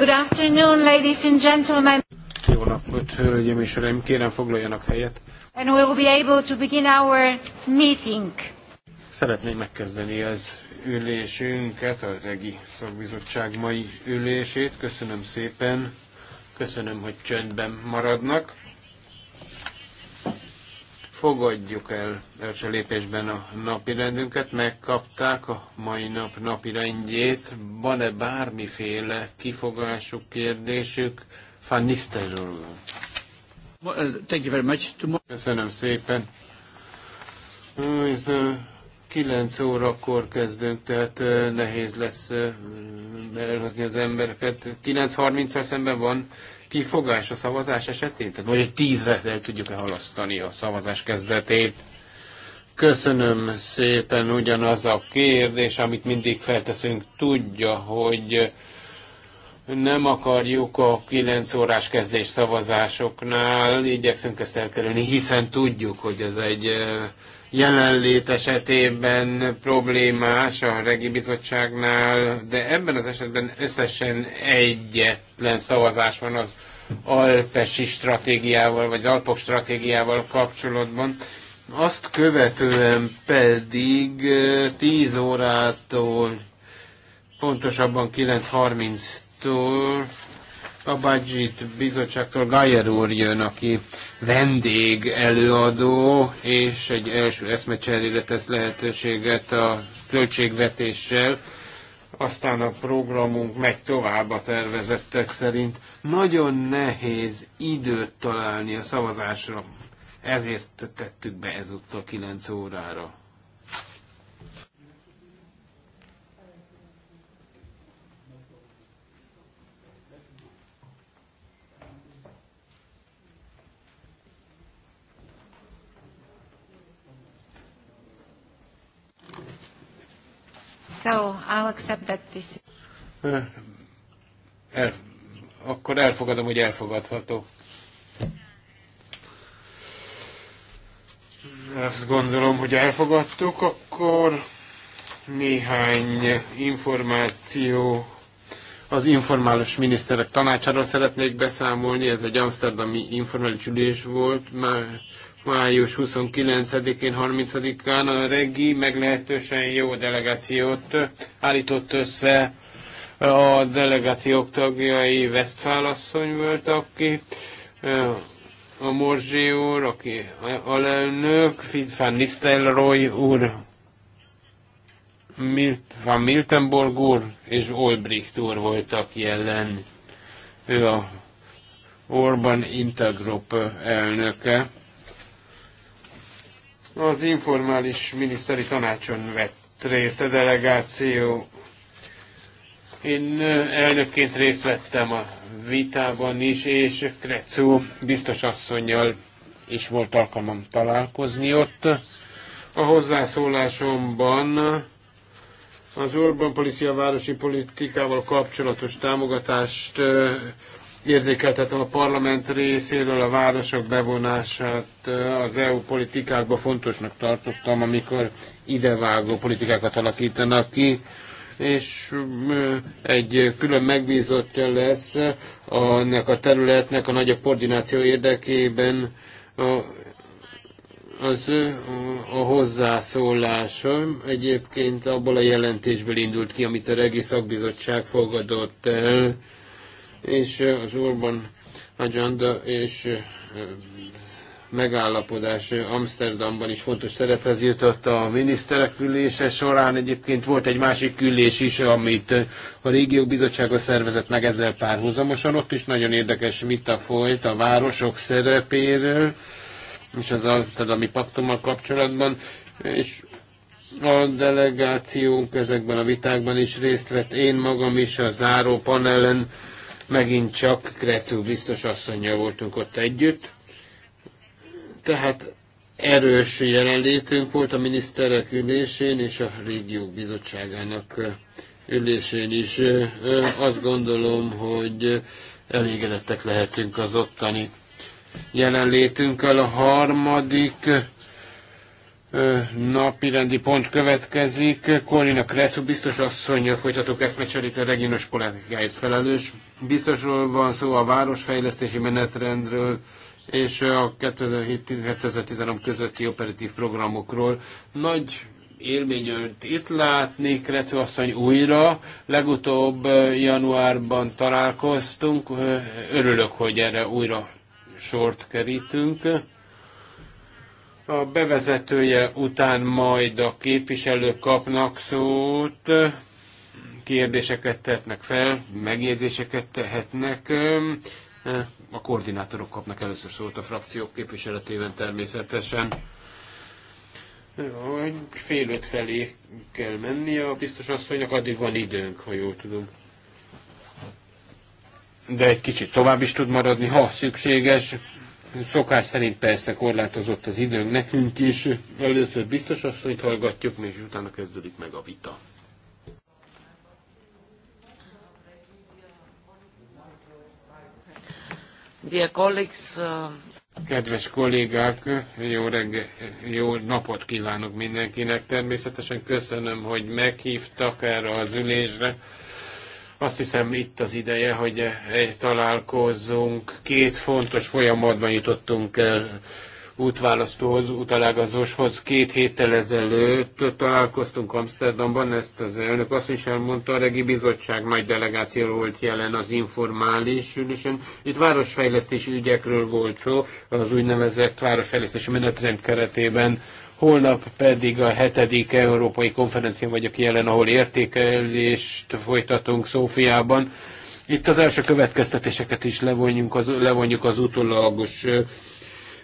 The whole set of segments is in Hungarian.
Good afternoon, ladies and gentlemen. Jó napot, hölgyeim és uraim, kérem foglaljanak helyet. And we will be able to begin our meeting. Szeretném megkezdeni az ülésünket, a regi szakbizottság mai ülését. Köszönöm szépen, köszönöm, hogy csöndben maradnak fogadjuk el első lépésben a napi rendünket, megkapták a mai nap napi rendjét. Van-e bármiféle kifogásuk, kérdésük? Van thank you very much. Köszönöm szépen. Ez 9 órakor kezdünk, tehát nehéz lesz elhozni az embereket. 9.30-ra szemben van kifogás a szavazás esetén? Tehát vagy egy tízre el tudjuk-e halasztani a szavazás kezdetét? Köszönöm szépen ugyanaz a kérdés, amit mindig felteszünk, tudja, hogy nem akarjuk a 9 órás kezdés szavazásoknál, igyekszünk ezt elkerülni, hiszen tudjuk, hogy ez egy eh, jelenlét esetében problémás a regi bizottságnál, de ebben az esetben összesen egyetlen szavazás van az alpesi stratégiával, vagy alpok stratégiával kapcsolatban. Azt követően pedig 10 órától, pontosabban 9.30-tól a budget bizottságtól Gajer úr jön, aki vendég előadó, és egy első eszmecserére tesz lehetőséget a költségvetéssel aztán a programunk megy tovább a tervezettek szerint. Nagyon nehéz időt találni a szavazásra, ezért tettük be ezúttal 9 órára. So, I'll accept that this... El, akkor elfogadom, hogy elfogadható. Azt gondolom, hogy elfogadtuk, akkor néhány információ az informális miniszterek tanácsáról szeretnék beszámolni. Ez egy amsterdami informális ülés volt, már május 29-én, 30-án a reggi meglehetősen jó delegációt állított össze a delegációk tagjai Westfál asszony volt, aki a Morzsi úr, aki alelnök, Fidfán Nisztelroj úr, Van Miltenborg úr és Olbricht úr voltak jelen. Ő a orban Intergroup elnöke. Az informális miniszteri tanácson vett részt a delegáció. Én elnökként részt vettem a vitában is, és Kretszó biztos asszonynal is volt alkalmam találkozni ott. A hozzászólásomban az urban policy a városi politikával kapcsolatos támogatást érzékeltetem a parlament részéről a városok bevonását az EU politikákba fontosnak tartottam, amikor idevágó politikákat alakítanak ki, és egy külön megbízottja lesz annak a területnek a nagyobb koordináció érdekében az a hozzászólása egyébként abból a jelentésből indult ki, amit a Regi Szakbizottság fogadott el, és az Urban Agenda és megállapodás Amsterdamban is fontos szerephez jutott a miniszterek ülése során. Egyébként volt egy másik ülés is, amit a régiók bizottsága szervezett meg ezzel párhuzamosan. Ott is nagyon érdekes vita folyt a városok szerepéről, és az Amsterdami paktummal kapcsolatban, és a delegációnk ezekben a vitákban is részt vett, én magam is a záró panelen Megint csak Krecu biztos asszonyja voltunk ott együtt. Tehát erős jelenlétünk volt a miniszterek ülésén és a régió bizottságának ülésén is. Azt gondolom, hogy elégedettek lehetünk az ottani jelenlétünkkel. A harmadik napi rendi pont következik. Korina Krecu biztos asszonyjal folytatók eszmecserét a regionos politikáért felelős. Biztosról van szó a városfejlesztési menetrendről és a 2007-2013 közötti operatív programokról. Nagy élmény itt látni, Krecu asszony újra. Legutóbb januárban találkoztunk. Örülök, hogy erre újra sort kerítünk a bevezetője után majd a képviselők kapnak szót, kérdéseket tehetnek fel, megjegyzéseket tehetnek. A koordinátorok kapnak először szót a frakciók képviseletében természetesen. Hogy fél öt felé kell menni, a biztos asszonynak, addig van időnk, ha jól tudom. De egy kicsit tovább is tud maradni, ha szükséges. Szokás szerint persze korlátozott az időnk nekünk is. Először biztos asszonyt hallgatjuk, és utána kezdődik meg a vita. Dear colleagues, uh, Kedves kollégák, jó, regge, jó napot kívánok mindenkinek. Természetesen köszönöm, hogy meghívtak erre az ülésre azt hiszem itt az ideje, hogy találkozzunk. Két fontos folyamatban jutottunk el útválasztóhoz, utalágazóshoz. Két héttel ezelőtt találkoztunk Amsterdamban, ezt az elnök azt is elmondta, a regi bizottság nagy delegáció volt jelen az informális ülésen. Itt városfejlesztési ügyekről volt szó, az úgynevezett városfejlesztési menetrend keretében holnap pedig a hetedik Európai Konferencián vagyok jelen, ahol értékelést folytatunk Szófiában. Itt az első következtetéseket is levonjunk az, levonjuk az utólagos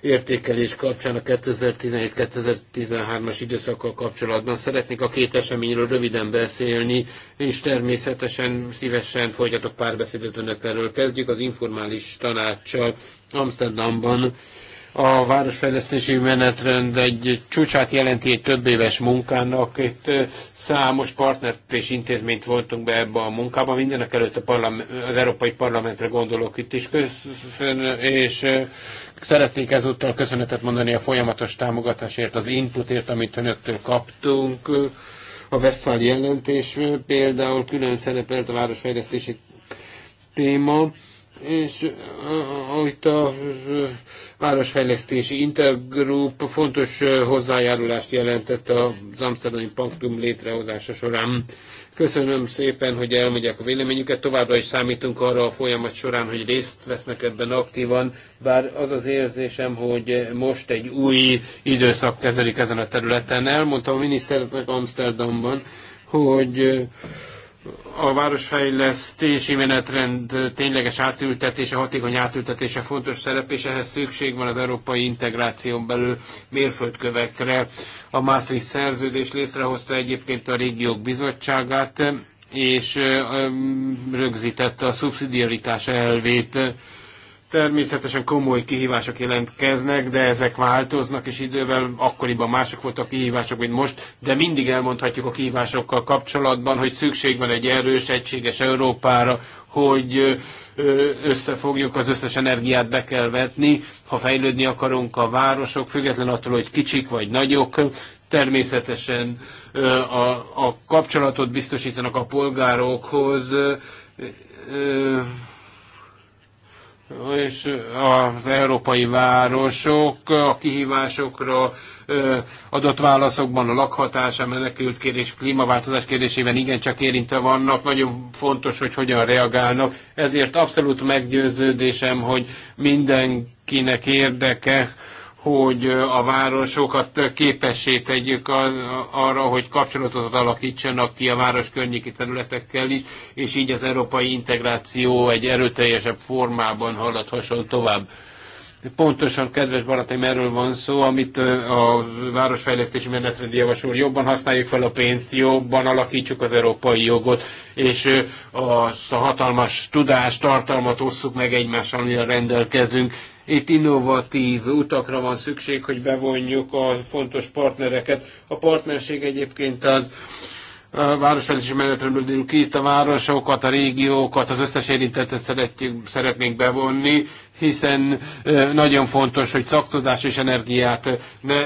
értékelés kapcsán a 2017-2013-as időszakkal kapcsolatban. Szeretnék a két eseményről röviden beszélni, és természetesen szívesen folytatok párbeszédet önök erről. Kezdjük az informális tanácssal Amsterdamban a városfejlesztési menetrend egy csúcsát jelenti egy több éves munkának. Itt számos partnert és intézményt voltunk be ebbe a munkába, mindenek előtt a az Európai Parlamentre gondolok itt is, Köszön, és szeretnék ezúttal köszönetet mondani a folyamatos támogatásért, az inputért, amit önöktől kaptunk. A Westfáli jelentés például külön szerepelt a városfejlesztési téma és itt a városfejlesztési intergroup fontos hozzájárulást jelentett az Amsterdami Paktum létrehozása során. Köszönöm szépen, hogy elmegyek a véleményüket. Továbbra is számítunk arra a folyamat során, hogy részt vesznek ebben aktívan, bár az az érzésem, hogy most egy új időszak kezelik ezen a területen. Elmondtam a miniszternek Amsterdamban, hogy a városfejlesztési menetrend tényleges átültetése, hatékony átültetése fontos szerep, és ehhez szükség van az európai integráción belül mérföldkövekre. A Maastricht szerződés létrehozta egyébként a régiók bizottságát, és rögzítette a szubszidiaritás elvét Természetesen komoly kihívások jelentkeznek, de ezek változnak, és idővel akkoriban mások voltak a kihívások, mint most, de mindig elmondhatjuk a kihívásokkal kapcsolatban, hogy szükség van egy erős, egységes Európára, hogy összefogjuk, az összes energiát be kell vetni, ha fejlődni akarunk a városok, független attól, hogy kicsik vagy nagyok, természetesen a, a kapcsolatot biztosítanak a polgárokhoz, és az európai városok a kihívásokra adott válaszokban a lakhatás, a menekült kérdés, klímaváltozás kérdésében igencsak érintve vannak, nagyon fontos, hogy hogyan reagálnak. Ezért abszolút meggyőződésem, hogy mindenkinek érdeke, hogy a városokat képessé tegyük arra, hogy kapcsolatot alakítsanak ki a város környéki területekkel is, és így az európai integráció egy erőteljesebb formában haladhasson tovább. Pontosan, kedves barátaim, erről van szó, amit a városfejlesztési menetrend javasol. Jobban használjuk fel a pénzt, jobban alakítsuk az európai jogot, és azt a hatalmas tudást, tartalmat osszuk meg egymással, amire rendelkezünk. Itt innovatív utakra van szükség, hogy bevonjuk a fontos partnereket. A partnerség egyébként az városfejlesztési menetrendből ki itt a városokat, a régiókat, az összes érintettet szeretjük, szeretnénk bevonni, hiszen nagyon fontos, hogy szaktudás és energiát ne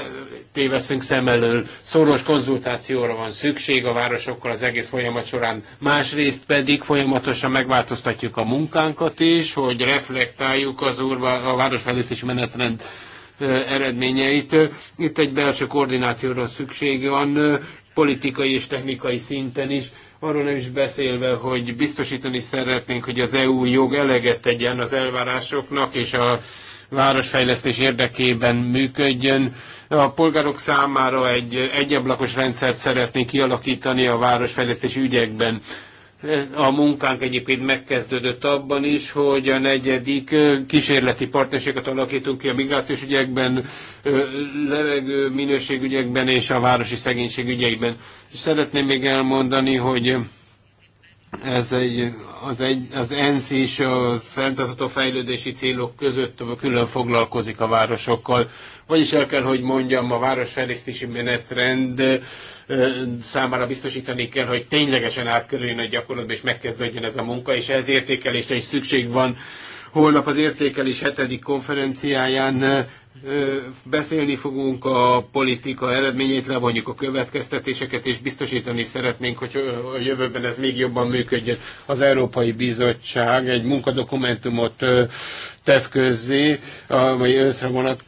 téveszünk szem elől. Szoros konzultációra van szükség a városokkal az egész folyamat során. Másrészt pedig folyamatosan megváltoztatjuk a munkánkat is, hogy reflektáljuk az urba, a városfejlesztési menetrend eredményeit. Itt egy belső koordinációra szükség van, politikai és technikai szinten is Arról nem is beszélve, hogy biztosítani szeretnénk, hogy az EU jog eleget tegyen az elvárásoknak, és a városfejlesztés érdekében működjön. A polgárok számára egy egyablakos rendszert szeretnénk kialakítani a városfejlesztési ügyekben a munkánk egyébként megkezdődött abban is, hogy a negyedik kísérleti partnerséget alakítunk ki a migrációs ügyekben, levegő minőségügyekben és a városi szegénység ügyeiben. Szeretném még elmondani, hogy ez egy, az, egy, az ENSZ is a fenntartható fejlődési célok között külön foglalkozik a városokkal. Vagyis el kell, hogy mondjam, a városfejlesztési menetrend számára biztosítani kell, hogy ténylegesen átkerüljön a gyakorlatba, és megkezdődjön ez a munka, és ez értékelésre is szükség van holnap az értékelés hetedik konferenciáján beszélni fogunk a politika eredményét, levonjuk a következtetéseket, és biztosítani szeretnénk, hogy a jövőben ez még jobban működjön. Az Európai Bizottság egy munkadokumentumot tesz közzé, vagy őszre, vonat,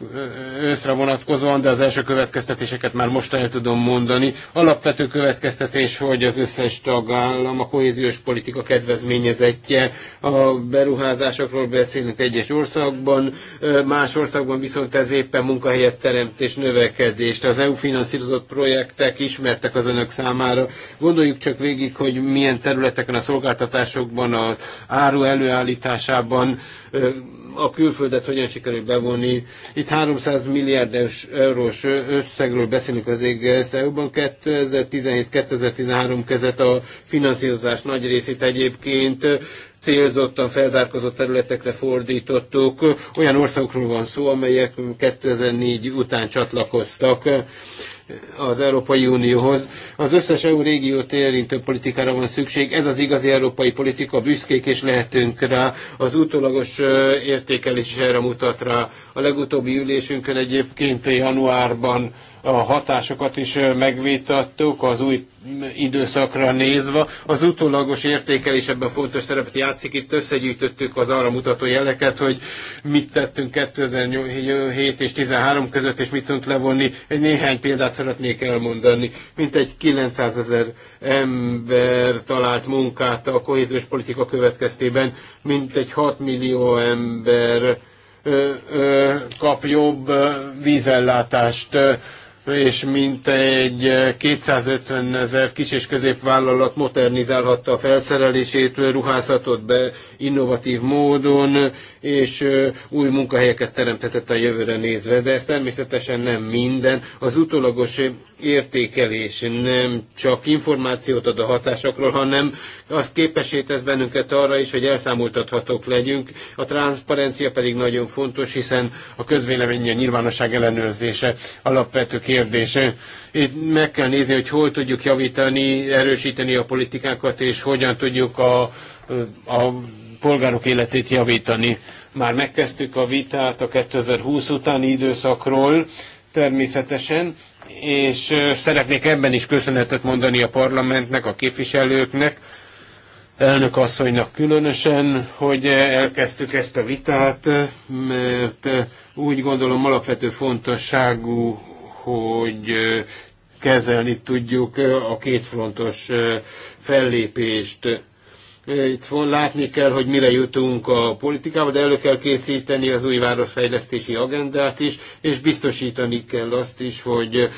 őszre vonatkozóan, de az első következtetéseket már most el tudom mondani. Alapvető következtetés, hogy az összes tagállam, a kohéziós politika kedvezményezettje, a beruházásokról beszélünk egyes országban, más országban viszont ez éppen munkahelyet teremt és növekedést. Az EU finanszírozott projektek ismertek az önök számára. Gondoljuk csak végig, hogy milyen területeken a szolgáltatásokban, az áru előállításában a külföldet hogyan sikerül bevonni. Itt 300 milliárd eurós összegről beszélünk az EGS EU-ban. 2017-2013 kezdett a finanszírozás nagy részét egyébként célzottan felzárkozott területekre fordítottuk. Olyan országokról van szó, amelyek 2004 után csatlakoztak az Európai Unióhoz. Az összes EU régiót érintő politikára van szükség. Ez az igazi európai politika, büszkék és lehetünk rá. Az utólagos értékelés erre mutat rá. A legutóbbi ülésünkön egyébként januárban a hatásokat is megvitattuk az új időszakra nézve. Az utólagos értékelés ebben fontos szerepet játszik. Itt összegyűjtöttük az arra mutató jeleket, hogy mit tettünk 2007 és 13 között, és mit tudunk levonni. Egy néhány példát szeretnék elmondani. Mint egy 900 ezer ember talált munkát a kohéziós politika következtében, mint egy 6 millió ember kap jobb vízellátást és mint egy 250 ezer kis és középvállalat modernizálhatta a felszerelését, ruházhatott be innovatív módon, és új munkahelyeket teremthetett a jövőre nézve, de ez természetesen nem minden. Az utolagos értékelés nem csak információt ad a hatásokról, hanem azt képesít tesz bennünket arra is, hogy elszámoltathatók legyünk. A transzparencia pedig nagyon fontos, hiszen a közvélemény nyilvánosság ellenőrzése alapvető kérdés. Itt meg kell nézni, hogy hol tudjuk javítani, erősíteni a politikákat, és hogyan tudjuk a, a polgárok életét javítani. Már megkezdtük a vitát a 2020 utáni időszakról, természetesen, és szeretnék ebben is köszönetet mondani a parlamentnek, a képviselőknek, elnök asszonynak különösen, hogy elkezdtük ezt a vitát, mert úgy gondolom alapvető fontosságú hogy kezelni tudjuk a kétfrontos fellépést. Itt látni kell, hogy mire jutunk a politikába, de elő kell készíteni az új városfejlesztési agendát is, és biztosítani kell azt is, hogy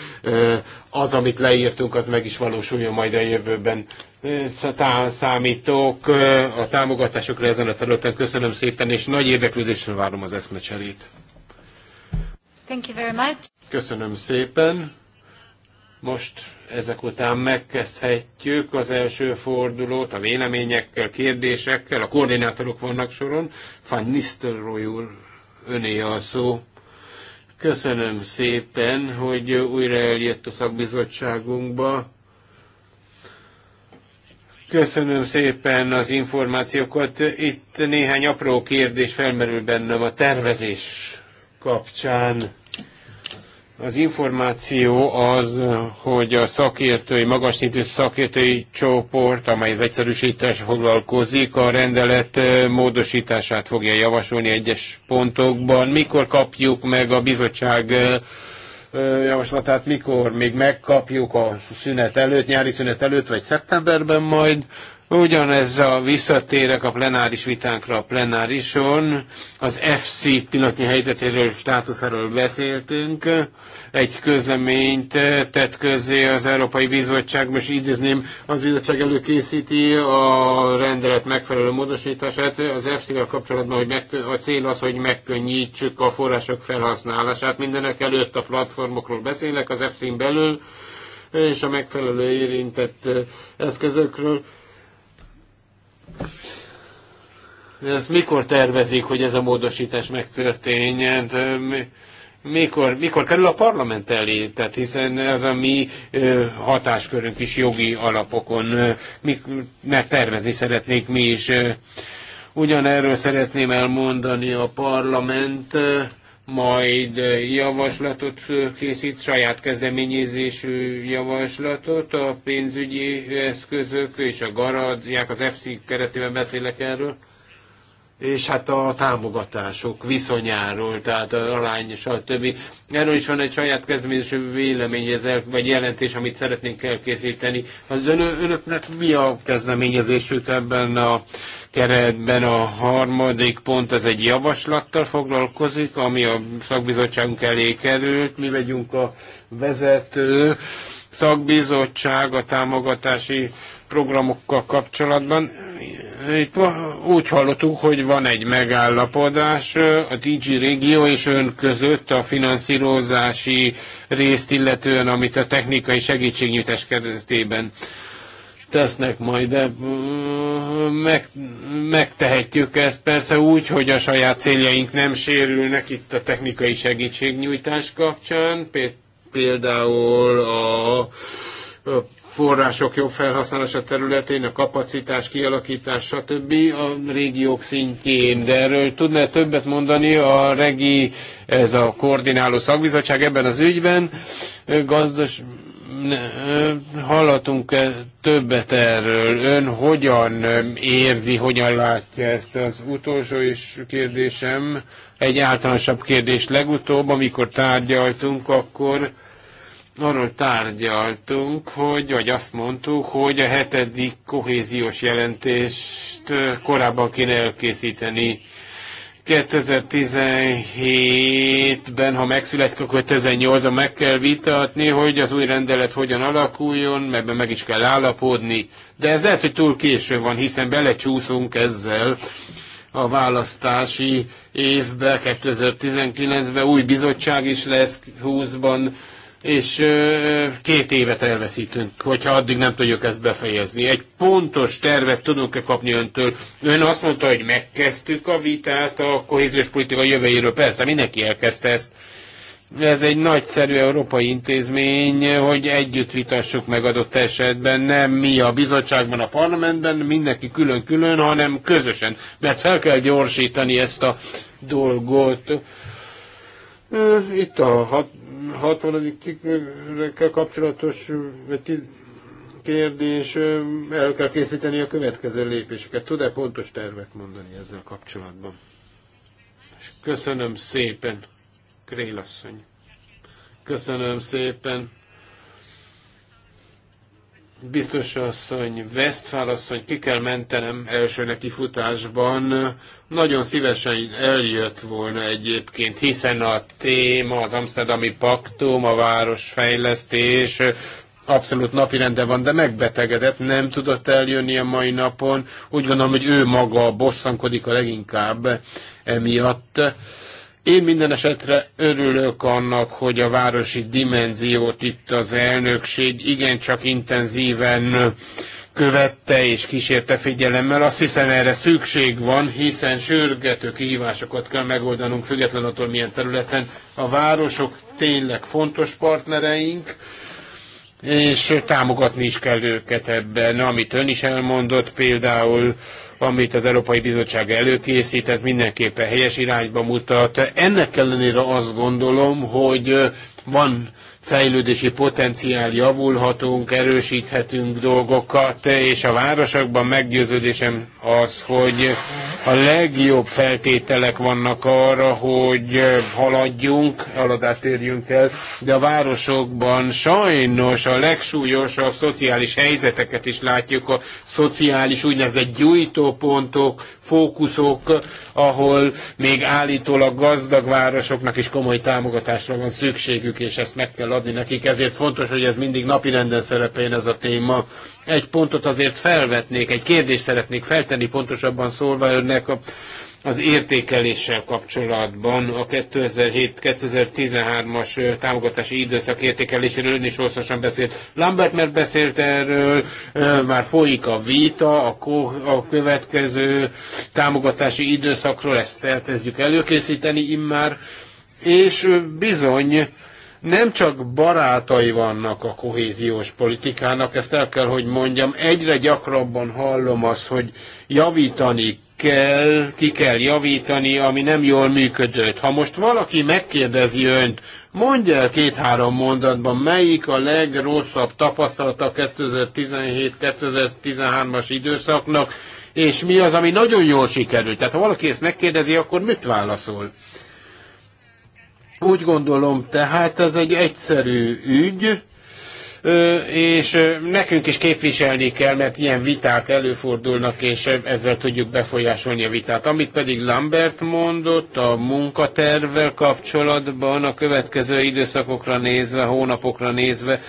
az, amit leírtunk, az meg is valósuljon majd a jövőben. Számítok a támogatásokra ezen a területen. Köszönöm szépen, és nagy érdeklődésre várom az eszmecserét. Thank you very much. Köszönöm szépen. Most ezek után megkezdhetjük az első fordulót a véleményekkel, kérdésekkel. A koordinátorok vannak soron. Van Nistelrooy úr, öné a szó. Köszönöm szépen, hogy újra eljött a szakbizottságunkba. Köszönöm szépen az információkat. Itt néhány apró kérdés felmerül bennem a tervezés kapcsán az információ az, hogy a szakértői, magas szintű szakértői csoport, amely az egyszerűsítés foglalkozik, a rendelet módosítását fogja javasolni egyes pontokban. Mikor kapjuk meg a bizottság javaslatát, mikor még megkapjuk a szünet előtt, nyári szünet előtt, vagy szeptemberben majd, Ugyanez a visszatérek a plenáris vitánkra a plenárison. Az FC pillanatnyi helyzetéről, státuszáról beszéltünk. Egy közleményt tett közzé az Európai Bizottság, most idézném, az bizottság előkészíti a rendelet megfelelő módosítását. Az FC-vel kapcsolatban hogy meg, a cél az, hogy megkönnyítsük a források felhasználását. Mindenek előtt a platformokról beszélek az FC-n belül és a megfelelő érintett eszközökről ezt mikor tervezik, hogy ez a módosítás megtörténjen? Mikor, mikor kerül a parlament elé? Tehát hiszen ez a mi hatáskörünk is jogi alapokon, mi, mert tervezni szeretnék mi is. Ugyanerről szeretném elmondani a parlament majd javaslatot készít, saját kezdeményezésű javaslatot a pénzügyi eszközök és a garadják, az FC keretében beszélek erről, és hát a támogatások viszonyáról, tehát a alány és a többi. Erről is van egy saját kezdeményező vélemény, vagy jelentés, amit szeretnénk elkészíteni. Az ön, önöknek mi a kezdeményezésük ebben a keretben a harmadik pont az egy javaslattal foglalkozik, ami a szakbizottságunk elé került. Mi vagyunk a vezető szakbizottság a támogatási programokkal kapcsolatban. Itt úgy hallottuk, hogy van egy megállapodás a DG régió és ön között a finanszírozási részt illetően, amit a technikai segítségnyújtás keretében tesznek majd, de mm, meg, megtehetjük ezt persze úgy, hogy a saját céljaink nem sérülnek itt a technikai segítségnyújtás kapcsán, például a források jobb felhasználása területén, a kapacitás kialakítás, stb. a régiók szintjén. De erről tudná többet mondani a regi, ez a koordináló szakbizottság ebben az ügyben, gazdas, hallatunk -e többet erről? Ön hogyan érzi, hogyan látja ezt az utolsó és kérdésem? Egy általánosabb kérdés legutóbb, amikor tárgyaltunk, akkor arról tárgyaltunk, hogy, vagy azt mondtuk, hogy a hetedik kohéziós jelentést korábban kéne elkészíteni. 2017-ben, ha megszületik, akkor 2008-ban meg kell vitatni, hogy az új rendelet hogyan alakuljon, ebben meg is kell állapodni. De ez lehet, hogy túl késő van, hiszen belecsúszunk ezzel a választási évbe, 2019-ben új bizottság is lesz 20-ban, és két évet elveszítünk, hogyha addig nem tudjuk ezt befejezni. Egy pontos tervet tudunk-e kapni öntől? Ön azt mondta, hogy megkezdtük a vitát a kohéziós politika jövőjéről. Persze, mindenki elkezdte ezt. Ez egy nagyszerű európai intézmény, hogy együtt vitassuk meg adott esetben, nem mi a bizottságban, a parlamentben, mindenki külön-külön, hanem közösen, mert fel kell gyorsítani ezt a dolgot. Itt a hat 60. cikkkel kapcsolatos kérdés, el kell készíteni a következő lépéseket. Tud-e pontos tervet mondani ezzel kapcsolatban? Köszönöm szépen, Krélasszony. Köszönöm szépen. Biztos asszony, Westphal asszony, ki kell mentenem első neki futásban. Nagyon szívesen eljött volna egyébként, hiszen a téma az Amsterdami Paktum, a városfejlesztés, abszolút napirende van, de megbetegedett, nem tudott eljönni a mai napon. Úgy gondolom, hogy ő maga bosszankodik a leginkább emiatt én minden esetre örülök annak, hogy a városi dimenziót itt az elnökség igencsak intenzíven követte és kísérte figyelemmel. Azt hiszem erre szükség van, hiszen sürgető kihívásokat kell megoldanunk, független attól milyen területen. A városok tényleg fontos partnereink, és támogatni is kell őket ebben, amit ön is elmondott, például amit az Európai Bizottság előkészít, ez mindenképpen helyes irányba mutat. Ennek ellenére azt gondolom, hogy van fejlődési potenciál javulhatunk, erősíthetünk dolgokat, és a városokban meggyőződésem az, hogy a legjobb feltételek vannak arra, hogy haladjunk, haladást érjünk el, de a városokban sajnos a legsúlyosabb szociális helyzeteket is látjuk, a szociális úgynevezett gyújtópontok, fókuszok, ahol még állítólag gazdag városoknak is komoly támogatásra van szükségük, és ezt meg kell adni nekik, ezért fontos, hogy ez mindig renden szerepeljen ez a téma. Egy pontot azért felvetnék, egy kérdést szeretnék feltenni, pontosabban szólva önnek az értékeléssel kapcsolatban a 2007-2013-as támogatási időszak értékeléséről ön is hosszasan beszélt. Lambert mert beszélt erről, már folyik a vita a, a következő támogatási időszakról, ezt elkezdjük előkészíteni immár, és bizony nem csak barátai vannak a kohéziós politikának, ezt el kell, hogy mondjam, egyre gyakrabban hallom azt, hogy javítani kell, ki kell javítani, ami nem jól működött. Ha most valaki megkérdezi önt, mondja el két-három mondatban, melyik a legrosszabb tapasztalata 2017-2013-as időszaknak, és mi az, ami nagyon jól sikerült. Tehát ha valaki ezt megkérdezi, akkor mit válaszol? Úgy gondolom, tehát ez egy egyszerű ügy, és nekünk is képviselni kell, mert ilyen viták előfordulnak, és ezzel tudjuk befolyásolni a vitát. Amit pedig Lambert mondott a munkatervvel kapcsolatban, a következő időszakokra nézve, hónapokra nézve,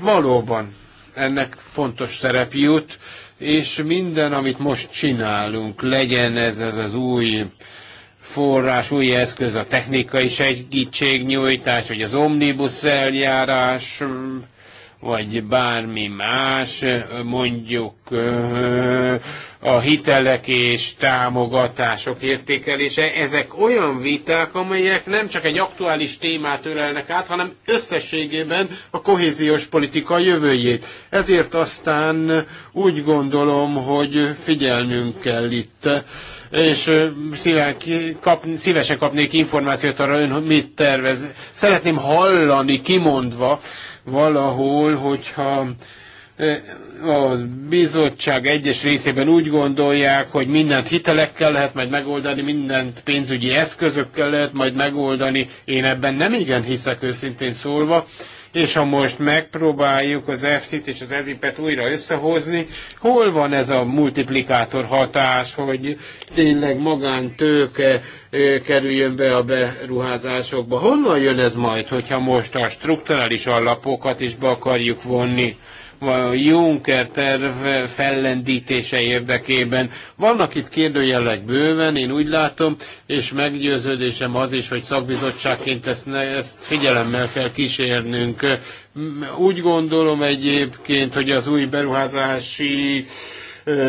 valóban ennek fontos szerep jut, és minden, amit most csinálunk, legyen ez, ez az új forrás, új eszköz a technikai segítségnyújtás, vagy az omnibus eljárás, vagy bármi más, mondjuk a hitelek és támogatások értékelése. Ezek olyan viták, amelyek nem csak egy aktuális témát ölelnek át, hanem összességében a kohéziós politika jövőjét. Ezért aztán úgy gondolom, hogy figyelnünk kell itt és szíván, kap, szívesen kapnék információt arra, ön mit tervez. Szeretném hallani kimondva valahol, hogyha a bizottság egyes részében úgy gondolják, hogy mindent hitelekkel lehet majd megoldani, mindent pénzügyi eszközökkel lehet majd megoldani. Én ebben nem igen hiszek őszintén szólva és ha most megpróbáljuk az EFSZ-t és az EZIP-et újra összehozni, hol van ez a multiplikátor hatás, hogy tényleg magántőke kerüljön be a beruházásokba? Honnan jön ez majd, hogyha most a strukturális alapokat is be akarjuk vonni? a Juncker terv fellendítése érdekében. Vannak itt kérdőjelek bőven, én úgy látom, és meggyőződésem az is, hogy szakbizottságként ezt, ne, ezt figyelemmel kell kísérnünk. Úgy gondolom egyébként, hogy az új beruházási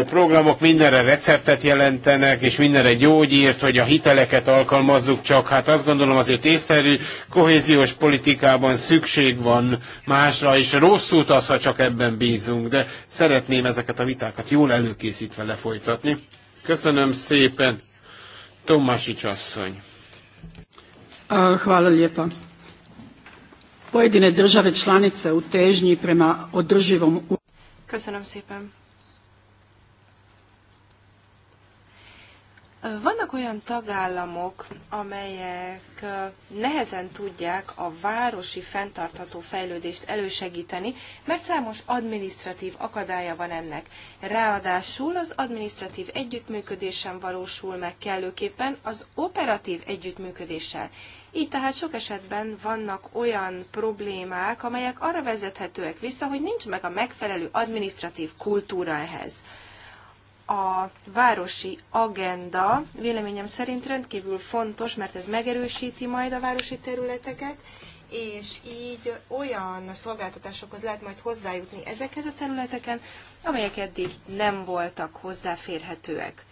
programok mindenre receptet jelentenek, és mindenre gyógyírt, hogy a hiteleket alkalmazzuk csak. Hát azt gondolom azért észszerű, kohéziós politikában szükség van másra, és rossz út az, ha csak ebben bízunk. De szeretném ezeket a vitákat jól előkészítve lefolytatni. Köszönöm szépen, Tomásics asszony. Hvala lijepa. Pojedine države članice u težnji prema održivom... Köszönöm szépen. Vannak olyan tagállamok, amelyek nehezen tudják a városi fenntartható fejlődést elősegíteni, mert számos administratív akadálya van ennek. Ráadásul az administratív együttműködésen valósul meg kellőképpen az operatív együttműködéssel. Így tehát sok esetben vannak olyan problémák, amelyek arra vezethetőek vissza, hogy nincs meg a megfelelő administratív kultúra ehhez a városi agenda véleményem szerint rendkívül fontos, mert ez megerősíti majd a városi területeket, és így olyan szolgáltatásokhoz lehet majd hozzájutni ezekhez a területeken, amelyek eddig nem voltak hozzáférhetőek.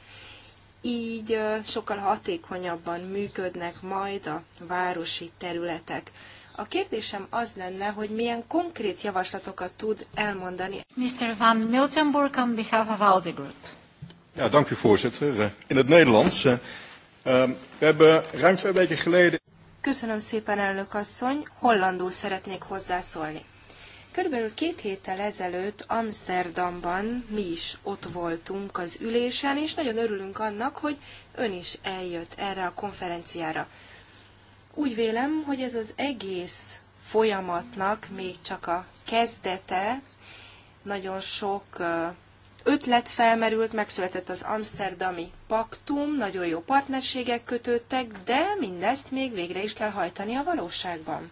Így sokkal hatékonyabban működnek majd a városi területek. A kérdésem az lenne, hogy milyen konkrét javaslatokat tud elmondani. Mr. Van Miltenburg on behalf of Aldi Group. Ja, dank u voorzitter. Eh, in het Nederlands. Uh, we hebben ruim twee weken geleden... Köszönöm szépen, elnök asszony. Hollandul szeretnék hozzászólni. Körülbelül két héttel ezelőtt Amsterdamban mi is ott voltunk az ülésen, és nagyon örülünk annak, hogy ön is eljött erre a konferenciára. Úgy vélem, hogy ez az egész folyamatnak még csak a kezdete, nagyon sok eh, ötlet felmerült, megszületett az Amsterdami Paktum, nagyon jó partnerségek kötődtek, de mindezt még végre is kell hajtani a valóságban.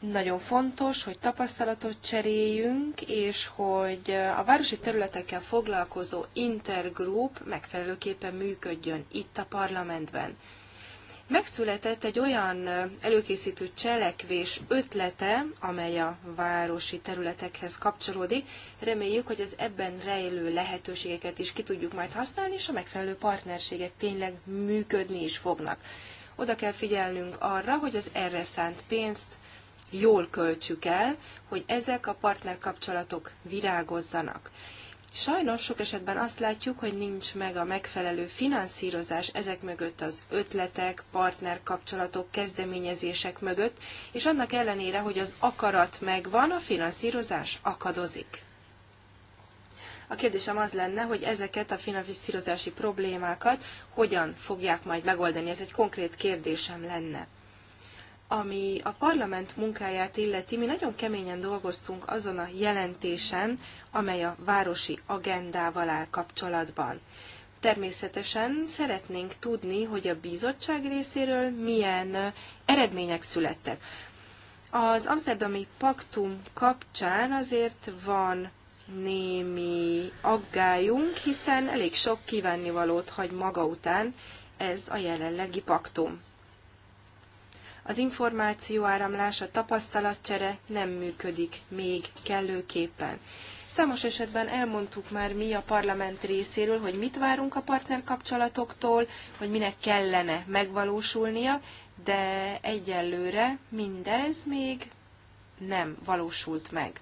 Nagyon fontos, hogy tapasztalatot cseréljünk, és hogy a városi területekkel foglalkozó intergroup megfelelőképpen működjön itt a parlamentben megszületett egy olyan előkészítő cselekvés ötlete, amely a városi területekhez kapcsolódik. Reméljük, hogy az ebben rejlő lehetőségeket is ki tudjuk majd használni, és a megfelelő partnerségek tényleg működni is fognak. Oda kell figyelnünk arra, hogy az erre szánt pénzt jól költsük el, hogy ezek a partnerkapcsolatok virágozzanak. Sajnos sok esetben azt látjuk, hogy nincs meg a megfelelő finanszírozás ezek mögött az ötletek, partnerkapcsolatok, kezdeményezések mögött, és annak ellenére, hogy az akarat megvan, a finanszírozás akadozik. A kérdésem az lenne, hogy ezeket a finanszírozási problémákat hogyan fogják majd megoldani. Ez egy konkrét kérdésem lenne. Ami a parlament munkáját illeti, mi nagyon keményen dolgoztunk azon a jelentésen, amely a városi agendával áll kapcsolatban. Természetesen szeretnénk tudni, hogy a bizottság részéről milyen eredmények születtek. Az Amsterdami Paktum kapcsán azért van némi aggályunk, hiszen elég sok kívánnivalót hagy maga után ez a jelenlegi paktum. Az információ áramlás, a tapasztalatcsere nem működik még kellőképpen. Számos esetben elmondtuk már mi a parlament részéről, hogy mit várunk a partnerkapcsolatoktól, hogy minek kellene megvalósulnia, de egyelőre mindez még nem valósult meg.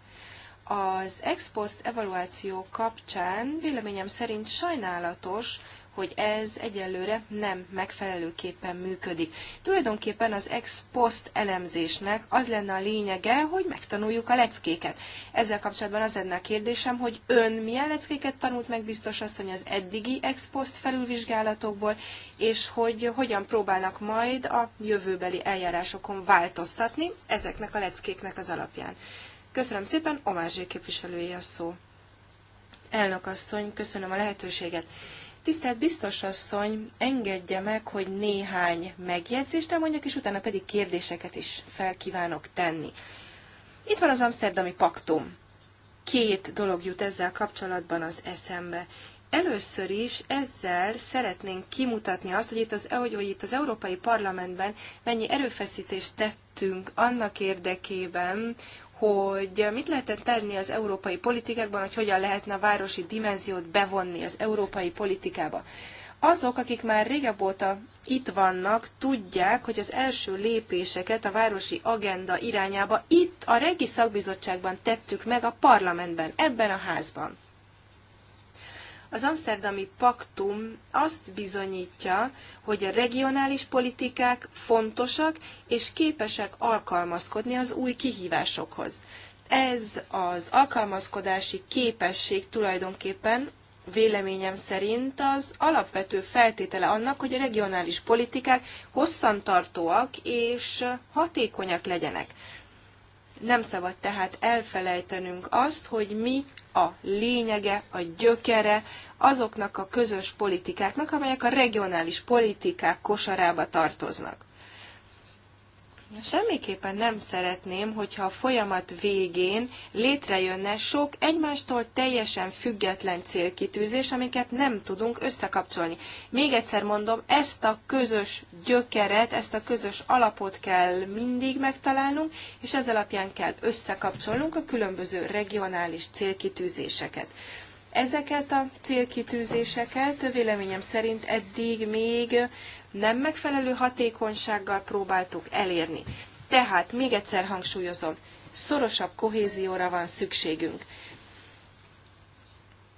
Az ex post evaluáció kapcsán véleményem szerint sajnálatos, hogy ez egyelőre nem megfelelőképpen működik. Tulajdonképpen az ex post elemzésnek az lenne a lényege, hogy megtanuljuk a leckéket. Ezzel kapcsolatban az lenne a kérdésem, hogy ön milyen leckéket tanult meg biztos asszony az eddigi ex post felülvizsgálatokból, és hogy hogyan próbálnak majd a jövőbeli eljárásokon változtatni ezeknek a leckéknek az alapján. Köszönöm szépen, Omázsé képviselője a szó. Elnök asszony, köszönöm a lehetőséget. Tisztelt biztos asszony, engedje meg, hogy néhány megjegyzést elmondjak, és utána pedig kérdéseket is felkívánok tenni. Itt van az Amsterdami Paktum. Két dolog jut ezzel kapcsolatban az eszembe. Először is ezzel szeretnénk kimutatni azt, hogy itt az, hogy itt az Európai Parlamentben mennyi erőfeszítést tettünk annak érdekében, hogy mit lehetett tenni az európai politikákban, hogy hogyan lehetne a városi dimenziót bevonni az európai politikába. Azok, akik már régebb óta itt vannak, tudják, hogy az első lépéseket a városi agenda irányába itt a Regi Szakbizottságban tettük meg a parlamentben, ebben a házban. Az Amsterdami Paktum azt bizonyítja, hogy a regionális politikák fontosak és képesek alkalmazkodni az új kihívásokhoz. Ez az alkalmazkodási képesség tulajdonképpen véleményem szerint az alapvető feltétele annak, hogy a regionális politikák hosszantartóak és hatékonyak legyenek. Nem szabad tehát elfelejtenünk azt, hogy mi a lényege, a gyökere azoknak a közös politikáknak, amelyek a regionális politikák kosarába tartoznak. Semmiképpen nem szeretném, hogyha a folyamat végén létrejönne sok egymástól teljesen független célkitűzés, amiket nem tudunk összekapcsolni. Még egyszer mondom, ezt a közös gyökeret, ezt a közös alapot kell mindig megtalálnunk, és ez alapján kell összekapcsolnunk a különböző regionális célkitűzéseket. Ezeket a célkitűzéseket véleményem szerint eddig még nem megfelelő hatékonysággal próbáltuk elérni. Tehát még egyszer hangsúlyozom, szorosabb kohézióra van szükségünk.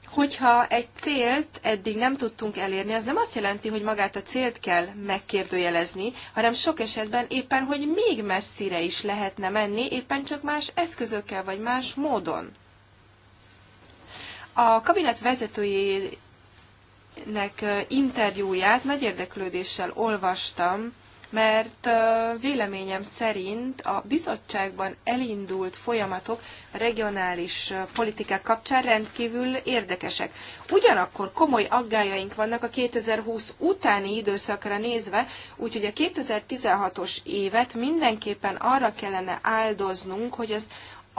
Hogyha egy célt eddig nem tudtunk elérni, az nem azt jelenti, hogy magát a célt kell megkérdőjelezni, hanem sok esetben éppen, hogy még messzire is lehetne menni, éppen csak más eszközökkel vagy más módon. A kabinet vezetőjének interjúját nagy érdeklődéssel olvastam, mert véleményem szerint a bizottságban elindult folyamatok a regionális politikák kapcsán rendkívül érdekesek. Ugyanakkor komoly aggájaink vannak a 2020 utáni időszakra nézve, úgyhogy a 2016-os évet mindenképpen arra kellene áldoznunk, hogy az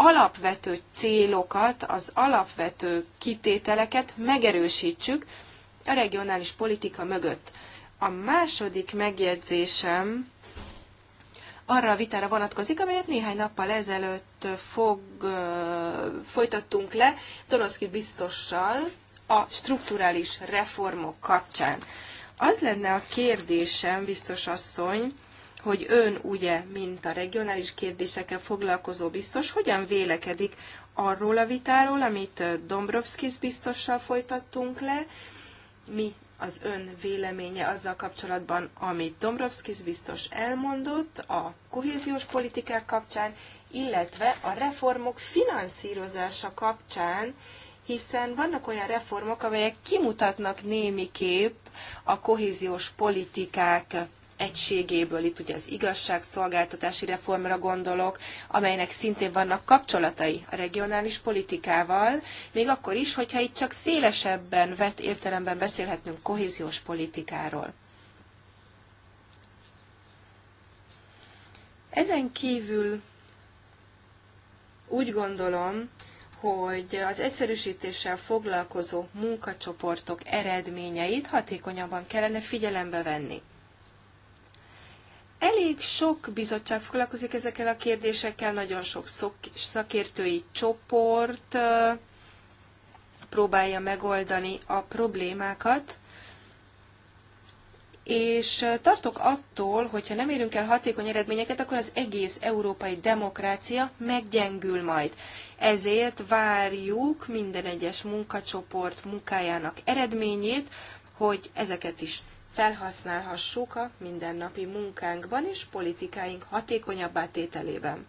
alapvető célokat, az alapvető kitételeket megerősítsük a regionális politika mögött. A második megjegyzésem arra a vitára vonatkozik, amelyet néhány nappal ezelőtt fog, folytattunk le Donoszki biztossal a strukturális reformok kapcsán. Az lenne a kérdésem, biztos asszony, hogy ön ugye, mint a regionális kérdésekkel foglalkozó biztos, hogyan vélekedik arról a vitáról, amit Dombrovskis biztossal folytattunk le, mi az ön véleménye azzal kapcsolatban, amit Dombrovskis biztos elmondott a kohéziós politikák kapcsán, illetve a reformok finanszírozása kapcsán, hiszen vannak olyan reformok, amelyek kimutatnak némiképp a kohéziós politikák egységéből, itt ugye az igazságszolgáltatási reformra gondolok, amelynek szintén vannak kapcsolatai a regionális politikával, még akkor is, hogyha itt csak szélesebben vett értelemben beszélhetünk kohéziós politikáról. Ezen kívül úgy gondolom, hogy az egyszerűsítéssel foglalkozó munkacsoportok eredményeit hatékonyabban kellene figyelembe venni. Elég sok bizottság foglalkozik ezekkel a kérdésekkel, nagyon sok szakértői csoport próbálja megoldani a problémákat, és tartok attól, hogyha nem érünk el hatékony eredményeket, akkor az egész európai demokrácia meggyengül majd. Ezért várjuk minden egyes munkacsoport munkájának eredményét, hogy ezeket is felhasználhassuk a mindennapi munkánkban és politikáink hatékonyabbá tételében.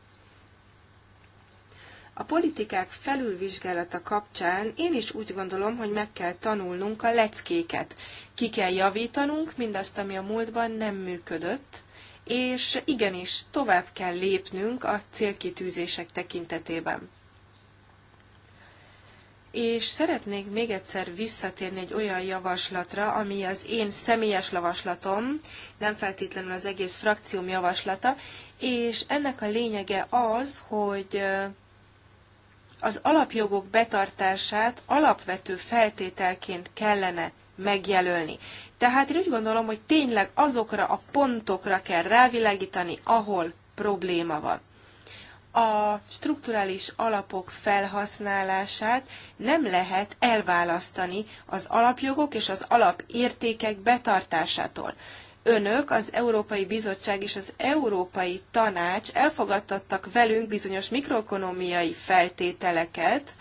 A politikák felülvizsgálata kapcsán én is úgy gondolom, hogy meg kell tanulnunk a leckéket. Ki kell javítanunk mindazt, ami a múltban nem működött, és igenis tovább kell lépnünk a célkitűzések tekintetében és szeretnék még egyszer visszatérni egy olyan javaslatra, ami az én személyes javaslatom, nem feltétlenül az egész frakcióm javaslata, és ennek a lényege az, hogy az alapjogok betartását alapvető feltételként kellene megjelölni. Tehát én úgy gondolom, hogy tényleg azokra a pontokra kell rávilágítani, ahol probléma van a strukturális alapok felhasználását nem lehet elválasztani az alapjogok és az alapértékek betartásától. Önök, az Európai Bizottság és az Európai Tanács elfogadtattak velünk bizonyos mikroekonomiai feltételeket,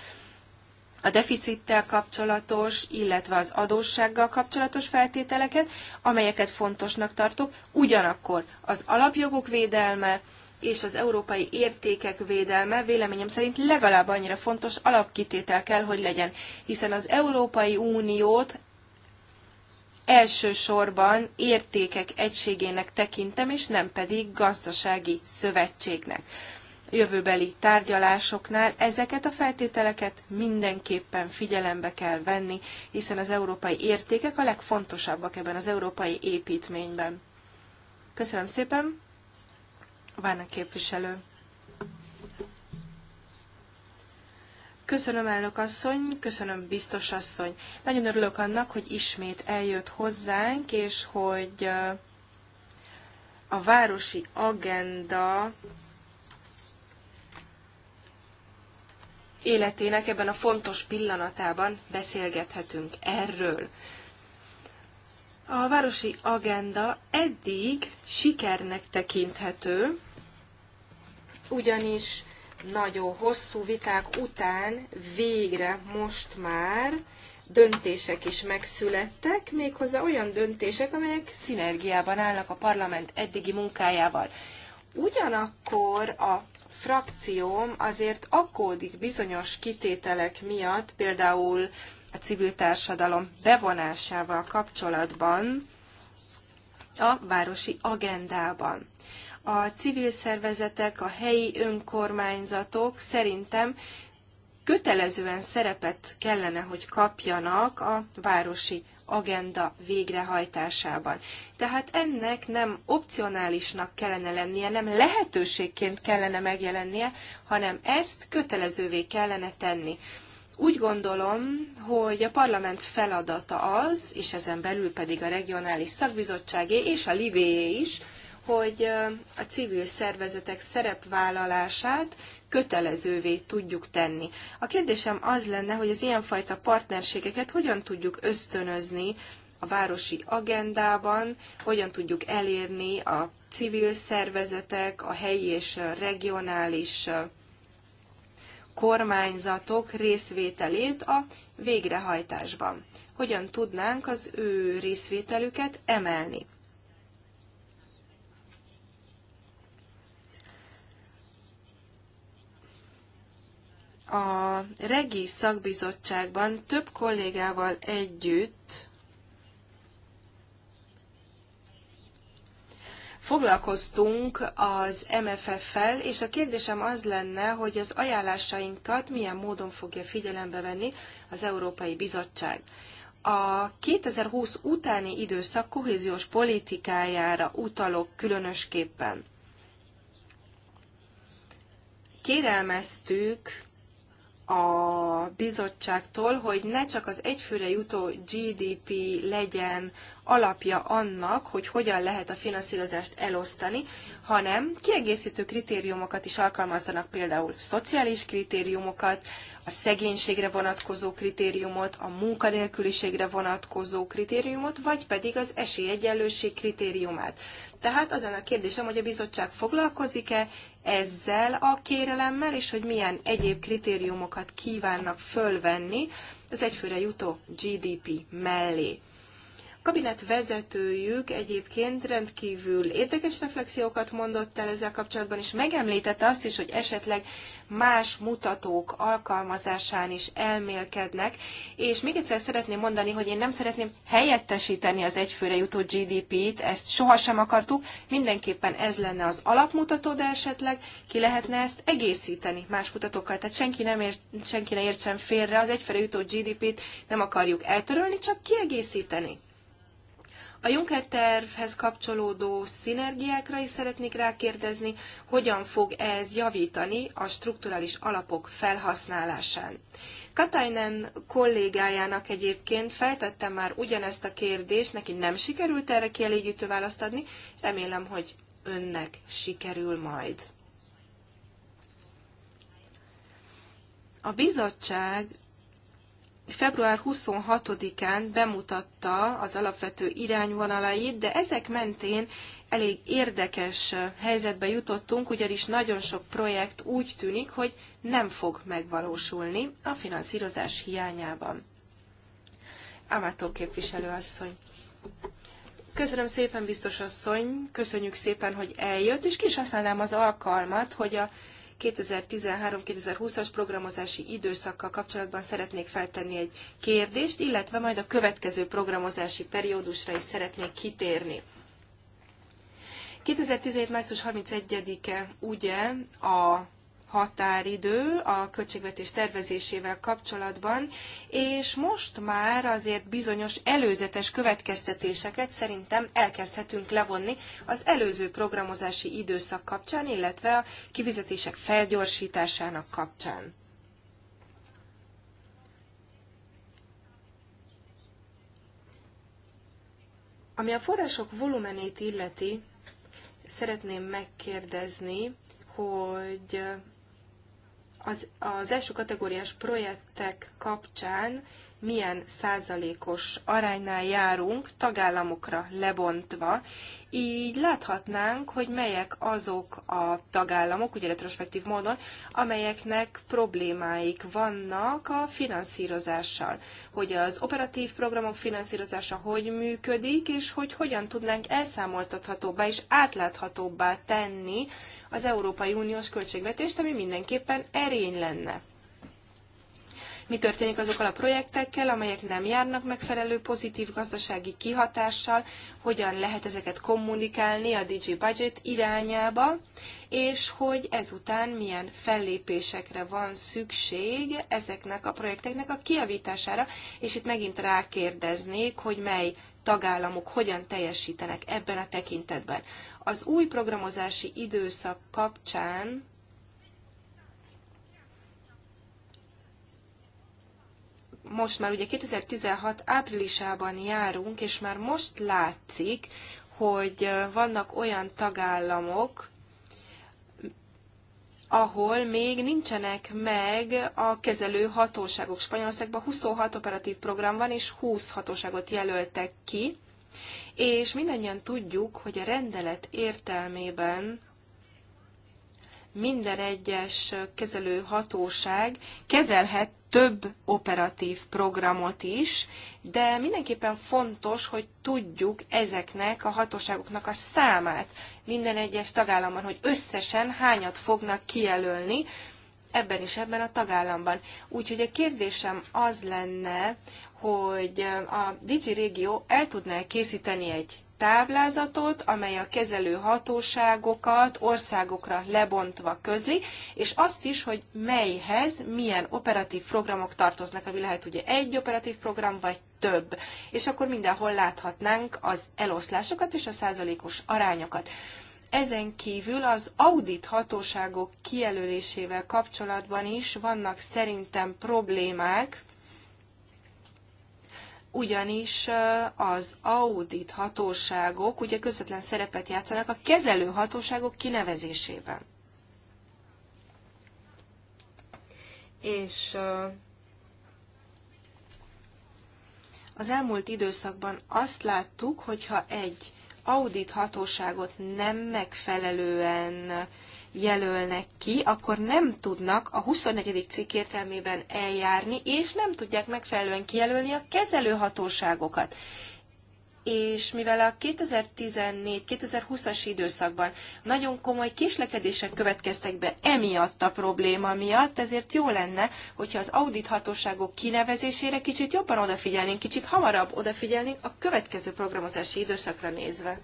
a deficittel kapcsolatos, illetve az adóssággal kapcsolatos feltételeket, amelyeket fontosnak tartok, ugyanakkor az alapjogok védelme, és az európai értékek védelme véleményem szerint legalább annyira fontos alapkitétel kell, hogy legyen, hiszen az Európai Uniót elsősorban értékek egységének tekintem, és nem pedig gazdasági szövetségnek. Jövőbeli tárgyalásoknál ezeket a feltételeket mindenképpen figyelembe kell venni, hiszen az európai értékek a legfontosabbak ebben az európai építményben. Köszönöm szépen! Várna képviselő. Köszönöm, elnök asszony, köszönöm, biztos asszony. Nagyon örülök annak, hogy ismét eljött hozzánk, és hogy uh, a városi agenda életének ebben a fontos pillanatában beszélgethetünk erről. A városi agenda eddig sikernek tekinthető, ugyanis nagyon hosszú viták után végre most már döntések is megszülettek, méghozzá olyan döntések, amelyek szinergiában állnak a parlament eddigi munkájával. Ugyanakkor a frakcióm azért aggódik bizonyos kitételek miatt, például a civil társadalom bevonásával kapcsolatban a városi agendában a civil szervezetek, a helyi önkormányzatok szerintem kötelezően szerepet kellene, hogy kapjanak a városi agenda végrehajtásában. Tehát ennek nem opcionálisnak kellene lennie, nem lehetőségként kellene megjelennie, hanem ezt kötelezővé kellene tenni. Úgy gondolom, hogy a parlament feladata az, és ezen belül pedig a regionális szakbizottságé és a livéjé is, hogy a civil szervezetek szerepvállalását kötelezővé tudjuk tenni. A kérdésem az lenne, hogy az ilyenfajta partnerségeket hogyan tudjuk ösztönözni a városi agendában, hogyan tudjuk elérni a civil szervezetek, a helyi és regionális kormányzatok részvételét a végrehajtásban. Hogyan tudnánk az ő részvételüket emelni? a regi szakbizottságban több kollégával együtt foglalkoztunk az MFF-fel, és a kérdésem az lenne, hogy az ajánlásainkat milyen módon fogja figyelembe venni az Európai Bizottság. A 2020 utáni időszak kohéziós politikájára utalok különösképpen. Kérelmeztük a bizottságtól, hogy ne csak az egyfőre jutó GDP legyen alapja annak, hogy hogyan lehet a finanszírozást elosztani, hanem kiegészítő kritériumokat is alkalmazzanak, például szociális kritériumokat, a szegénységre vonatkozó kritériumot, a munkanélküliségre vonatkozó kritériumot, vagy pedig az esélyegyenlőség kritériumát. Tehát az a kérdésem, hogy a bizottság foglalkozik-e ezzel a kérelemmel, és hogy milyen egyéb kritériumokat kívánnak fölvenni az egyfőre jutó GDP mellé kabinet vezetőjük egyébként rendkívül érdekes reflexiókat mondott el ezzel kapcsolatban, és megemlítette azt is, hogy esetleg más mutatók alkalmazásán is elmélkednek, és még egyszer szeretném mondani, hogy én nem szeretném helyettesíteni az egyfőre jutó GDP-t, ezt sohasem akartuk, mindenképpen ez lenne az alapmutató, de esetleg ki lehetne ezt egészíteni más mutatókkal. Tehát senki, nem ért, senki ne értsen félre, az egyfőre jutó GDP-t nem akarjuk eltörölni, csak kiegészíteni. A Juncker tervhez kapcsolódó szinergiákra is szeretnék rákérdezni, hogyan fog ez javítani a strukturális alapok felhasználásán. Katainen kollégájának egyébként feltettem már ugyanezt a kérdést, neki nem sikerült erre kielégítő választ adni, remélem, hogy önnek sikerül majd. A bizottság február 26-án bemutatta az alapvető irányvonalait, de ezek mentén elég érdekes helyzetbe jutottunk, ugyanis nagyon sok projekt úgy tűnik, hogy nem fog megvalósulni a finanszírozás hiányában. képviselő képviselőasszony. Köszönöm szépen, biztos asszony, köszönjük szépen, hogy eljött, és kis használnám az alkalmat, hogy a 2013-2020-as programozási időszakkal kapcsolatban szeretnék feltenni egy kérdést, illetve majd a következő programozási periódusra is szeretnék kitérni. 2017. március 31-e ugye a határidő a költségvetés tervezésével kapcsolatban, és most már azért bizonyos előzetes következtetéseket szerintem elkezdhetünk levonni az előző programozási időszak kapcsán, illetve a kivizetések felgyorsításának kapcsán. Ami a források volumenét illeti, szeretném megkérdezni, hogy az, az első kategóriás projektek kapcsán milyen százalékos aránynál járunk tagállamokra lebontva, így láthatnánk, hogy melyek azok a tagállamok, ugye retrospektív módon, amelyeknek problémáik vannak a finanszírozással, hogy az operatív programok finanszírozása hogy működik, és hogy hogyan tudnánk elszámoltathatóbbá és átláthatóbbá tenni az Európai Uniós költségvetést, ami mindenképpen erény lenne mi történik azokkal a projektekkel, amelyek nem járnak megfelelő pozitív gazdasági kihatással, hogyan lehet ezeket kommunikálni a DG Budget irányába, és hogy ezután milyen fellépésekre van szükség ezeknek a projekteknek a kiavítására, és itt megint rákérdeznék, hogy mely tagállamok hogyan teljesítenek ebben a tekintetben. Az új programozási időszak kapcsán most már ugye 2016 áprilisában járunk, és már most látszik, hogy vannak olyan tagállamok, ahol még nincsenek meg a kezelő hatóságok. Spanyolországban 26 operatív program van, és 20 hatóságot jelöltek ki, és mindannyian tudjuk, hogy a rendelet értelmében minden egyes kezelő hatóság kezelhet több operatív programot is, de mindenképpen fontos, hogy tudjuk ezeknek a hatóságoknak a számát minden egyes tagállamban, hogy összesen hányat fognak kijelölni, ebben is ebben a tagállamban. Úgyhogy a kérdésem az lenne, hogy a Digi Régió el tudná készíteni egy táblázatot, amely a kezelő hatóságokat országokra lebontva közli, és azt is, hogy melyhez milyen operatív programok tartoznak, ami lehet ugye egy operatív program, vagy több. És akkor mindenhol láthatnánk az eloszlásokat és a százalékos arányokat. Ezen kívül az audit hatóságok kijelölésével kapcsolatban is vannak szerintem problémák, ugyanis az audit hatóságok ugye közvetlen szerepet játszanak a kezelő hatóságok kinevezésében. És az elmúlt időszakban azt láttuk, hogyha egy audit hatóságot nem megfelelően jelölnek ki, akkor nem tudnak a 24. cikk értelmében eljárni, és nem tudják megfelelően kijelölni a kezelőhatóságokat és mivel a 2014-2020-as időszakban nagyon komoly késlekedések következtek be emiatt a probléma miatt, ezért jó lenne, hogyha az audithatóságok kinevezésére kicsit jobban odafigyelnénk, kicsit hamarabb odafigyelnénk a következő programozási időszakra nézve.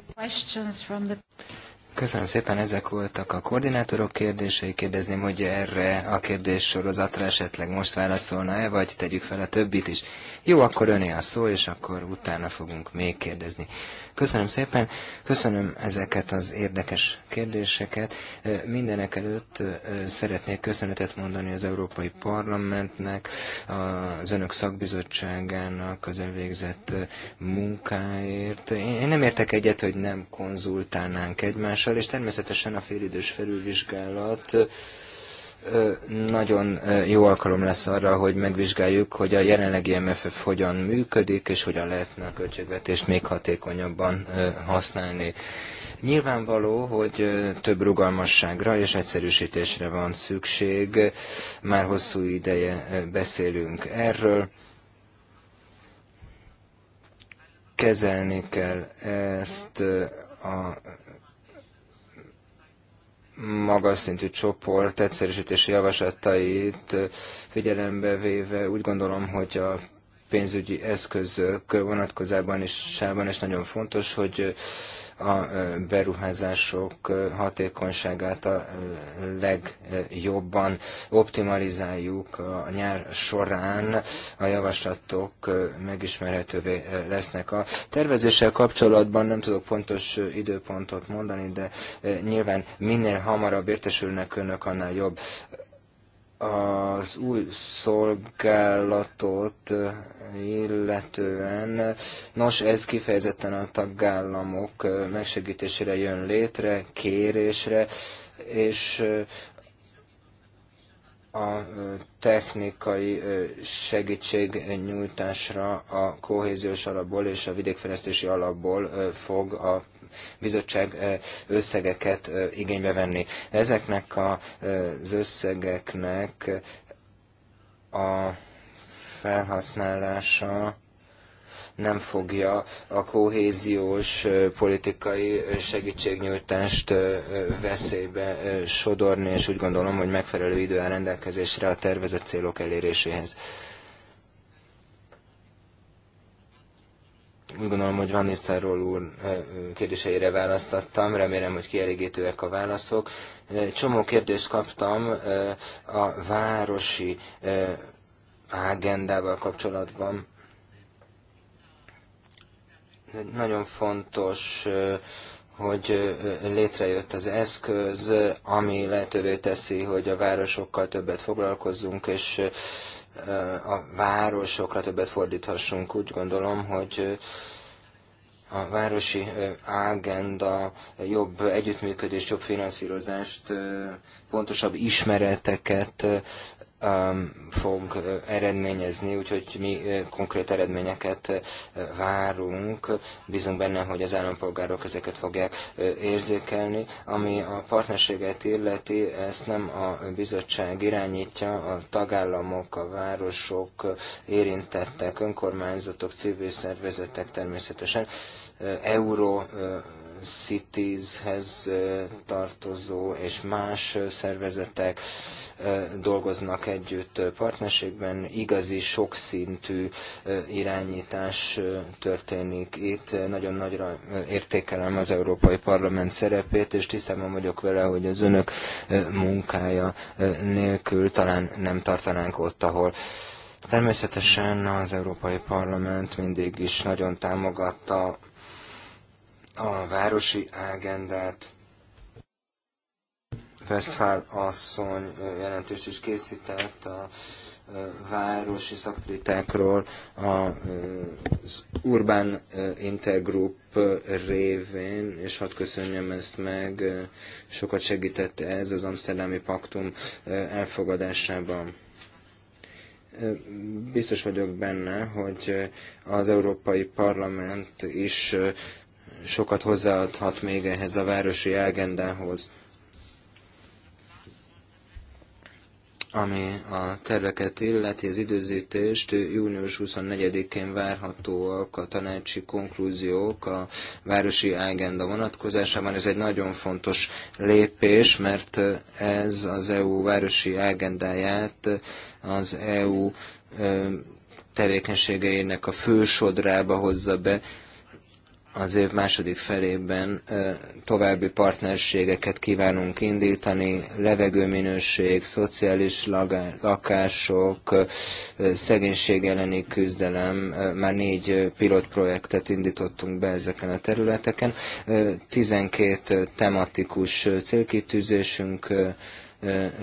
Köszönöm szépen, ezek voltak a koordinátorok kérdései. Kérdezném, hogy erre a sorozatra esetleg most válaszolna-e, vagy tegyük fel a többit is. Jó, akkor öné a szó, és akkor utána fogunk még kérdezni. Köszönöm szépen, köszönöm ezeket az érdekes kérdéseket. Mindenek előtt szeretnék köszönetet mondani az Európai Parlamentnek, az Önök szakbizottságának az elvégzett munkáért. Én nem értek egyet, hogy nem konzultálnánk egymást, hatással, és természetesen a félidős felülvizsgálat nagyon jó alkalom lesz arra, hogy megvizsgáljuk, hogy a jelenlegi MFF hogyan működik, és hogyan lehetne a költségvetést még hatékonyabban használni. Nyilvánvaló, hogy több rugalmasságra és egyszerűsítésre van szükség, már hosszú ideje beszélünk erről. Kezelni kell ezt a magas szintű csoport egyszerűsítési javaslatait figyelembe véve úgy gondolom, hogy a pénzügyi eszközök vonatkozában is sában, és nagyon fontos, hogy a beruházások hatékonyságát a legjobban optimalizáljuk a nyár során, a javaslatok megismerhetővé lesznek. A tervezéssel kapcsolatban nem tudok pontos időpontot mondani, de nyilván minél hamarabb értesülnek önök, annál jobb az új szolgálatot illetően. Nos, ez kifejezetten a tagállamok megsegítésére jön létre, kérésre, és a technikai segítségnyújtásra a kohéziós alapból és a vidékfejlesztési alapból fog a bizottság összegeket igénybe venni. Ezeknek az összegeknek a felhasználása nem fogja a kohéziós politikai segítségnyújtást veszélybe sodorni, és úgy gondolom, hogy megfelelő idő áll rendelkezésre a tervezett célok eléréséhez. Úgy gondolom, hogy Van Nisztáról úr kérdéseire választattam, remélem, hogy kielégítőek a válaszok. Csomó kérdést kaptam a városi agendával kapcsolatban. Nagyon fontos, hogy létrejött az eszköz, ami lehetővé teszi, hogy a városokkal többet foglalkozzunk, és a városokra többet fordíthassunk. Úgy gondolom, hogy a városi ágenda jobb együttműködés, jobb finanszírozást, pontosabb ismereteket Um, fog uh, eredményezni, úgyhogy mi uh, konkrét eredményeket uh, várunk. Bízunk benne, hogy az állampolgárok ezeket fogják érzékelni. Ami a partnerséget illeti, ezt nem a bizottság irányítja, a tagállamok, a városok, érintettek, önkormányzatok, civil szervezetek természetesen. Euro Cities-hez tartozó és más szervezetek, dolgoznak együtt partnerségben, igazi sokszintű irányítás történik itt. Nagyon nagyra értékelem az Európai Parlament szerepét, és tisztában vagyok vele, hogy az önök munkája nélkül talán nem tartanánk ott, ahol Természetesen az Európai Parlament mindig is nagyon támogatta a városi agendát. Westphal asszony jelentést is készített a városi szakritákról az Urban Intergroup révén, és hadd köszönjem ezt meg, sokat segített ez az Amsterdami Paktum elfogadásában. Biztos vagyok benne, hogy az Európai Parlament is sokat hozzáadhat még ehhez a városi agendához. Ami a terveket illeti, az időzítést június 24-én várhatóak a tanácsi konklúziók a városi ágenda vonatkozásában. Ez egy nagyon fontos lépés, mert ez az EU városi ágendáját az EU tevékenységeinek a fősodrába hozza be, az év második felében további partnerségeket kívánunk indítani, levegőminőség, szociális lakások, szegénység elleni küzdelem, már négy pilotprojektet indítottunk be ezeken a területeken. 12 tematikus célkitűzésünk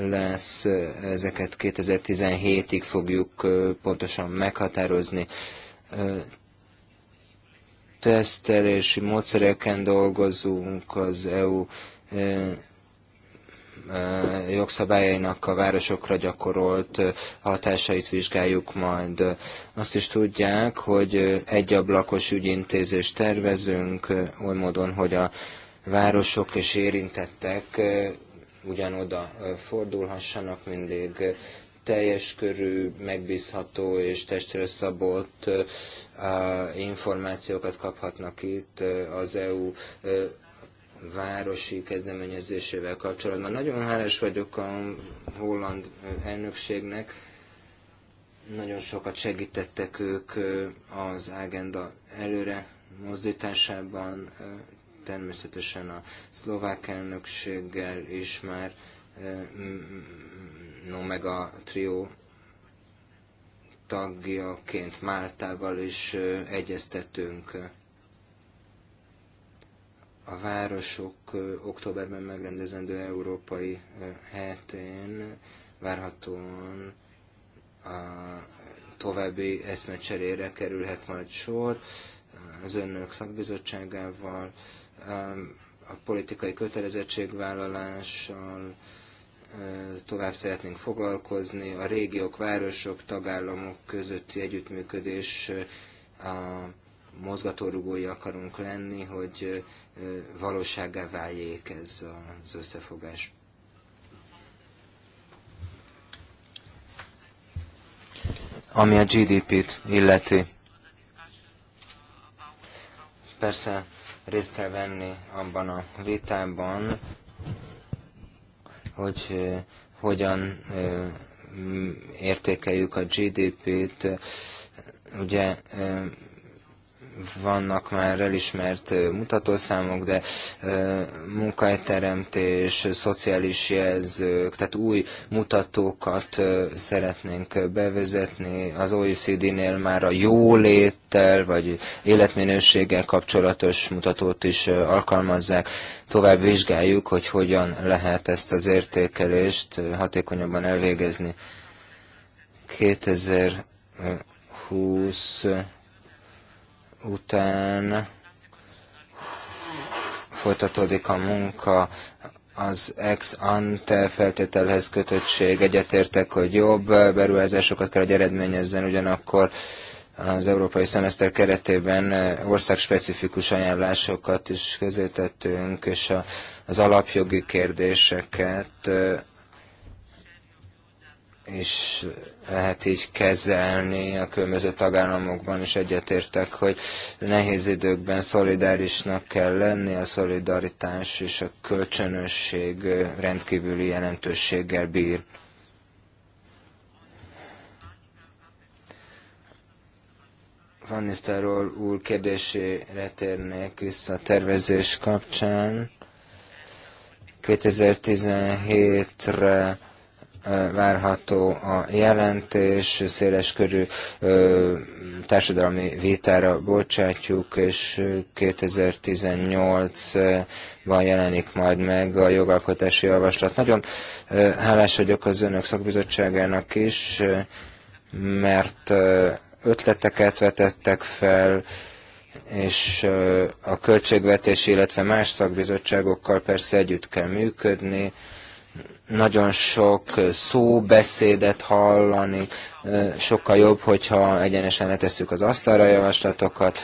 lesz, ezeket 2017-ig fogjuk pontosan meghatározni tesztelési módszereken dolgozunk az EU e, e, jogszabályainak a városokra gyakorolt e, hatásait vizsgáljuk majd. Azt is tudják, hogy egy ablakos ügyintézést tervezünk, oly módon, hogy a városok és érintettek ugyanoda fordulhassanak mindig teljes körű, megbízható és testre szabott információkat kaphatnak itt az EU városi kezdeményezésével kapcsolatban. Nagyon hálás vagyok a holland elnökségnek, nagyon sokat segítettek ők az agenda előre mozdításában, természetesen a szlovák elnökséggel is már no meg a trió tagjaként Máltával is egyeztetünk. A városok októberben megrendezendő európai hetén várhatóan a további eszmecserére kerülhet majd sor az önök szakbizottságával, a politikai kötelezettségvállalással, tovább szeretnénk foglalkozni. A régiók, városok, tagállamok közötti együttműködés eh, a mozgatórugói akarunk lenni, hogy eh, valósággá váljék ez az összefogás. Ami a GDP-t illeti, persze részt kell venni abban a vitában, hogy hogyan értékeljük a GDP-t. Ugye vannak már elismert mutatószámok, de munkahelyteremtés, szociális jelzők, tehát új mutatókat szeretnénk bevezetni. Az OECD-nél már a jóléttel vagy életminőséggel kapcsolatos mutatót is alkalmazzák. Tovább vizsgáljuk, hogy hogyan lehet ezt az értékelést hatékonyabban elvégezni. 2020 után folytatódik a munka az ex ante feltételhez kötöttség. Egyetértek, hogy jobb beruházásokat kell, hogy eredményezzen, ugyanakkor az európai szemeszter keretében országspecifikus ajánlásokat is közétettünk, és a, az alapjogi kérdéseket és lehet így kezelni a különböző tagállamokban, is egyetértek, hogy nehéz időkben szolidárisnak kell lenni, a szolidaritás és a kölcsönösség rendkívüli jelentőséggel bír. Van Nisztáról úr kérdésére térnék vissza a tervezés kapcsán. 2017-re várható a jelentés, széles körű társadalmi vitára bocsátjuk, és 2018-ban jelenik majd meg a jogalkotási javaslat. Nagyon hálás vagyok az önök szakbizottságának is, mert ötleteket vetettek fel, és a költségvetés, illetve más szakbizottságokkal persze együtt kell működni, nagyon sok szóbeszédet hallani, sokkal jobb, hogyha egyenesen letesszük az asztalra javaslatokat,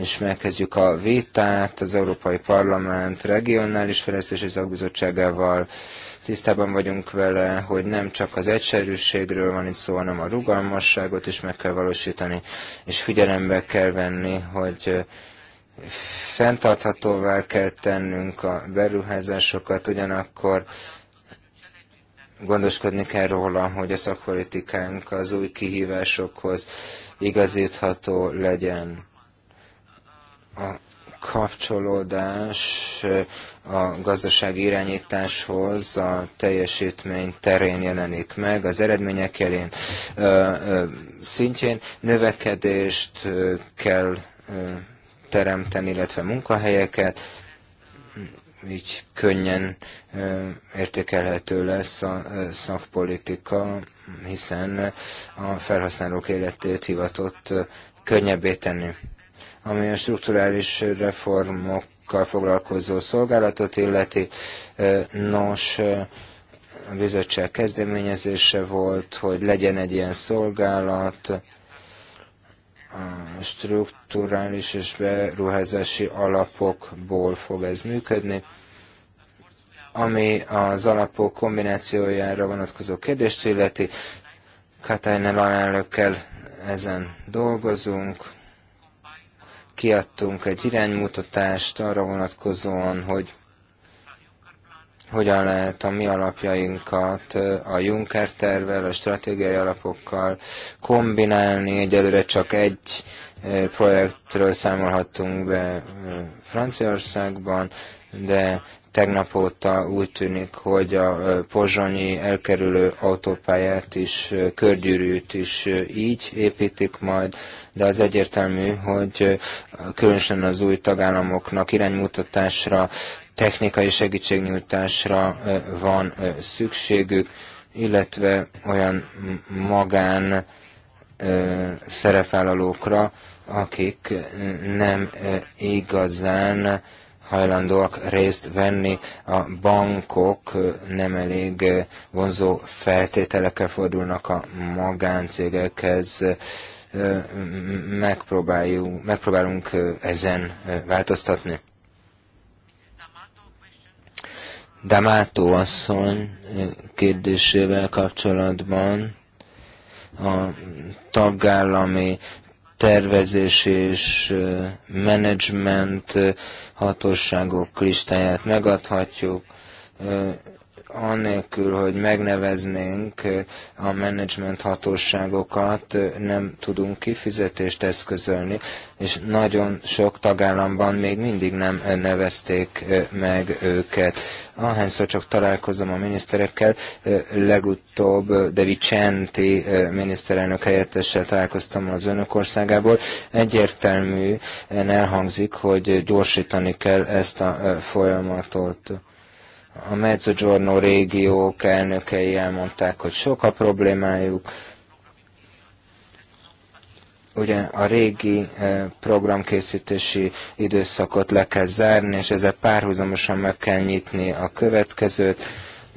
és megkezdjük a vitát az Európai Parlament regionális fejlesztési szakbizottságával. Tisztában vagyunk vele, hogy nem csak az egyszerűségről van itt szó, hanem a rugalmasságot is meg kell valósítani, és figyelembe kell venni, hogy fenntarthatóvá kell tennünk a beruházásokat, ugyanakkor gondoskodni kell róla, hogy a szakpolitikánk az új kihívásokhoz igazítható legyen. A kapcsolódás a gazdaság irányításhoz a teljesítmény terén jelenik meg, az eredmények jelén szintjén növekedést kell teremteni, illetve munkahelyeket, így könnyen értékelhető lesz a szakpolitika, hiszen a felhasználók életét hivatott könnyebbé tenni. Ami a strukturális reformokkal foglalkozó szolgálatot illeti, nos, a bizottság kezdeményezése volt, hogy legyen egy ilyen szolgálat, strukturális és beruházási alapokból fog ez működni. Ami az alapok kombinációjára vonatkozó kérdést illeti, Katajnel alelnökkel ezen dolgozunk, kiadtunk egy iránymutatást arra vonatkozóan, hogy hogyan lehet a mi alapjainkat a Juncker tervel, a stratégiai alapokkal kombinálni. Egyelőre csak egy projektről számolhattunk be Franciaországban, de tegnap óta úgy tűnik, hogy a pozsonyi elkerülő autópályát is, körgyűrűt is így építik majd, de az egyértelmű, hogy különösen az új tagállamoknak iránymutatásra technikai segítségnyújtásra van szükségük, illetve olyan magán szerepvállalókra, akik nem igazán hajlandóak részt venni, a bankok nem elég vonzó feltételekkel fordulnak a magáncégekhez, megpróbáljuk, megpróbálunk ezen változtatni. Damátó asszony kérdésével kapcsolatban a tagállami tervezés és menedzsment hatóságok listáját megadhatjuk anélkül, hogy megneveznénk a menedzsment hatóságokat, nem tudunk kifizetést eszközölni, és nagyon sok tagállamban még mindig nem nevezték meg őket. Ahányszor csak találkozom a miniszterekkel, legutóbb De Vicenti miniszterelnök helyettessel találkoztam az önök országából, egyértelműen elhangzik, hogy gyorsítani kell ezt a folyamatot. A Mezzogiorno régiók elnökei elmondták, hogy sok a problémájuk. Ugye a régi eh, programkészítési időszakot le kell zárni, és ezzel párhuzamosan meg kell nyitni a következőt.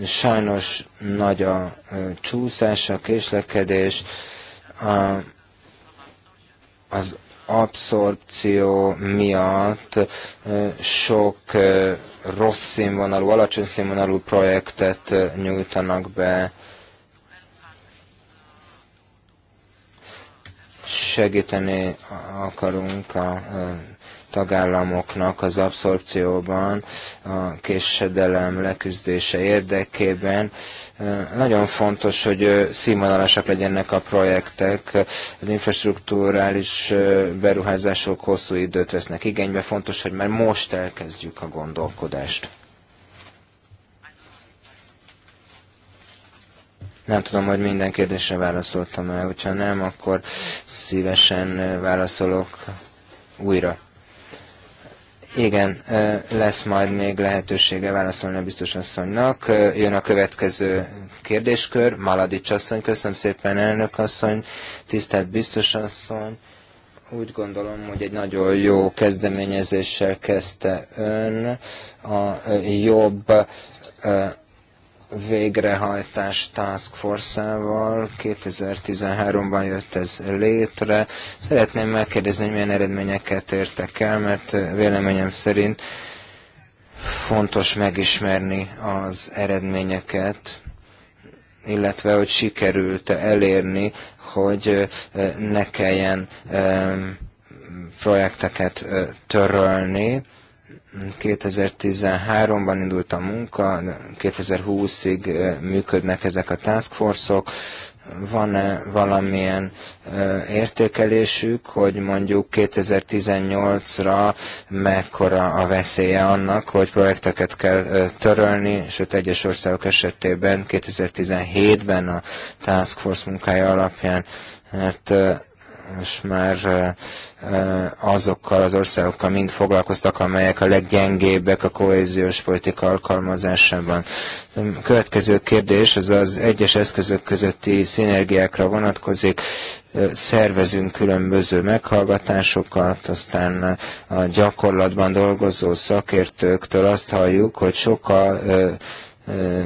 Sajnos nagy a eh, csúszás, a késlekedés. A, az abszorpció miatt eh, sok rossz színvonalú, alacsony színvonalú projektet nyújtanak be, segíteni akarunk a tagállamoknak az abszorpcióban a késedelem leküzdése érdekében. Nagyon fontos, hogy színvonalasak legyenek a projektek, az infrastruktúrális beruházások hosszú időt vesznek igénybe, fontos, hogy már most elkezdjük a gondolkodást. Nem tudom, hogy minden kérdésre válaszoltam el, hogyha nem, akkor szívesen válaszolok újra. Igen, lesz majd még lehetősége válaszolni a biztos asszonynak. Jön a következő kérdéskör. Maladics asszony, köszönöm szépen elnök asszony, tisztelt biztos asszony. Úgy gondolom, hogy egy nagyon jó kezdeményezéssel kezdte ön a jobb végrehajtás Task Force-ával. 2013-ban jött ez létre. Szeretném megkérdezni, hogy milyen eredményeket értek el, mert véleményem szerint fontos megismerni az eredményeket, illetve hogy sikerült elérni, hogy ne kelljen projekteket törölni 2013-ban indult a munka, 2020-ig működnek ezek a task force-ok, van-e valamilyen értékelésük, hogy mondjuk 2018-ra mekkora a veszélye annak, hogy projekteket kell törölni, sőt egyes országok esetében 2017-ben a Task Force munkája alapján, mert most már azokkal az országokkal mind foglalkoztak, amelyek a leggyengébbek a kohéziós politika alkalmazásában. A következő kérdés az az egyes eszközök közötti szinergiákra vonatkozik. Szervezünk különböző meghallgatásokat, aztán a gyakorlatban dolgozó szakértőktől azt halljuk, hogy sokkal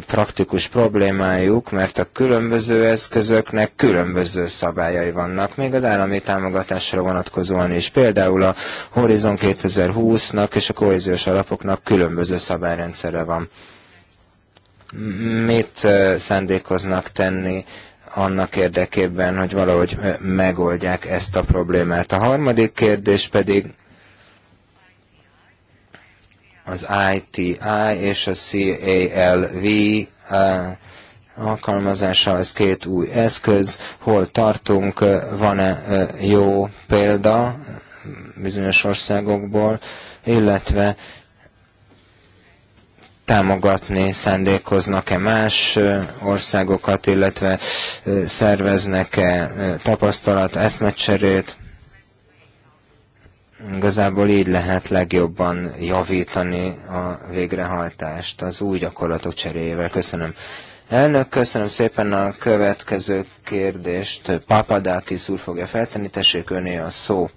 praktikus problémájuk, mert a különböző eszközöknek különböző szabályai vannak, még az állami támogatásra vonatkozóan is. Például a Horizon 2020-nak és a kohéziós alapoknak különböző szabályrendszere van. Mit szándékoznak tenni annak érdekében, hogy valahogy megoldják ezt a problémát? A harmadik kérdés pedig az ITI és a CALV eh, alkalmazása, ez két új eszköz, hol tartunk, eh, van-e eh, jó példa bizonyos országokból, illetve támogatni szándékoznak-e más országokat, illetve szerveznek-e tapasztalat, eszmecserét. Igazából így lehet legjobban javítani a végrehajtást az új gyakorlatok cseréjével. Köszönöm. Elnök, köszönöm szépen a következő kérdést. Papadákis úr fogja feltenni, tessék öné a szó.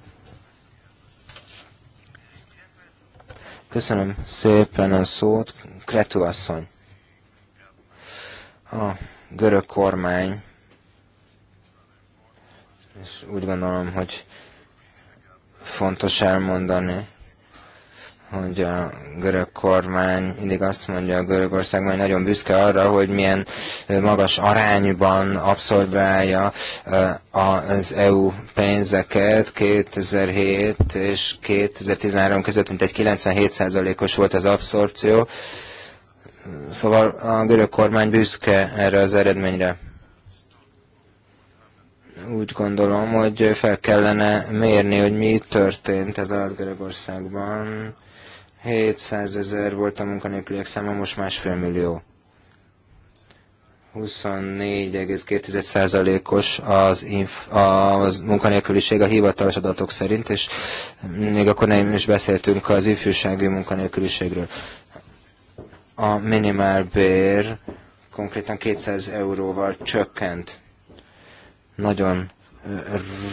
Köszönöm szépen a szót. Kretu asszony. A görög kormány, és úgy gondolom, hogy fontos elmondani, hogy a görög kormány mindig azt mondja a Görögország, hogy nagyon büszke arra, hogy milyen magas arányban abszorbálja az EU pénzeket 2007 és 2013 között, mint egy 97%-os volt az abszorció, Szóval a görög kormány büszke erre az eredményre úgy gondolom, hogy fel kellene mérni, hogy mi történt ez alatt Görögországban. 700 ezer volt a munkanélküliek száma, most másfél millió. 24,2%-os az, az munkanélküliség a hivatalos adatok szerint, és még akkor nem is beszéltünk az ifjúsági munkanélküliségről. A minimálbér konkrétan 200 euróval csökkent nagyon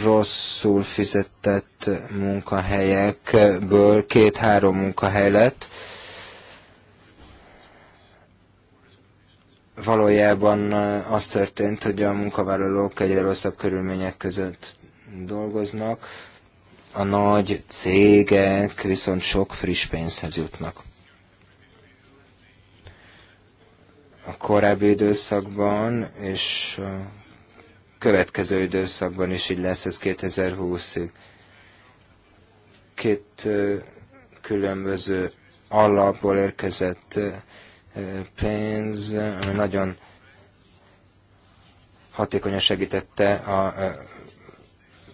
rosszul fizetett munkahelyekből két-három munkahely lett. Valójában az történt, hogy a munkavállalók egyre rosszabb körülmények között dolgoznak, a nagy cégek viszont sok friss pénzhez jutnak. A korábbi időszakban és következő időszakban is így lesz, ez 2020-ig. Két különböző alapból érkezett pénz, ami nagyon hatékonyan segítette a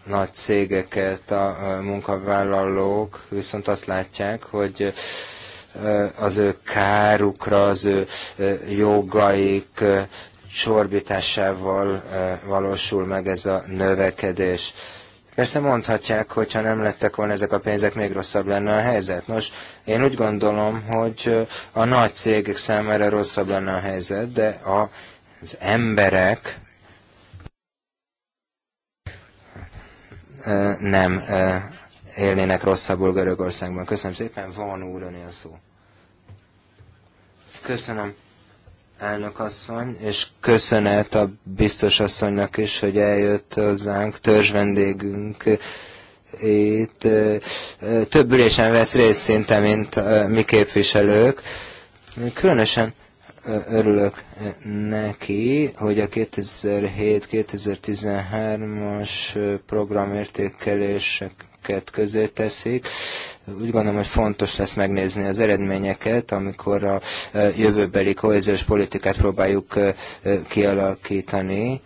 nagy cégeket, a munkavállalók, viszont azt látják, hogy az ő kárukra, az ő jogaik sorbitásával eh, valósul meg ez a növekedés. Persze mondhatják, hogy ha nem lettek volna ezek a pénzek, még rosszabb lenne a helyzet. Nos, én úgy gondolom, hogy eh, a nagy cégek számára rosszabb lenne a helyzet, de a, az emberek eh, nem élnének rosszabbul Görögországban. Köszönöm szépen, van úr, a szó. Köszönöm asszony, és köszönet a biztos asszonynak is, hogy eljött hozzánk, törzs vendégünk itt. Több ülésen vesz részt szinte, mint mi képviselők. Különösen örülök neki, hogy a 2007-2013-as programértékelések ezeket közé teszik. Úgy gondolom, hogy fontos lesz megnézni az eredményeket, amikor a e, jövőbeli kohéziós politikát próbáljuk e, e, kialakítani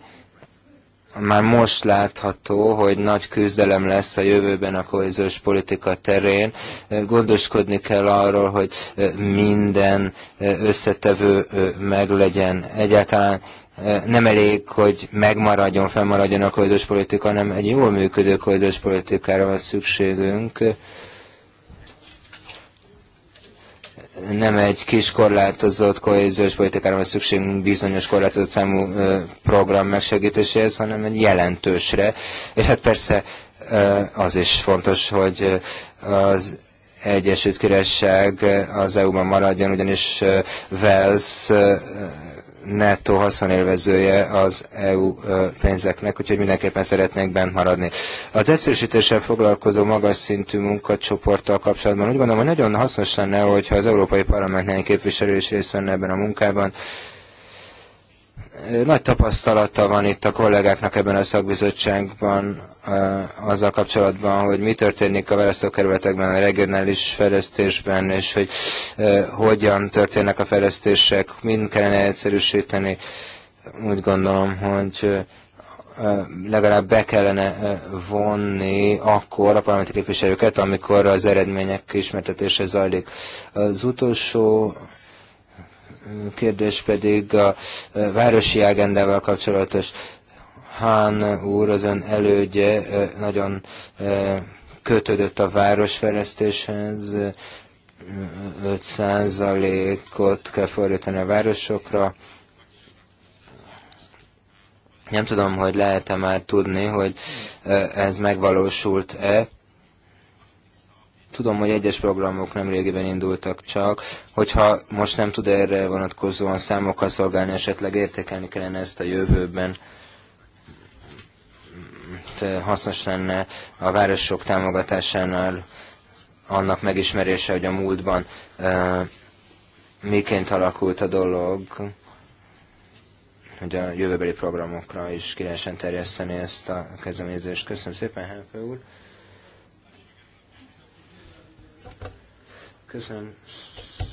már most látható, hogy nagy küzdelem lesz a jövőben a kohéziós politika terén. Gondoskodni kell arról, hogy minden összetevő meglegyen. Egyáltalán nem elég, hogy megmaradjon, felmaradjon a kohéziós politika, hanem egy jól működő kohéziós politikára van szükségünk. Nem egy kis korlátozott kohéziós politikára van szükségünk bizonyos korlátozott számú program megsegítéséhez, hanem egy jelentősre. És hát persze az is fontos, hogy az Egyesült Királyság az EU-ban maradjon, ugyanis Wales nettó haszonélvezője az EU pénzeknek, úgyhogy mindenképpen szeretnénk bent maradni. Az egyszerűsítéssel foglalkozó magas szintű munkacsoporttal kapcsolatban úgy gondolom, hogy nagyon hasznos lenne, hogyha az Európai Parlamentnél képviselő is részt venne ebben a munkában, nagy tapasztalata van itt a kollégáknak ebben a szakbizottságban azzal kapcsolatban, hogy mi történik a választókerületekben, a regionális fejlesztésben, és hogy hogyan történnek a fejlesztések, mind kellene egyszerűsíteni. Úgy gondolom, hogy legalább be kellene vonni akkor a parlamenti képviselőket, amikor az eredmények ismertetése zajlik. Az utolsó kérdés pedig a e, városi agendával kapcsolatos. Hán úr, az ön elődje e, nagyon e, kötődött a városfejlesztéshez, 5%-ot kell fordítani a városokra. Nem tudom, hogy lehet-e már tudni, hogy ez megvalósult-e Tudom, hogy egyes programok nem régiben indultak csak, hogyha most nem tud erre vonatkozóan számokkal szolgálni, esetleg értékelni kellene ezt a jövőben hasznos lenne a városok támogatásánál annak megismerése, hogy a múltban uh, miként alakult a dolog, hogy a jövőbeli programokra is ki terjeszteni ezt a kezdeményezést. Köszönöm szépen, Helpe úr! Köszönöm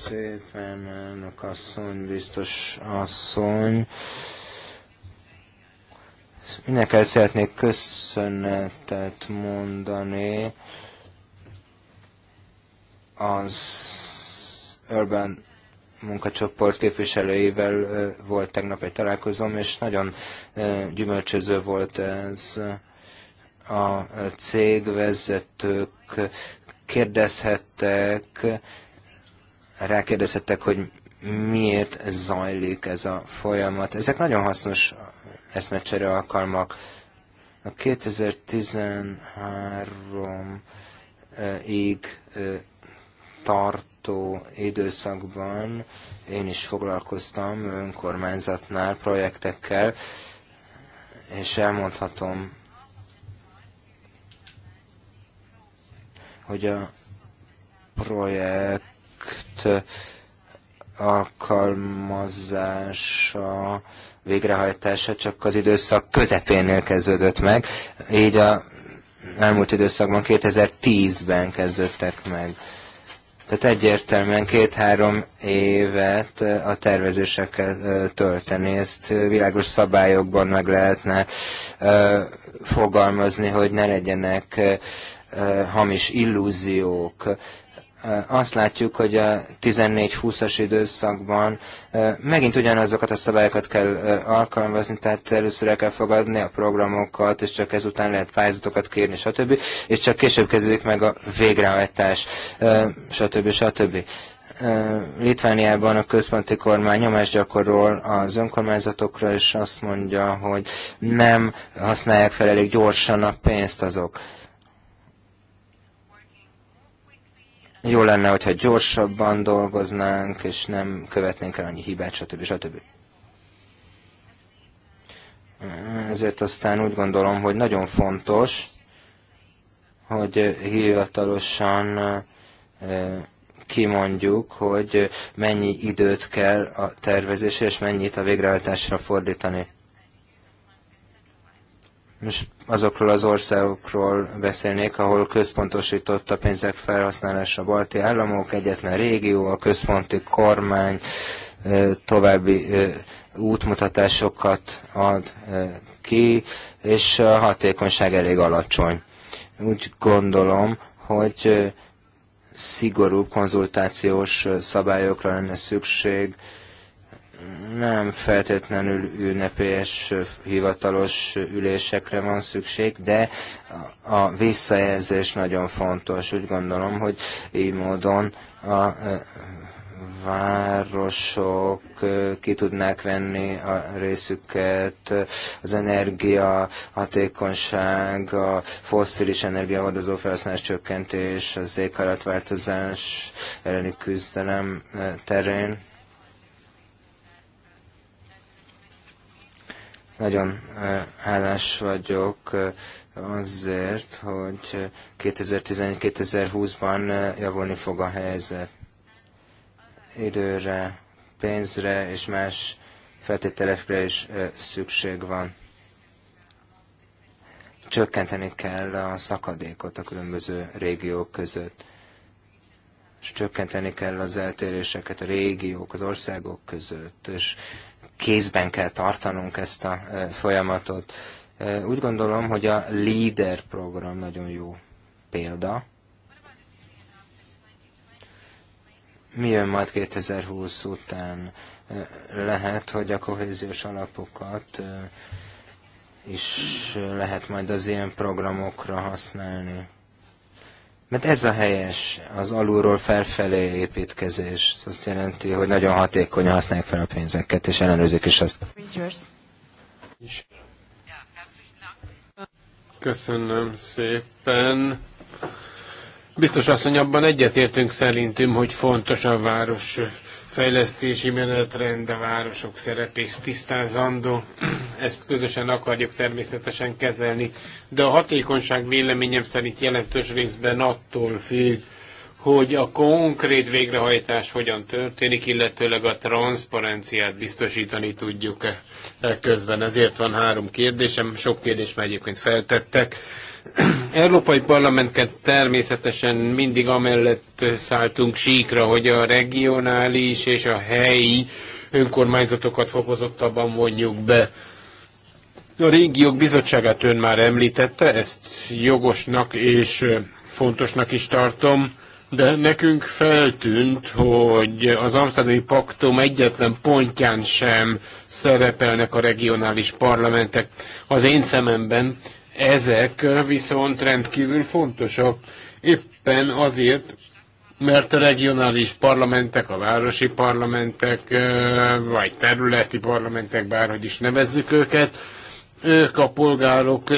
szépen, elnök asszony, biztos asszony. Mindenkel szeretnék köszönetet mondani az Urban munkacsoport képviselőivel volt tegnap egy találkozom, és nagyon gyümölcsöző volt ez a cégvezetők kérdezhettek, rákérdezhettek, hogy miért zajlik ez a folyamat. Ezek nagyon hasznos eszmecsere alkalmak. A 2013-ig tartó időszakban én is foglalkoztam önkormányzatnál projektekkel, és elmondhatom hogy a projekt alkalmazása, végrehajtása csak az időszak közepénél kezdődött meg, így a elmúlt időszakban 2010-ben kezdődtek meg. Tehát egyértelműen két-három évet a tervezésekkel tölteni, ezt világos szabályokban meg lehetne fogalmazni, hogy ne legyenek hamis illúziók. Azt látjuk, hogy a 14-20-as időszakban megint ugyanazokat a szabályokat kell alkalmazni, tehát először el kell fogadni a programokat, és csak ezután lehet pályázatokat kérni, stb. És csak később kezdődik meg a végrehajtás, stb. stb. Litvániában a központi kormány nyomás gyakorol az önkormányzatokra, és azt mondja, hogy nem használják fel elég gyorsan a pénzt azok. Jó lenne, hogyha gyorsabban dolgoznánk, és nem követnénk el annyi hibát, stb. stb. Ezért aztán úgy gondolom, hogy nagyon fontos, hogy hivatalosan eh, kimondjuk, hogy mennyi időt kell a tervezésre, és mennyit a végrehajtásra fordítani. Most azokról az országokról beszélnék, ahol központosított a pénzek felhasználása. Balti államok, egyetlen régió, a központi kormány további útmutatásokat ad ki, és a hatékonyság elég alacsony. Úgy gondolom, hogy szigorú konzultációs szabályokra lenne szükség, nem feltétlenül ünnepélyes hivatalos ülésekre van szükség, de a visszajelzés nagyon fontos. Úgy gondolom, hogy így módon a városok ki tudnák venni a részüket, az energia, hatékonyság, a fosszilis energiahordozó felhasználás csökkentés, az éghajlatváltozás elleni küzdelem terén Nagyon hálás vagyok azért, hogy 2011-2020-ban javulni fog a helyzet. Időre, pénzre és más feltételekre is szükség van. Csökkenteni kell a szakadékot a különböző régiók között, és csökkenteni kell az eltéréseket a régiók, az országok között, és kézben kell tartanunk ezt a e, folyamatot. E, úgy gondolom, hogy a LEADER program nagyon jó példa. Mi jön majd 2020 után? E, lehet, hogy a kohéziós alapokat is lehet majd az ilyen programokra használni. Mert ez a helyes, az alulról felfelé építkezés. Ez azt jelenti, hogy nagyon hatékonyan használják fel a pénzeket, és ellenőrzik is azt. Köszönöm szépen. Biztos asszony, abban egyetértünk szerintünk, hogy fontos a város fejlesztési menetrend, a városok szerepés tisztázandó. Ezt közösen akarjuk természetesen kezelni, de a hatékonyság véleményem szerint jelentős részben attól függ, hogy a konkrét végrehajtás hogyan történik, illetőleg a transzparenciát biztosítani tudjuk-e közben. Ezért van három kérdésem, sok kérdés már egyébként feltettek. Európai Parlamentként természetesen mindig amellett szálltunk síkra, hogy a regionális és a helyi önkormányzatokat fokozottabban vonjuk be. A régiók bizottságát ön már említette, ezt jogosnak és fontosnak is tartom, de nekünk feltűnt, hogy az Amsterdami Paktum egyetlen pontján sem szerepelnek a regionális parlamentek. Az én szememben ezek viszont rendkívül fontosak, éppen azért, mert a regionális parlamentek, a városi parlamentek, vagy területi parlamentek, bárhogy is nevezzük őket, ők a polgárok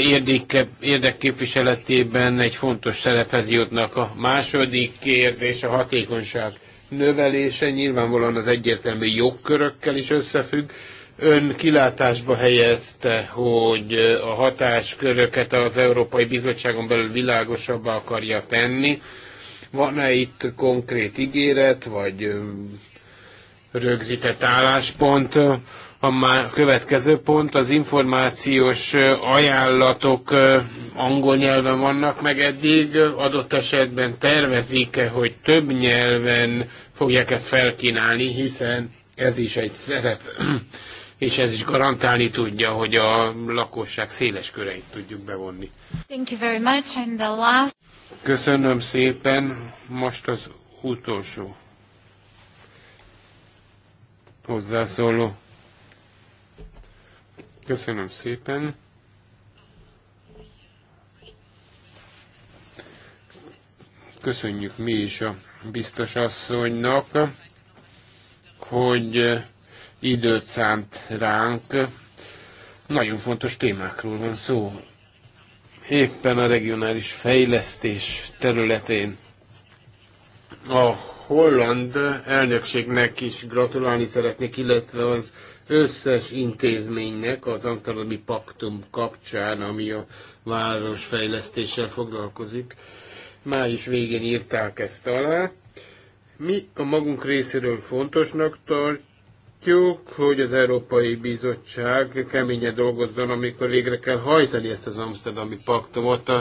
érdekképviseletében egy fontos szerephez jutnak. A második kérdés a hatékonyság növelése nyilvánvalóan az egyértelmű jogkörökkel is összefügg, ön kilátásba helyezte, hogy a hatásköröket az Európai Bizottságon belül világosabbá akarja tenni. Van-e itt konkrét ígéret, vagy rögzített álláspont? A következő pont az információs ajánlatok angol nyelven vannak meg eddig, adott esetben tervezik-e, hogy több nyelven fogják ezt felkínálni, hiszen ez is egy szerep és ez is garantálni tudja, hogy a lakosság széles köreit tudjuk bevonni. Thank you very much. And the last... Köszönöm szépen. Most az utolsó hozzászóló. Köszönöm szépen. Köszönjük mi is a biztos asszonynak, hogy időt szánt ránk. Nagyon fontos témákról van szó. Éppen a regionális fejlesztés területén a holland elnökségnek is gratulálni szeretnék, illetve az összes intézménynek az Amsterdami Paktum kapcsán, ami a városfejlesztéssel foglalkozik. Május végén írták ezt alá. Mi a magunk részéről fontosnak tart, látjuk, hogy az Európai Bizottság keményen dolgozzon, amikor végre kell hajtani ezt az Amsterdami paktumot,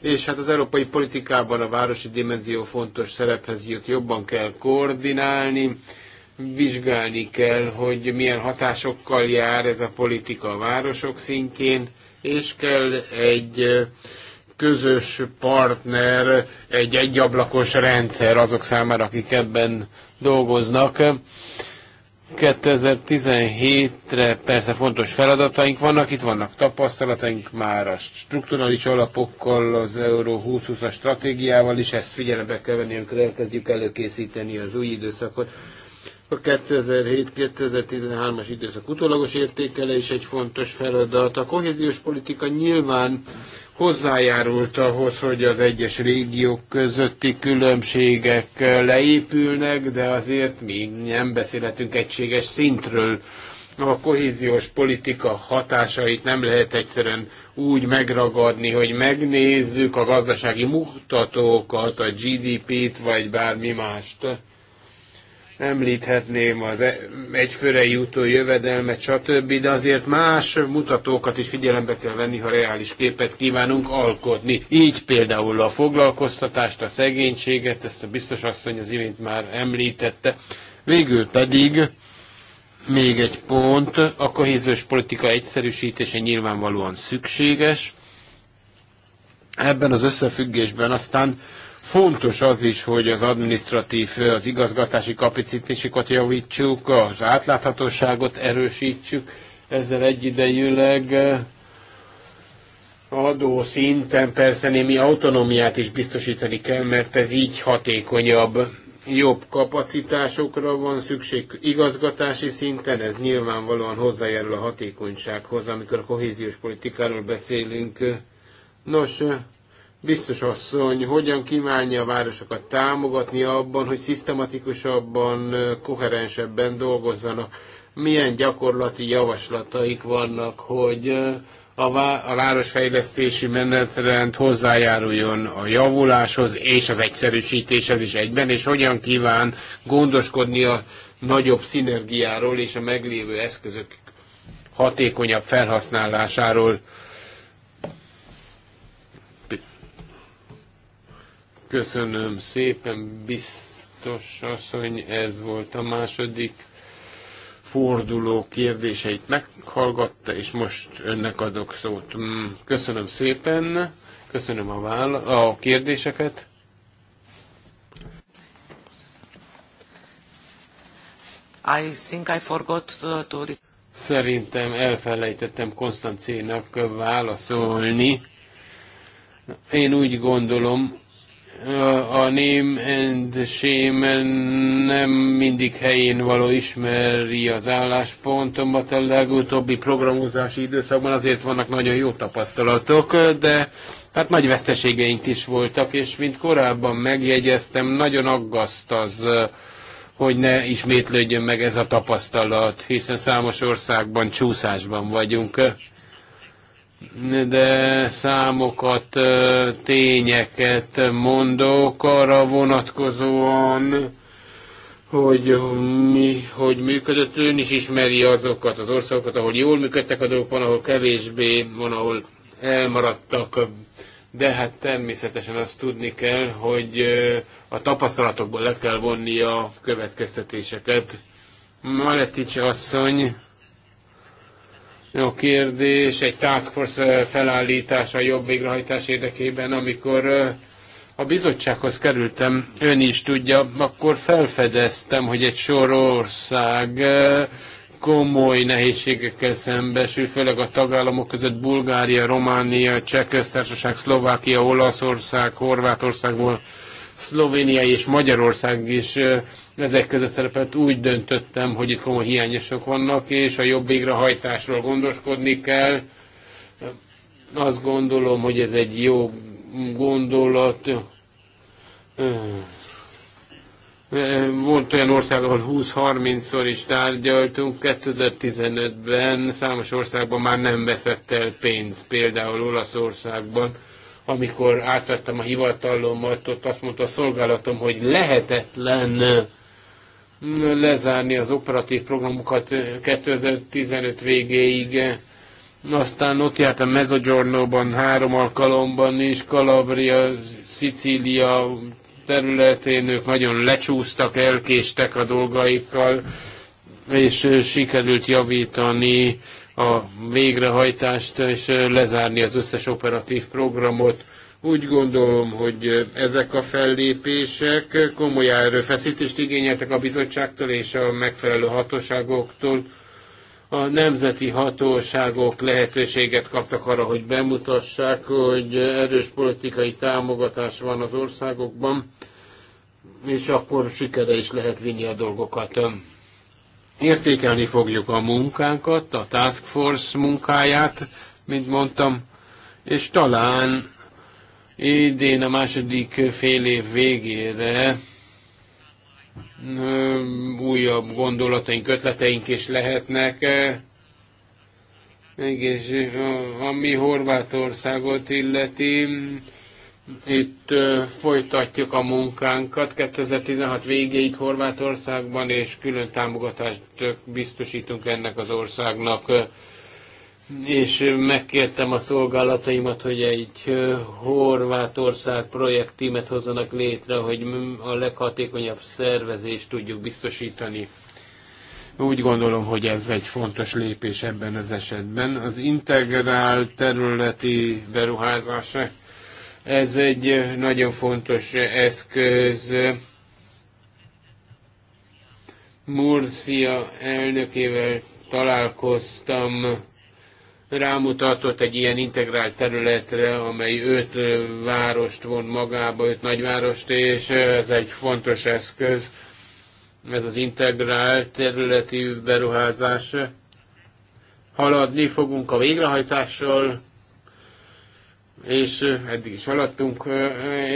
és hát az európai politikában a városi dimenzió fontos szerephez jut, jobban kell koordinálni, vizsgálni kell, hogy milyen hatásokkal jár ez a politika a városok szintjén, és kell egy közös partner, egy egyablakos rendszer azok számára, akik ebben dolgoznak. 2017-re persze fontos feladataink vannak, itt vannak tapasztalataink már a strukturális alapokkal, az Euró 2020-as stratégiával is, ezt figyelembe kell venni, amikor elkezdjük előkészíteni az új időszakot. A 2007-2013-as időszak utólagos értékele is egy fontos feladat. A kohéziós politika nyilván hozzájárult ahhoz, hogy az egyes régiók közötti különbségek leépülnek, de azért mi nem beszélhetünk egységes szintről. A kohéziós politika hatásait nem lehet egyszerűen úgy megragadni, hogy megnézzük a gazdasági mutatókat, a GDP-t vagy bármi mást említhetném az e- egyfőre jutó jövedelmet, stb., de azért más mutatókat is figyelembe kell venni, ha reális képet kívánunk alkotni. Így például a foglalkoztatást, a szegénységet, ezt a biztos asszony az imént már említette. Végül pedig még egy pont, a kohéziós politika egyszerűsítése nyilvánvalóan szükséges. Ebben az összefüggésben aztán Fontos az is, hogy az administratív, az igazgatási kapacitásokat javítsuk, az átláthatóságot erősítsük, ezzel egyidejűleg eh, adó szinten persze némi autonómiát is biztosítani kell, mert ez így hatékonyabb. Jobb kapacitásokra van szükség igazgatási szinten, ez nyilvánvalóan hozzájárul a hatékonysághoz, amikor a kohéziós politikáról beszélünk. Nos, eh, Biztos asszony, hogyan kívánja a városokat támogatni abban, hogy szisztematikusabban, koherensebben dolgozzanak? Milyen gyakorlati javaslataik vannak, hogy a, vá- a városfejlesztési menetrend hozzájáruljon a javuláshoz és az egyszerűsítéshez is egyben, és hogyan kíván gondoskodni a nagyobb szinergiáról és a meglévő eszközök hatékonyabb felhasználásáról. Köszönöm szépen, biztos asszony, ez volt a második forduló kérdéseit meghallgatta, és most önnek adok szót. Mm, köszönöm szépen, köszönöm a, vála- a kérdéseket. I think I forgot to... Szerintem elfelejtettem Konstancénak válaszolni. Én úgy gondolom, a ném and shame nem mindig helyén való ismeri az álláspontomat a legutóbbi programozási időszakban, azért vannak nagyon jó tapasztalatok, de hát nagy veszteségeink is voltak, és mint korábban megjegyeztem, nagyon aggaszt az, hogy ne ismétlődjön meg ez a tapasztalat, hiszen számos országban csúszásban vagyunk de számokat, tényeket mondok arra vonatkozóan, hogy mi, hogy működött, ön is ismeri azokat az országokat, ahol jól működtek a dolgok, van, ahol kevésbé, van, ahol elmaradtak, de hát természetesen azt tudni kell, hogy a tapasztalatokból le kell vonni a következtetéseket. Maletics asszony a kérdés, egy task force eh, felállítása a jobb végrehajtás érdekében, amikor eh, a bizottsághoz kerültem, ön is tudja, akkor felfedeztem, hogy egy sor ország eh, komoly nehézségekkel szembesül, főleg a tagállamok között Bulgária, Románia, Cseh köztársaság, Szlovákia, Olaszország, Horvátország Szlovénia és Magyarország is ezek között szerepelt, úgy döntöttem, hogy itt komoly hiányosok vannak, és a jobb végrehajtásról gondoskodni kell. Azt gondolom, hogy ez egy jó gondolat. Volt olyan ország, ahol 20-30-szor is tárgyaltunk, 2015-ben számos országban már nem veszett el pénz, például Olaszországban amikor átvettem a hivatalomat, ott azt mondta a szolgálatom, hogy lehetetlen lezárni az operatív programokat 2015 eh, végéig. Aztán ott jártam Mezzogiorno-ban három alkalomban is, Kalabria, Szicília területén ők nagyon lecsúsztak, elkéstek a dolgaikkal, és eh, sikerült javítani a végrehajtást, és eh, lezárni az összes operatív programot. Úgy gondolom, hogy ezek a fellépések komoly erőfeszítést igényeltek a bizottságtól és a megfelelő hatóságoktól. A nemzeti hatóságok lehetőséget kaptak arra, hogy bemutassák, hogy erős politikai támogatás van az országokban, és akkor sikere is lehet vinni a dolgokat. Értékelni fogjuk a munkánkat, a Task Force munkáját, mint mondtam, és talán Idén a második fél év végére újabb gondolataink, ötleteink is lehetnek. mégis ami Horvátországot illeti, itt folytatjuk a munkánkat 2016 végéig Horvátországban, és külön támogatást biztosítunk ennek az országnak és megkértem a szolgálataimat, hogy egy Horvátország projektímet hozzanak létre, hogy a leghatékonyabb szervezést tudjuk biztosítani. Úgy gondolom, hogy ez egy fontos lépés ebben az esetben. Az integrál területi beruházás, ez egy nagyon fontos eszköz. Murcia elnökével találkoztam, rámutatott egy ilyen integrált területre, amely öt várost von magába, öt nagyvárost, és ez egy fontos eszköz, ez az integrált területi beruházás. Haladni fogunk a végrehajtással, és eddig is haladtunk,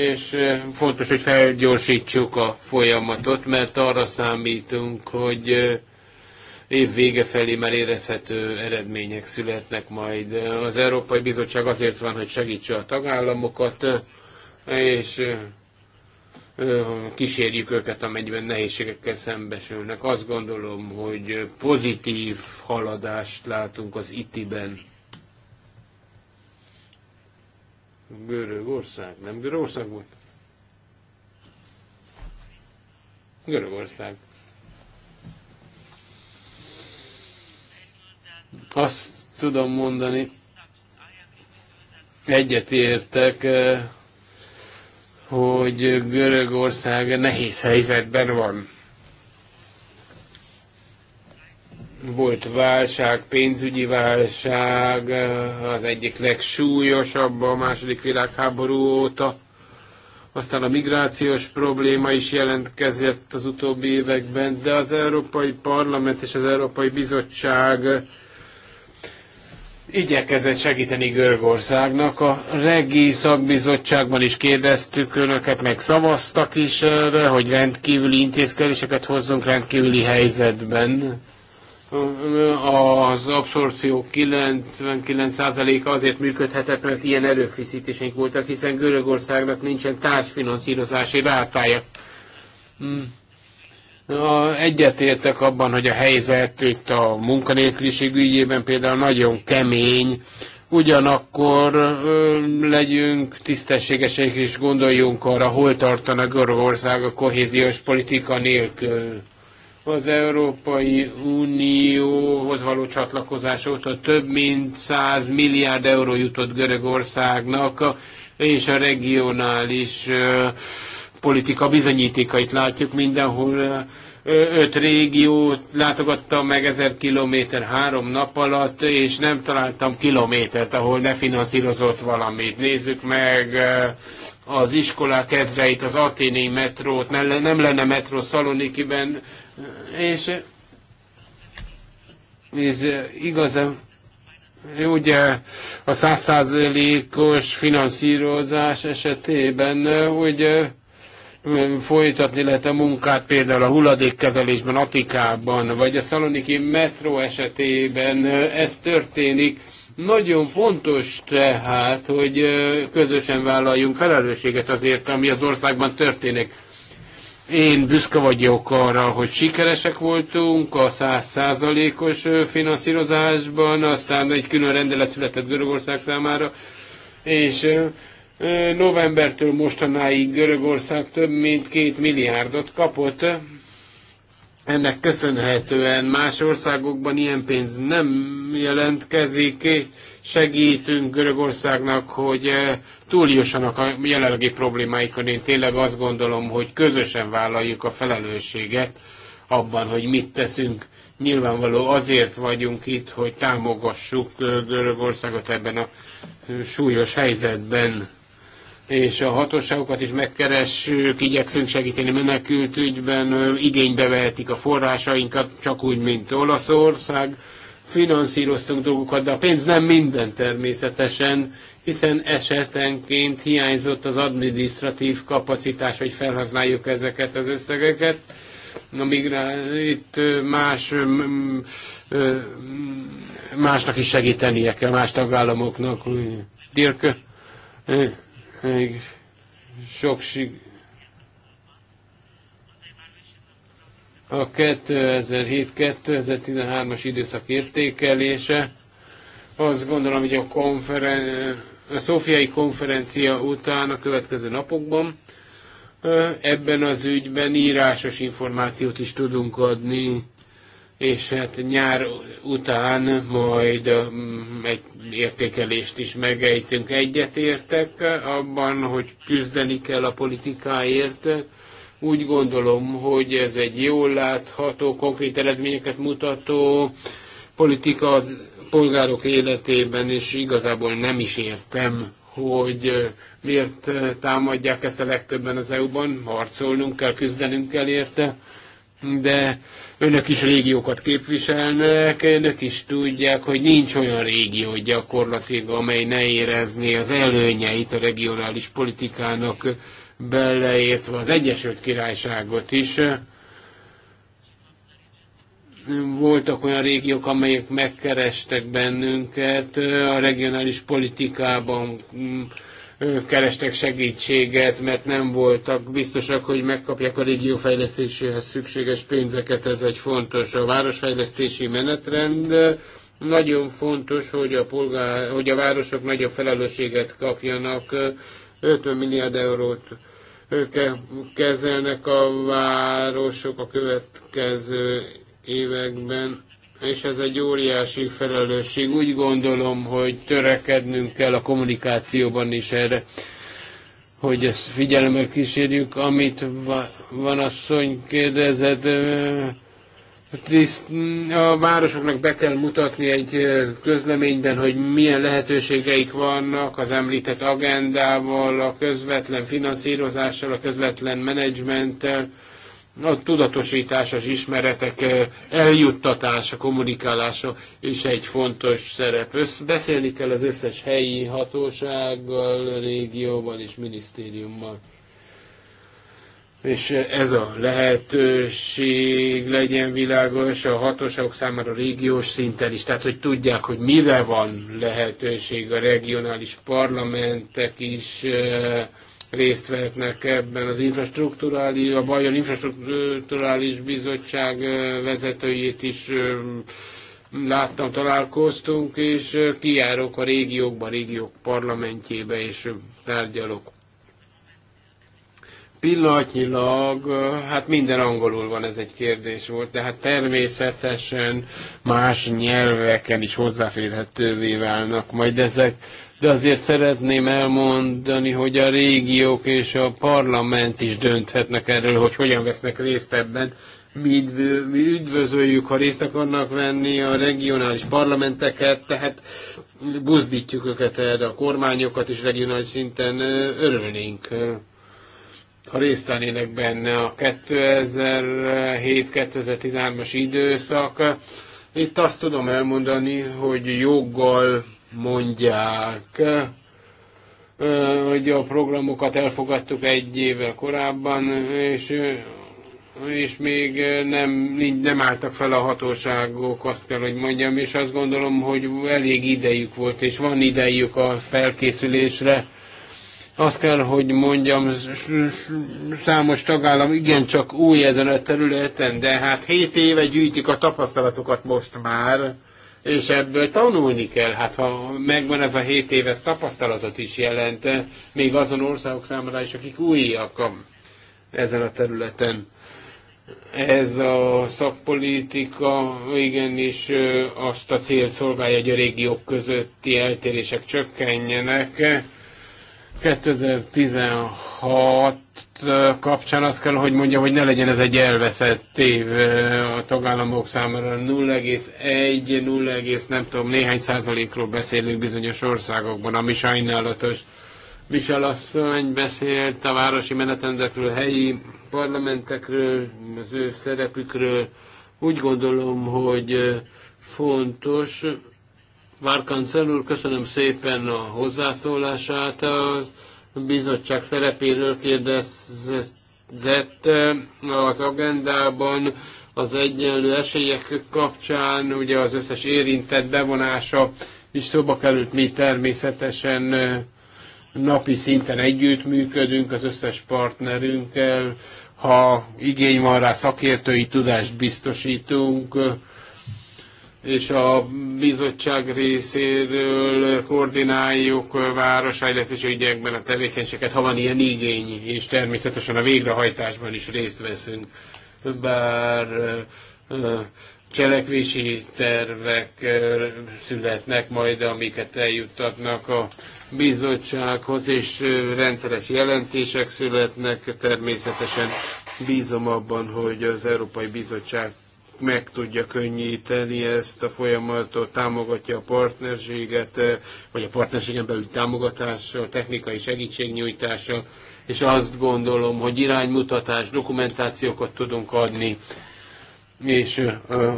és fontos, hogy felgyorsítsuk a folyamatot, mert arra számítunk, hogy év vége felé már érezhető eredmények születnek majd. Az Európai Bizottság azért van, hogy segítse a tagállamokat, és kísérjük őket, amennyiben nehézségekkel szembesülnek. Azt gondolom, hogy pozitív haladást látunk az ITI-ben. Görögország, nem Görögország volt? Görögország. Azt tudom mondani, Egyet értek, eh, hogy Görögország nehéz helyzetben van. Volt válság, pénzügyi válság, eh, az egyik legsúlyosabb a második világháború óta. Aztán a migrációs probléma is jelentkezett az utóbbi években, de az Európai Parlament és az Európai Bizottság igyekezett segíteni Görögországnak. A regi szakbizottságban is kérdeztük önöket, meg szavaztak is erre, hogy rendkívüli intézkedéseket hozzunk rendkívüli helyzetben. Az abszorció 99%-a azért működhetett, mert ilyen erőfeszítéseink voltak, hiszen Görögországnak nincsen társfinanszírozási rátája. Hmm. Egyetértek abban, hogy a helyzet itt a munkanélküliség ügyében például nagyon kemény, ugyanakkor ö, legyünk tisztességesek és gondoljunk arra, hol tartana Görögország a kohéziós politika nélkül. Az Európai Unióhoz való csatlakozás óta több mint 100 milliárd euró jutott Görögországnak, és a regionális ö, politika bizonyítékait látjuk mindenhol. Öt régiót látogattam meg ezer kilométer három nap alatt, és nem találtam kilométert, ahol ne finanszírozott valamit. Nézzük meg az iskolák ezreit, az aténi metrót, nem lenne metró Szalonikiben, és, és igazán ugye a százszázalékos finanszírozás esetében ugye folytatni lehet a munkát például a hulladékkezelésben, Atikában, vagy a Szaloniki metró esetében ez történik. Nagyon fontos tehát, hogy közösen vállaljunk felelősséget azért, ami az országban történik. Én büszke vagyok arra, hogy sikeresek voltunk a százszázalékos finanszírozásban, aztán egy külön rendelet született Görögország számára, és Novembertől mostanáig Görögország több mint két milliárdot kapott. Ennek köszönhetően más országokban ilyen pénz nem jelentkezik. Segítünk Görögországnak, hogy túljussanak a jelenlegi problémáikon. Én tényleg azt gondolom, hogy közösen vállaljuk a felelősséget abban, hogy mit teszünk. Nyilvánvaló azért vagyunk itt, hogy támogassuk Görögországot ebben a súlyos helyzetben és a hatóságokat is megkeressük, igyekszünk segíteni menekült ügyben, igénybe vehetik a forrásainkat, csak úgy, mint Olaszország. Finanszíroztunk dolgokat, de a pénz nem minden természetesen, hiszen esetenként hiányzott az administratív kapacitás, hogy felhasználjuk ezeket az összegeket. Na, migrá- itt más, másnak is segítenie kell, más tagállamoknak. Dirk, még sok sik... A 2007-2013-as időszak értékelése. Azt gondolom, hogy a, konferen... a szófiai konferencia után a következő napokban ebben az ügyben írásos információt is tudunk adni és hát nyár után majd mm, egy értékelést is megejtünk. Egyetértek abban, hogy küzdeni kell a politikáért. Úgy gondolom, hogy ez egy jól látható, konkrét eredményeket mutató politika az polgárok életében, és igazából nem is értem, hogy miért támadják ezt a legtöbben az EU-ban, harcolnunk kell, küzdenünk kell érte, de Önök is régiókat képviselnek, önök is tudják, hogy nincs olyan régió gyakorlatilag, amely ne érezné az előnyeit a regionális politikának beleértve az Egyesült Királyságot is voltak olyan régiók, amelyek megkerestek bennünket a regionális politikában mm, kerestek segítséget, mert nem voltak biztosak, hogy megkapják a régió fejlesztéséhez szükséges pénzeket, ez egy fontos. A városfejlesztési menetrend nagyon fontos, hogy a, polgár, hogy a városok nagyobb felelősséget kapjanak, 50 milliárd eurót kezelnek a városok a következő években és ez egy óriási felelősség. Úgy gondolom, hogy törekednünk kell a kommunikációban is erre, hogy ezt figyelemmel kísérjük. Amit van asszony kérdezett, a városoknak be kell mutatni egy közleményben, hogy milyen lehetőségeik vannak az említett agendával, a közvetlen finanszírozással, a közvetlen menedzsmenttel, a tudatosítás, az ismeretek eh, eljuttatása, kommunikálása is egy fontos szerep. Össz, beszélni kell az összes helyi hatósággal, régióval és minisztériummal. És eh, ez a lehetőség legyen világos a hatóságok számára a régiós szinten is, tehát hogy tudják, hogy mire van lehetőség a regionális parlamentek is, eh, részt vehetnek ebben az infrastruktúrális, a Bajon Infrastruktúrális Bizottság vezetőjét is láttam, találkoztunk, és kijárok a régiókba, régiók parlamentjébe, és tárgyalok. Pillanatnyilag, hát minden angolul van, ez egy kérdés volt, de hát természetesen más nyelveken is hozzáférhetővé válnak majd ezek de azért szeretném elmondani, hogy a régiók és a parlament is dönthetnek erről, hogy hogyan vesznek részt ebben. Mi, mi üdvözöljük, ha részt akarnak venni a regionális parlamenteket, tehát buzdítjuk őket erre, a kormányokat is regionális szinten örülnénk ha részt vennének benne a 2007-2013-as időszak. Itt azt tudom elmondani, hogy joggal mondják, hogy a programokat elfogadtuk egy évvel korábban, és, és még nem, nem álltak fel a hatóságok, azt kell, hogy mondjam, és azt gondolom, hogy elég idejük volt, és van idejük a felkészülésre. Azt kell, hogy mondjam, számos tagállam igencsak új ezen a területen, de hát 7 éve gyűjtik a tapasztalatokat most már, és ebből tanulni kell. Hát ha megvan ez a 7 éves tapasztalatot is jelent, még azon országok számára is, akik újjak ezen a területen. Ez a szakpolitika igenis azt a célt szolgálja, hogy a régiók közötti eltérések csökkenjenek. 2016 kapcsán azt kell, hogy mondjam, hogy ne legyen ez egy elveszett év a tagállamok számára. 0,1, 0, nem tudom, néhány százalékról beszélünk bizonyos országokban, ami sajnálatos. Michel asszony beszélt a városi menetrendekről, helyi parlamentekről, az ő szerepükről. Úgy gondolom, hogy fontos. Várkan úr, köszönöm szépen a hozzászólását. Az bizottság szerepéről kérdezett eh, az agendában az egyenlő esélyek kapcsán, ugye az összes érintett bevonása is szóba került, mi természetesen eh, napi szinten együttműködünk az összes partnerünkkel, ha igény van rá, szakértői tudást biztosítunk, eh, és a bizottság részéről koordináljuk városfejlesztési ügyekben a tevékenységet, ha van ilyen igény, és természetesen a végrehajtásban is részt veszünk. Bár cselekvési tervek születnek majd, amiket eljuttatnak a bizottsághoz, és rendszeres jelentések születnek. Természetesen bízom abban, hogy az Európai Bizottság meg tudja könnyíteni ezt a folyamatot, támogatja a partnerséget, eh, vagy a partnerségen belüli támogatással, technikai segítségnyújtással, és azt gondolom, hogy iránymutatás, dokumentációkat tudunk adni és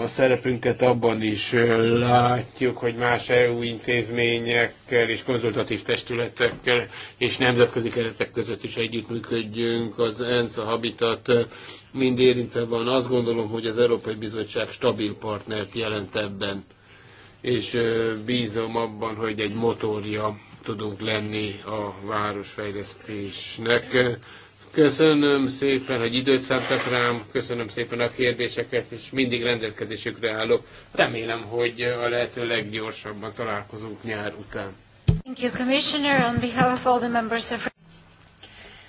a szerepünket abban is látjuk, hogy más EU intézményekkel és konzultatív testületekkel és nemzetközi keretek között is együttműködjünk. Az ENSZ, a Habitat mind érintve van. Azt gondolom, hogy az Európai Bizottság stabil partnert jelent ebben, és bízom abban, hogy egy motorja tudunk lenni a városfejlesztésnek Köszönöm szépen, hogy időt szántak rám, köszönöm szépen a kérdéseket, és mindig rendelkezésükre állok. Remélem, hogy a lehető leggyorsabban találkozunk nyár után. Thank you, Commissioner, on behalf of all the members of...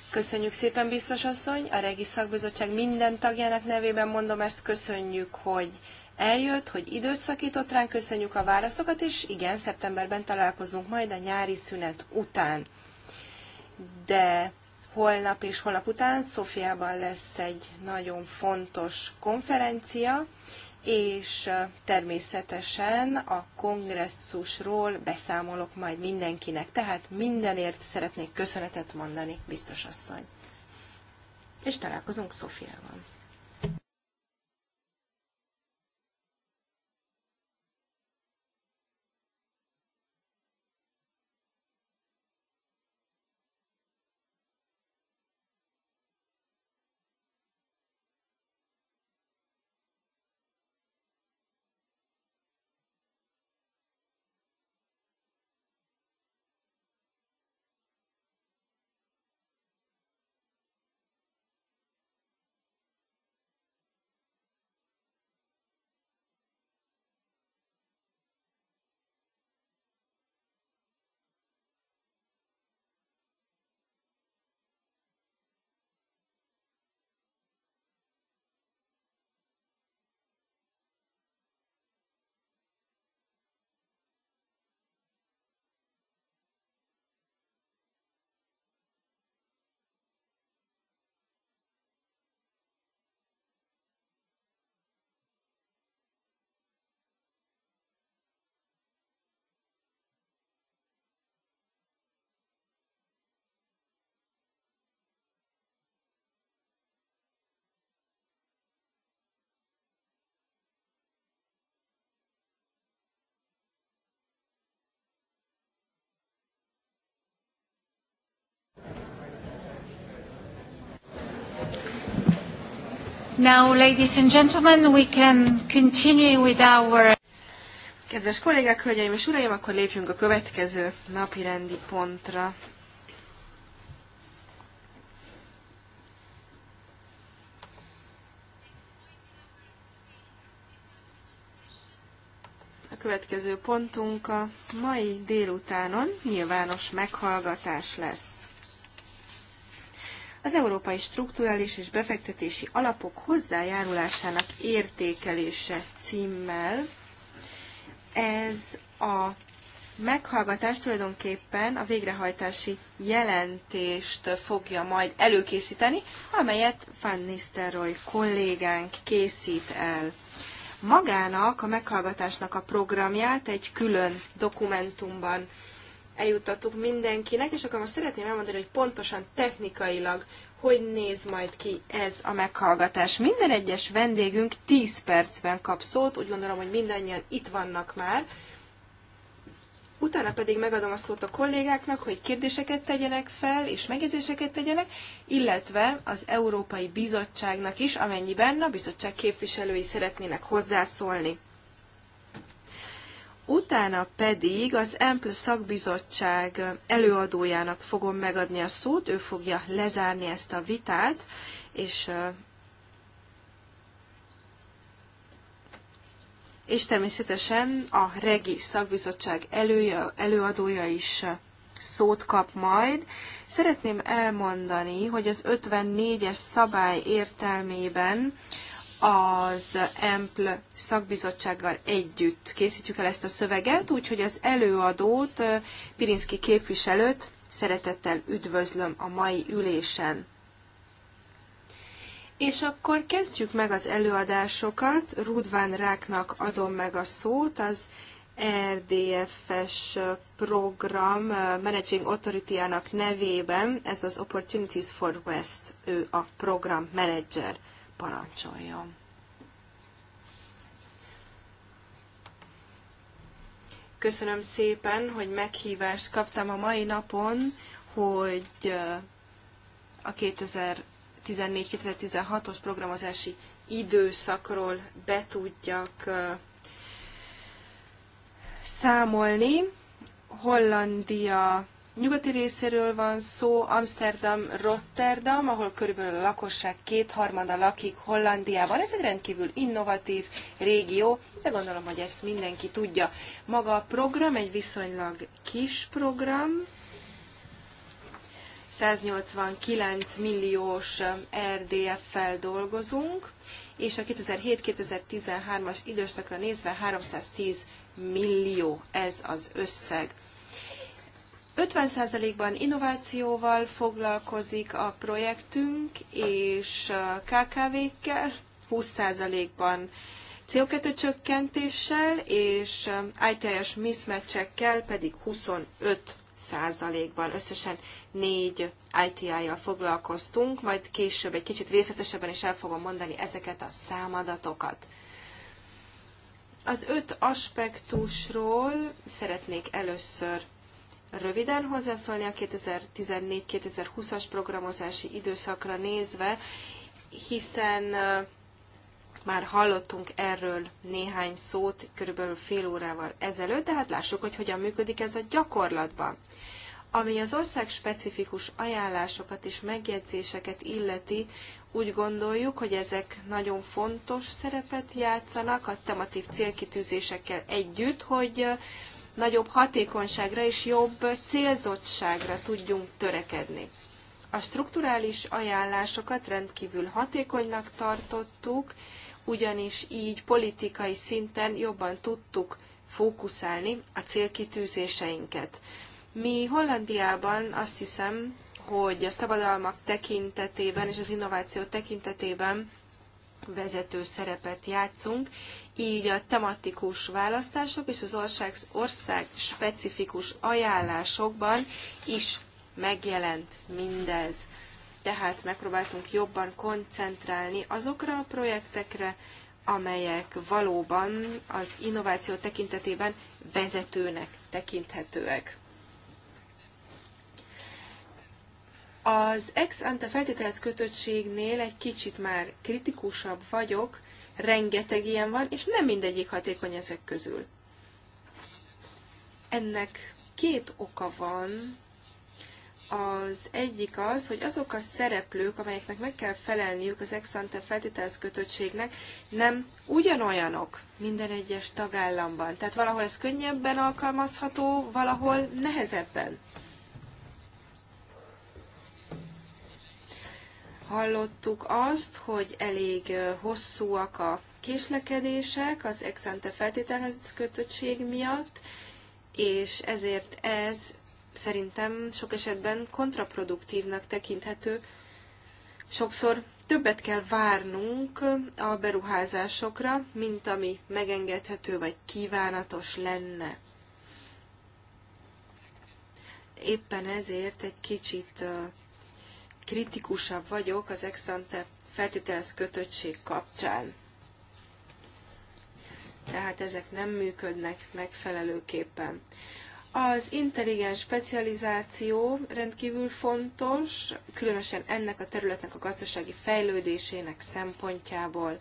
Köszönjük szépen, biztos asszony. A Regi Szakbizottság minden tagjának nevében mondom ezt. Köszönjük, hogy eljött, hogy időt szakított ránk, köszönjük a válaszokat, és igen, szeptemberben találkozunk majd a nyári szünet után. De Holnap és holnap után Szofiában lesz egy nagyon fontos konferencia, és természetesen a kongresszusról beszámolok majd mindenkinek. Tehát mindenért szeretnék köszönetet mondani, biztos asszony. És találkozunk Szofiában. Now, ladies and gentlemen, we can continue with our... Kedves kollégák, hölgyeim és uraim, akkor lépjünk a következő napi rendi pontra. A következő pontunk a mai délutánon nyilvános meghallgatás lesz az európai strukturális és befektetési alapok hozzájárulásának értékelése címmel. Ez a meghallgatás tulajdonképpen a végrehajtási jelentést fogja majd előkészíteni, amelyet Van Nistelrooy kollégánk készít el. Magának a meghallgatásnak a programját egy külön dokumentumban eljutottuk mindenkinek, és akkor most szeretném elmondani, hogy pontosan technikailag hogy néz majd ki ez a meghallgatás. Minden egyes vendégünk 10 percben kap szót, úgy gondolom, hogy mindannyian itt vannak már. Utána pedig megadom a szót a kollégáknak, hogy kérdéseket tegyenek fel, és megjegyzéseket tegyenek, illetve az Európai Bizottságnak is, amennyiben a bizottság képviselői szeretnének hozzászólni utána pedig az EMPL szakbizottság előadójának fogom megadni a szót, ő fogja lezárni ezt a vitát, és és természetesen a REGI szakbizottság előja, előadója is szót kap majd. Szeretném elmondani, hogy az 54-es szabály értelmében az EMPL szakbizottsággal együtt készítjük el ezt a szöveget, úgyhogy az előadót, Pirinszki képviselőt szeretettel üdvözlöm a mai ülésen. És akkor kezdjük meg az előadásokat. Rudván Ráknak adom meg a szót, az RDFS program Managing authority nevében, ez az Opportunities for West, ő a program menedzser parancsoljon. Köszönöm szépen, hogy meghívást kaptam a mai napon, hogy a 2014-2016-os programozási időszakról be tudjak számolni. Hollandia nyugati részéről van szó, Amsterdam, Rotterdam, ahol körülbelül a lakosság kétharmada lakik Hollandiában. Ez egy rendkívül innovatív régió, de gondolom, hogy ezt mindenki tudja. Maga a program egy viszonylag kis program, 189 milliós um, RDF-fel dolgozunk, és a 2007-2013-as időszakra nézve 310 millió ez az összeg. 50%-ban innovációval foglalkozik a projektünk, és KKV-kkel, 20%-ban CO2 csökkentéssel, és um, IT-es mismatchekkel pedig 25 százalékban. Összesen négy ITI-jal foglalkoztunk, majd később egy kicsit részletesebben is el fogom mondani ezeket a számadatokat. Az öt aspektusról szeretnék először röviden hozzászólni a 2014-2020-as programozási időszakra nézve, hiszen már hallottunk erről néhány szót körülbelül fél órával ezelőtt, de hát lássuk, hogy hogyan működik ez a gyakorlatban. Ami az ország specifikus ajánlásokat és megjegyzéseket illeti, úgy gondoljuk, hogy ezek nagyon fontos szerepet játszanak a tematív célkitűzésekkel együtt, hogy nagyobb hatékonyságra és jobb célzottságra tudjunk törekedni. A strukturális ajánlásokat rendkívül hatékonynak tartottuk, ugyanis így politikai szinten jobban tudtuk fókuszálni a célkitűzéseinket. Mi Hollandiában azt hiszem, hogy a szabadalmak tekintetében és az innováció tekintetében vezető szerepet játszunk, így a tematikus választások és az ország, ország specifikus ajánlásokban is megjelent mindez. Tehát megpróbáltunk jobban koncentrálni azokra a projektekre, amelyek valóban az innováció tekintetében vezetőnek tekinthetőek. Az ex ante feltételez kötöttségnél egy kicsit már kritikusabb vagyok, rengeteg ilyen van, és nem mindegyik hatékony ezek közül. Ennek két oka van. Az egyik az, hogy azok a szereplők, amelyeknek meg kell felelniük az ex ante feltételez kötöttségnek, nem ugyanolyanok minden egyes tagállamban. Tehát valahol ez könnyebben alkalmazható, valahol nehezebben. Hallottuk azt, hogy elég hosszúak a késlekedések az exante feltételhez kötöttség miatt, és ezért ez szerintem sok esetben kontraproduktívnak tekinthető. Sokszor többet kell várnunk a beruházásokra, mint ami megengedhető vagy kívánatos lenne. Éppen ezért egy kicsit kritikusabb vagyok az exante feltételez kötöttség kapcsán. Tehát ezek nem működnek megfelelőképpen. Az intelligens specializáció rendkívül fontos, különösen ennek a területnek a gazdasági fejlődésének szempontjából.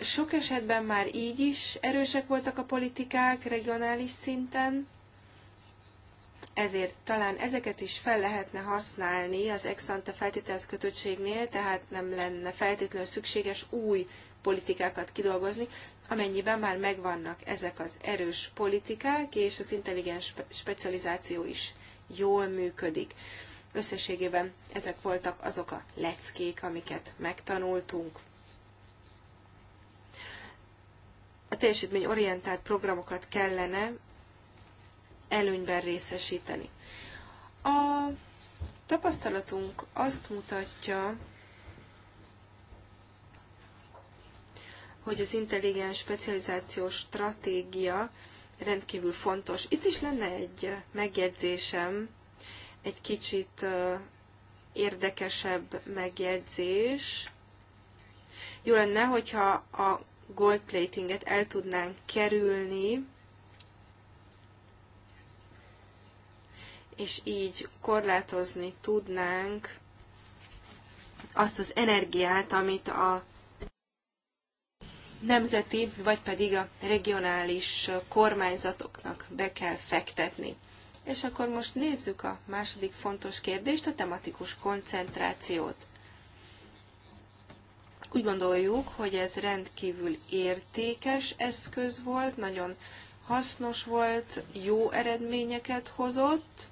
Sok esetben már így is erősek voltak a politikák regionális szinten, ezért talán ezeket is fel lehetne használni az ex-ante feltételez kötöttségnél, tehát nem lenne feltétlenül szükséges új politikákat kidolgozni, amennyiben már megvannak ezek az erős politikák, és az intelligens specializáció is jól működik. Összességében ezek voltak azok a leckék, amiket megtanultunk. A teljesítményorientált programokat kellene előnyben részesíteni. A tapasztalatunk azt mutatja, hogy az intelligens specializációs stratégia rendkívül fontos. Itt is lenne egy megjegyzésem, egy kicsit érdekesebb megjegyzés. Jó lenne, hogyha a gold platinget el tudnánk kerülni, és így korlátozni tudnánk azt az energiát, amit a nemzeti, vagy pedig a regionális kormányzatoknak be kell fektetni. És akkor most nézzük a második fontos kérdést, a tematikus koncentrációt. Úgy gondoljuk, hogy ez rendkívül értékes eszköz volt, nagyon hasznos volt, jó eredményeket hozott,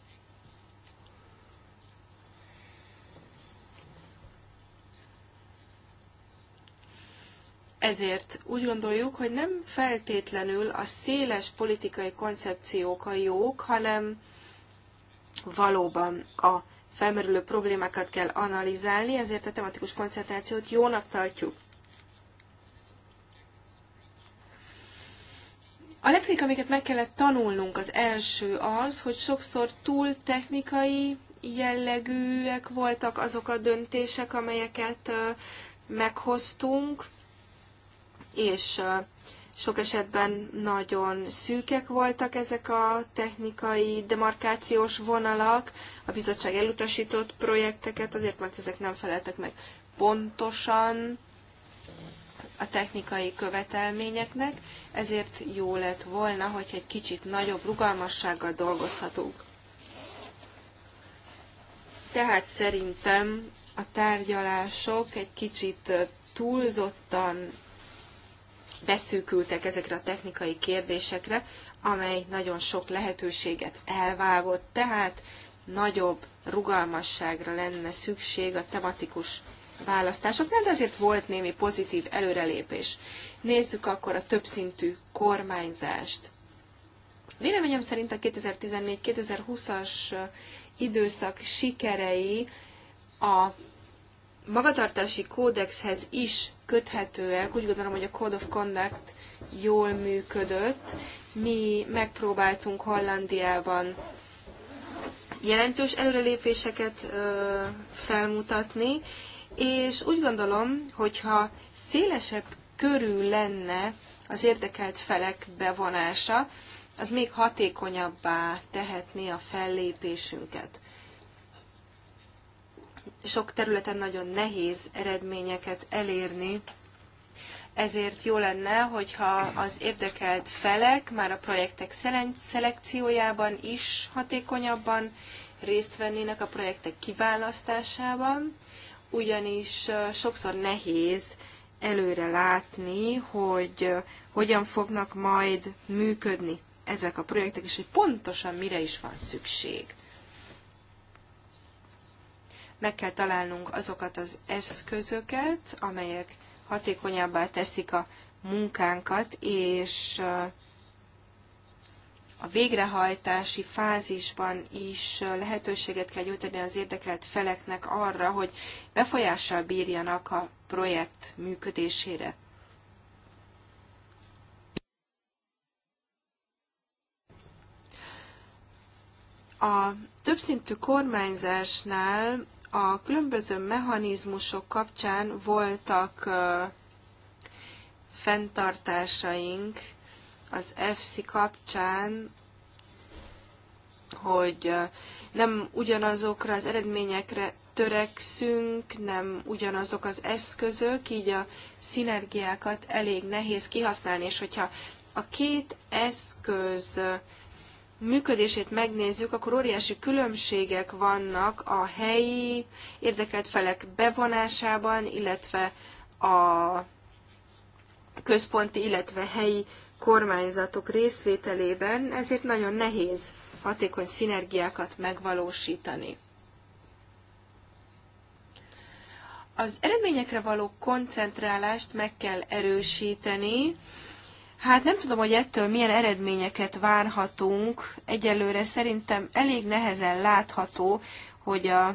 Ezért úgy gondoljuk, hogy nem feltétlenül a széles politikai koncepciók a jók, hanem valóban a felmerülő problémákat kell analizálni, ezért a tematikus koncentrációt jónak tartjuk. A leckik, amiket meg kellett tanulnunk, az első az, hogy sokszor túl technikai jellegűek voltak azok a döntések, amelyeket meghoztunk, és sok esetben nagyon szűkek voltak ezek a technikai demarkációs vonalak, a bizottság elutasított projekteket, azért mert ezek nem feleltek meg pontosan a technikai követelményeknek, ezért jó lett volna, hogy egy kicsit nagyobb rugalmassággal dolgozhatunk. Tehát szerintem a tárgyalások egy kicsit túlzottan beszűkültek ezekre a technikai kérdésekre, amely nagyon sok lehetőséget elvágott, tehát nagyobb rugalmasságra lenne szükség a tematikus választásoknál, de azért volt némi pozitív előrelépés. Nézzük akkor a többszintű kormányzást. Véleményem szerint a 2014-2020-as időszak sikerei a magatartási kódexhez is köthetőek. Úgy gondolom, hogy a Code of Conduct jól működött. Mi megpróbáltunk Hollandiában jelentős előrelépéseket ö, felmutatni, és úgy gondolom, hogyha szélesebb körül lenne az érdekelt felek bevonása, az még hatékonyabbá tehetné a fellépésünket sok területen nagyon nehéz eredményeket elérni, ezért jó lenne, hogyha az érdekelt felek már a projektek szelekciójában is hatékonyabban részt vennének a projektek kiválasztásában, ugyanis sokszor nehéz előre látni, hogy hogyan fognak majd működni ezek a projektek, és hogy pontosan mire is van szükség. Meg kell találnunk azokat az eszközöket, amelyek hatékonyabbá teszik a munkánkat, és uh, a végrehajtási fázisban is uh, lehetőséget kell nyújtani az érdekelt feleknek arra, hogy befolyással bírjanak a projekt működésére. A többszintű kormányzásnál a különböző mechanizmusok kapcsán voltak fenntartásaink az FC kapcsán, hogy nem ugyanazokra az eredményekre törekszünk, nem ugyanazok az eszközök, így a szinergiákat elég nehéz kihasználni, és hogyha a két eszköz működését megnézzük, akkor óriási különbségek vannak a helyi érdekelt felek bevonásában, illetve a központi, illetve helyi kormányzatok részvételében, ezért nagyon nehéz hatékony szinergiákat megvalósítani. Az eredményekre való koncentrálást meg kell erősíteni, Hát nem tudom, hogy ettől milyen eredményeket várhatunk. Egyelőre szerintem elég nehezen látható, hogy a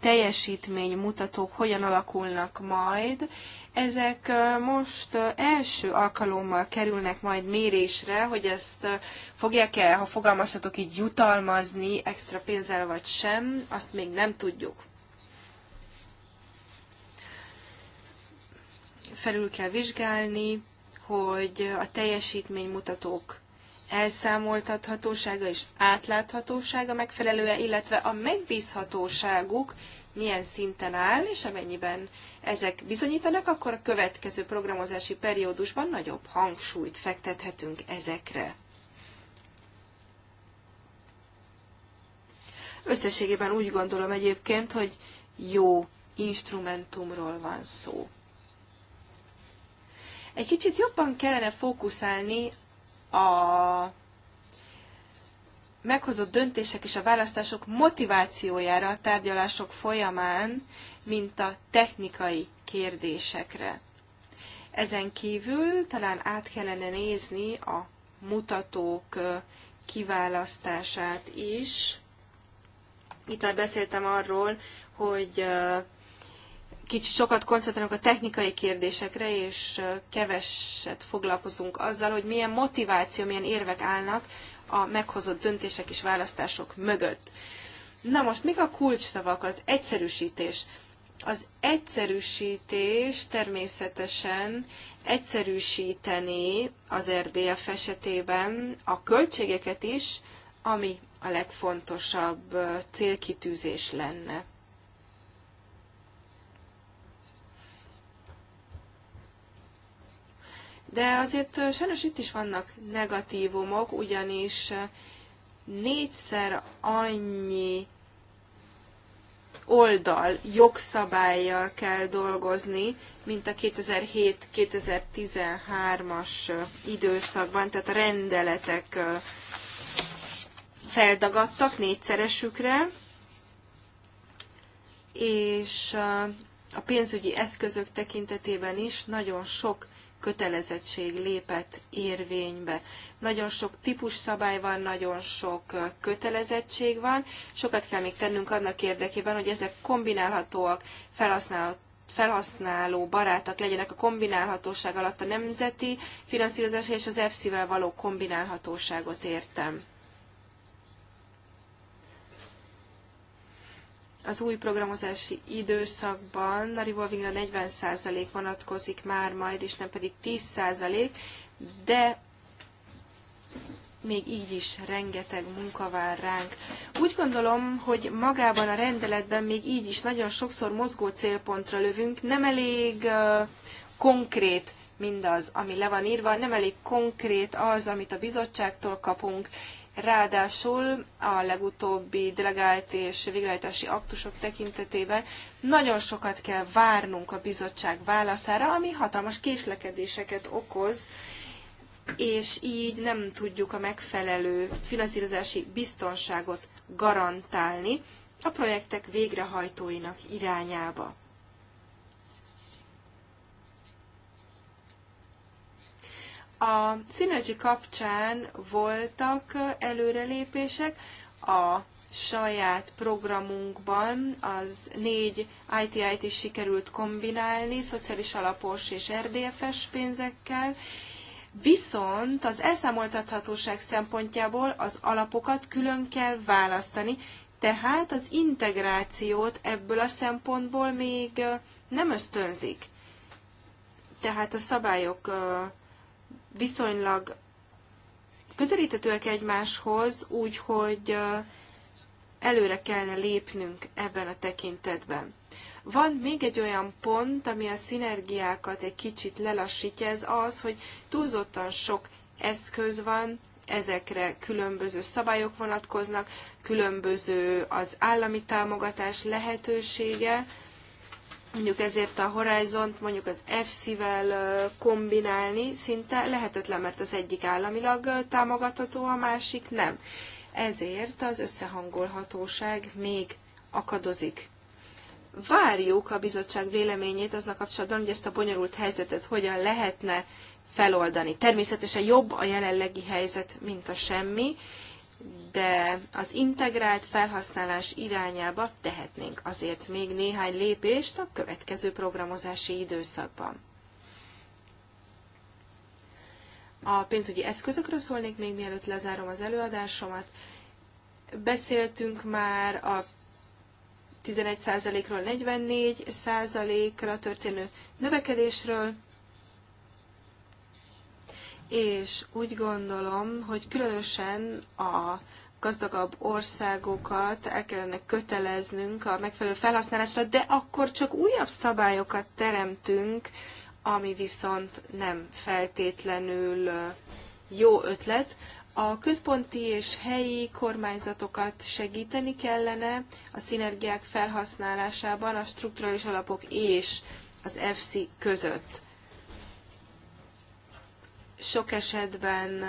teljesítménymutatók hogyan alakulnak majd. Ezek most első alkalommal kerülnek majd mérésre, hogy ezt fogják-e, ha fogalmazhatok így, jutalmazni extra pénzzel vagy sem, azt még nem tudjuk. Felül kell vizsgálni, hogy a teljesítménymutatók elszámoltathatósága és átláthatósága megfelelően, illetve a megbízhatóságuk milyen szinten áll, és amennyiben ezek bizonyítanak, akkor a következő programozási periódusban nagyobb hangsúlyt fektethetünk ezekre. Összességében úgy gondolom egyébként, hogy jó instrumentumról van szó. Egy kicsit jobban kellene fókuszálni a meghozott döntések és a választások motivációjára a tárgyalások folyamán, mint a technikai kérdésekre. Ezen kívül talán át kellene nézni a mutatók kiválasztását is. Itt már beszéltem arról, hogy kicsit sokat koncentrálunk a technikai kérdésekre, és keveset foglalkozunk azzal, hogy milyen motiváció, milyen érvek állnak a meghozott döntések és választások mögött. Na most, mik a kulcsszavak? Az egyszerűsítés. Az egyszerűsítés természetesen egyszerűsíteni az RDF esetében a költségeket is, ami a legfontosabb célkitűzés lenne. De azért sajnos itt is vannak negatívumok, ugyanis négyszer annyi oldal jogszabályjal kell dolgozni, mint a 2007-2013-as időszakban, tehát a rendeletek feldagadtak négyszeresükre, és a pénzügyi eszközök tekintetében is nagyon sok kötelezettség lépett érvénybe. Nagyon sok típus szabály van, nagyon sok kötelezettség van, sokat kell még tennünk annak érdekében, hogy ezek kombinálhatóak, felhasználhatóak felhasználó barátak legyenek a kombinálhatóság alatt a nemzeti finanszírozás és az EFSZ-vel való kombinálhatóságot értem. az új programozási időszakban a revolvingra 40% vonatkozik már majd, és nem pedig 10%, de még így is rengeteg munka vár ránk. Úgy gondolom, hogy magában a rendeletben még így is nagyon sokszor mozgó célpontra lövünk, nem elég uh, konkrét mindaz, ami le van írva, nem elég konkrét az, amit a bizottságtól kapunk, Ráadásul a legutóbbi delegált és végrehajtási aktusok tekintetében nagyon sokat kell várnunk a bizottság válaszára, ami hatalmas késlekedéseket okoz, és így nem tudjuk a megfelelő finanszírozási biztonságot garantálni a projektek végrehajtóinak irányába. A Synergy kapcsán voltak előrelépések, a saját programunkban az négy IT-t is sikerült kombinálni, szociális alapos és RDFS pénzekkel, Viszont az elszámoltathatóság szempontjából az alapokat külön kell választani, tehát az integrációt ebből a szempontból még nem ösztönzik. Tehát a szabályok viszonylag közelíthetőek egymáshoz, úgyhogy előre kellene lépnünk ebben a tekintetben. Van még egy olyan pont, ami a szinergiákat egy kicsit lelassítja, ez az, hogy túlzottan sok eszköz van, ezekre különböző szabályok vonatkoznak, különböző az állami támogatás lehetősége, mondjuk ezért a Horizont mondjuk az EFSI-vel kombinálni szinte lehetetlen, mert az egyik államilag támogatható, a másik nem. Ezért az összehangolhatóság még akadozik. Várjuk a bizottság véleményét azzal kapcsolatban, hogy ezt a bonyolult helyzetet hogyan lehetne feloldani. Természetesen jobb a jelenlegi helyzet, mint a semmi, de az integrált felhasználás irányába tehetnénk azért még néhány lépést a következő programozási időszakban. A pénzügyi eszközökről szólnék még mielőtt lezárom az előadásomat. Beszéltünk már a 11%-ról 44%-ra történő növekedésről, és úgy gondolom, hogy különösen a gazdagabb országokat el kellene köteleznünk a megfelelő felhasználásra, de akkor csak újabb szabályokat teremtünk, ami viszont nem feltétlenül jó ötlet. A központi és helyi kormányzatokat segíteni kellene a szinergiák felhasználásában a strukturális alapok és az EFSI között sok esetben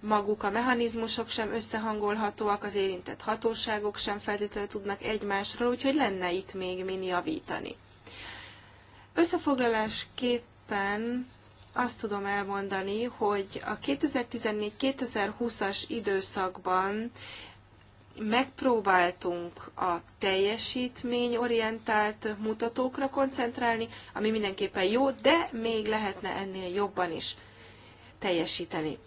maguk a mechanizmusok sem összehangolhatóak, az érintett hatóságok sem feltétlenül tudnak egymásról, úgyhogy lenne itt még min javítani. Összefoglalásképpen azt tudom elmondani, hogy a 2014-2020-as időszakban megpróbáltunk a teljesítményorientált mutatókra koncentrálni, ami mindenképpen jó, de még lehetne ennél jobban is teljesíteni.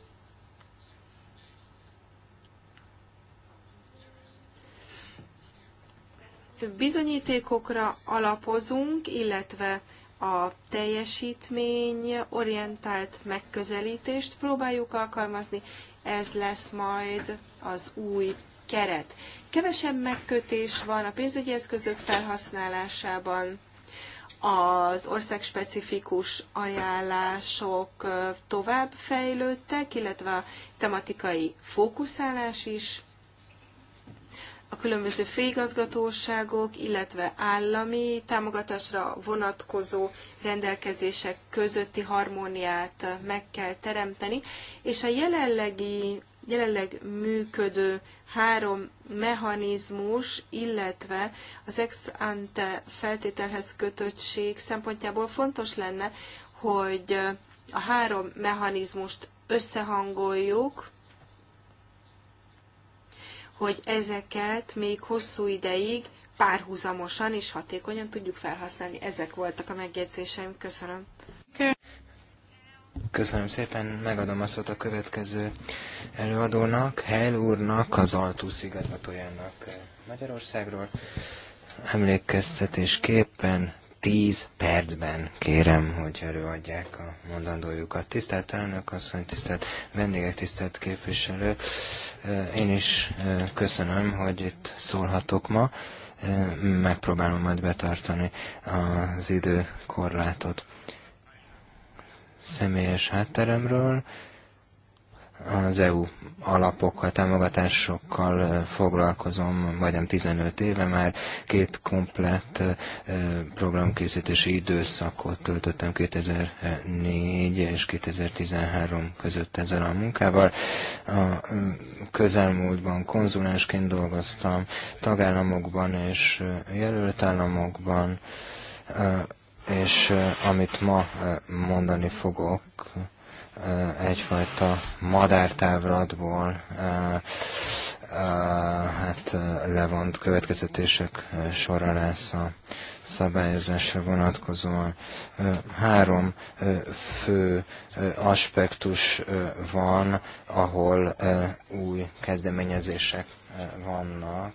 Bizonyítékokra alapozunk, illetve a teljesítmény orientált megközelítést próbáljuk alkalmazni, ez lesz majd az új keret. Kevesebb megkötés van a pénzügyi eszközök felhasználásában, az országspecifikus ajánlások tovább fejlődtek, illetve a tematikai fókuszálás is, a különböző főigazgatóságok, illetve állami támogatásra vonatkozó rendelkezések közötti harmóniát meg kell teremteni, és a jelenlegi jelenleg működő három mechanizmus, illetve az ex ante feltételhez kötöttség szempontjából fontos lenne, hogy a három mechanizmust összehangoljuk, hogy ezeket még hosszú ideig párhuzamosan és hatékonyan tudjuk felhasználni. Ezek voltak a megjegyzéseim. Köszönöm. Köszönöm szépen, megadom a szót a következő előadónak, Hell úrnak, az Altusz igazgatójának eh, Magyarországról. Emlékeztetésképpen 10 percben kérem, hogy előadják a mondandójukat. Tisztelt elnök asszony, tisztelt vendégek, tisztelt képviselő. Eh, én is eh, köszönöm, hogy itt szólhatok ma. Megpróbálom majd betartani az időkorlátot személyes hátteremről, az EU alapokkal, támogatásokkal foglalkozom majdnem 15 éve, már két komplett programkészítési időszakot töltöttem 2004 és 2013 között ezzel a munkával. A közelmúltban konzulensként dolgoztam tagállamokban és jelölt államokban, és eh, amit ma eh, mondani fogok, eh, egyfajta madártávlatból hát levont következtetések sorra lesz a szabályozásra vonatkozóan. Három fő aspektus van, ahol új kezdeményezések vannak.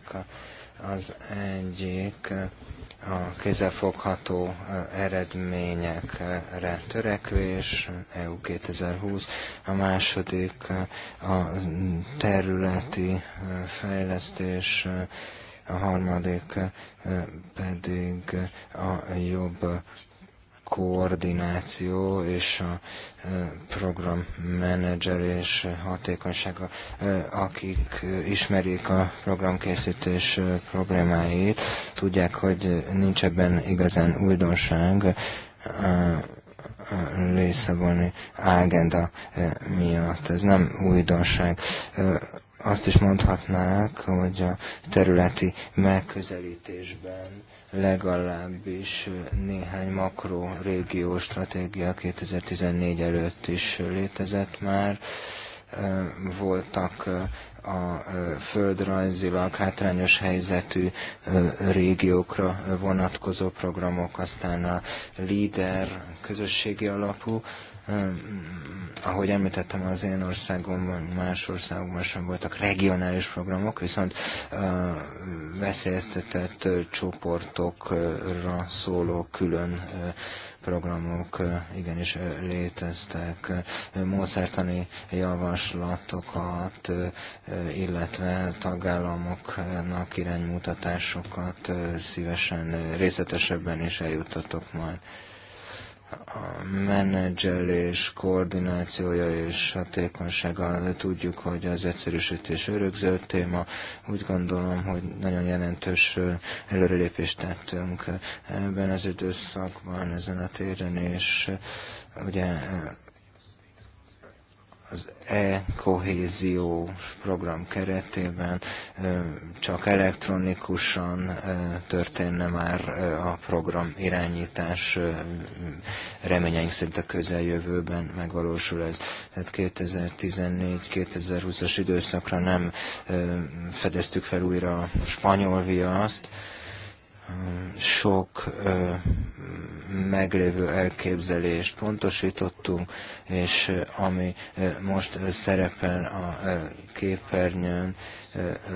Az egyik a kézzelfogható eredményekre törekvés, EU 2020, a második a területi fejlesztés, a harmadik pedig a jobb koordináció és a e, program menedzser és hatékonysága, e, akik e, ismerik a programkészítés problémáit, tudják, hogy nincs ebben igazán újdonság, Lisszaboni ágenda miatt. Ez nem újdonság. Azt is mondhatnák, hogy a területi megközelítésben legalábbis néhány makro régió stratégia 2014 előtt is létezett már. Voltak a földrajzilag hátrányos helyzetű régiókra vonatkozó programok, aztán a LEADER közösségi alapú ahogy említettem, az én országomban, más országokban sem voltak regionális programok, viszont veszélyeztetett csoportokra szóló külön programok igenis léteztek, módszertani javaslatokat, illetve tagállamoknak iránymutatásokat szívesen részletesebben is eljuttatok majd a menedzselés koordinációja és hatékonysága, tudjuk, hogy az egyszerűsítés örökzöld téma. Úgy gondolom, hogy nagyon jelentős előrelépést tettünk ebben az időszakban, ezen a téren, és ugye az e-kohéziós program keretében csak elektronikusan történne már a program irányítás. Reményeink szerint a közeljövőben megvalósul ez. Tehát 2014-2020-as időszakra nem fedeztük fel újra a spanyol viaszt, sok meglévő elképzelést pontosítottunk, és ami most szerepel a képernyőn,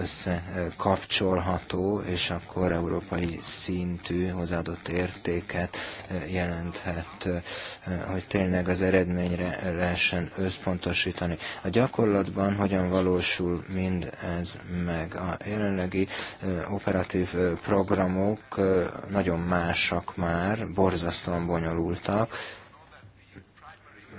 összekapcsolható, és akkor európai szintű hozzáadott értéket eh, jelenthet, eh, hogy tényleg az eredményre lehessen összpontosítani. A gyakorlatban hogyan valósul mind ez meg? A jelenlegi eh, operatív programok nagyon másak már, borzasztóan bonyolultak,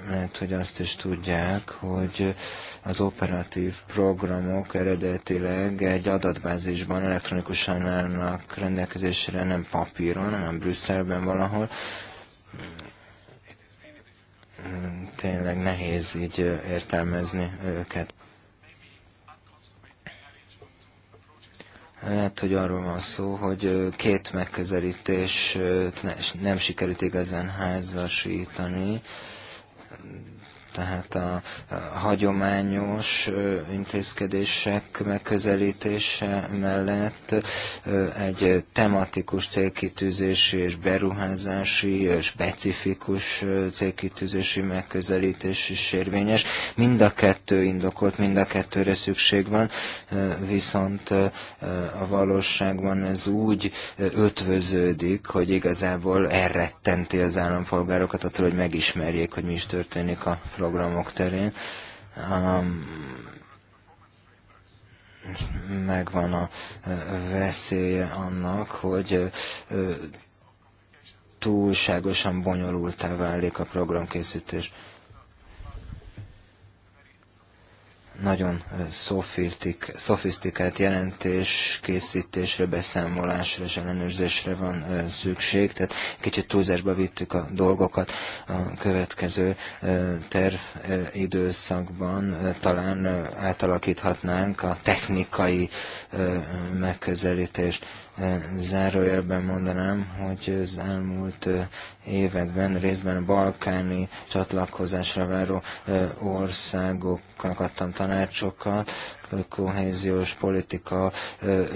lehet, hogy azt is tudják, hogy az operatív programok eredetileg egy adatbázisban elektronikusan állnak rendelkezésre, nem papíron, hanem Brüsszelben valahol. Tényleg nehéz így értelmezni őket. Lehet, hogy arról van szó, hogy két megközelítés nem sikerült igazán házasítani tehát a, a hagyományos intézkedések megközelítése mellett egy tematikus célkitűzési és beruházási, specifikus célkitűzési megközelítés is érvényes. Mind a kettő indokolt, mind a kettőre szükség van, viszont a valóságban ez úgy ötvöződik, hogy igazából elrettenti az állampolgárokat attól, hogy megismerjék, hogy mi is történik a programok terén. Megvan a e, veszélye annak, hogy e, e, túlságosan bonyolultá válik a programkészítés. nagyon szofisztikált jelentés készítésre, beszámolásra és ellenőrzésre van szükség, tehát kicsit túlzásba vittük a dolgokat. A következő terv időszakban talán átalakíthatnánk a technikai megközelítést Zárójelben mondanám, hogy az elmúlt években részben a balkáni csatlakozásra váró országoknak adtam tanácsokat, kohéziós politika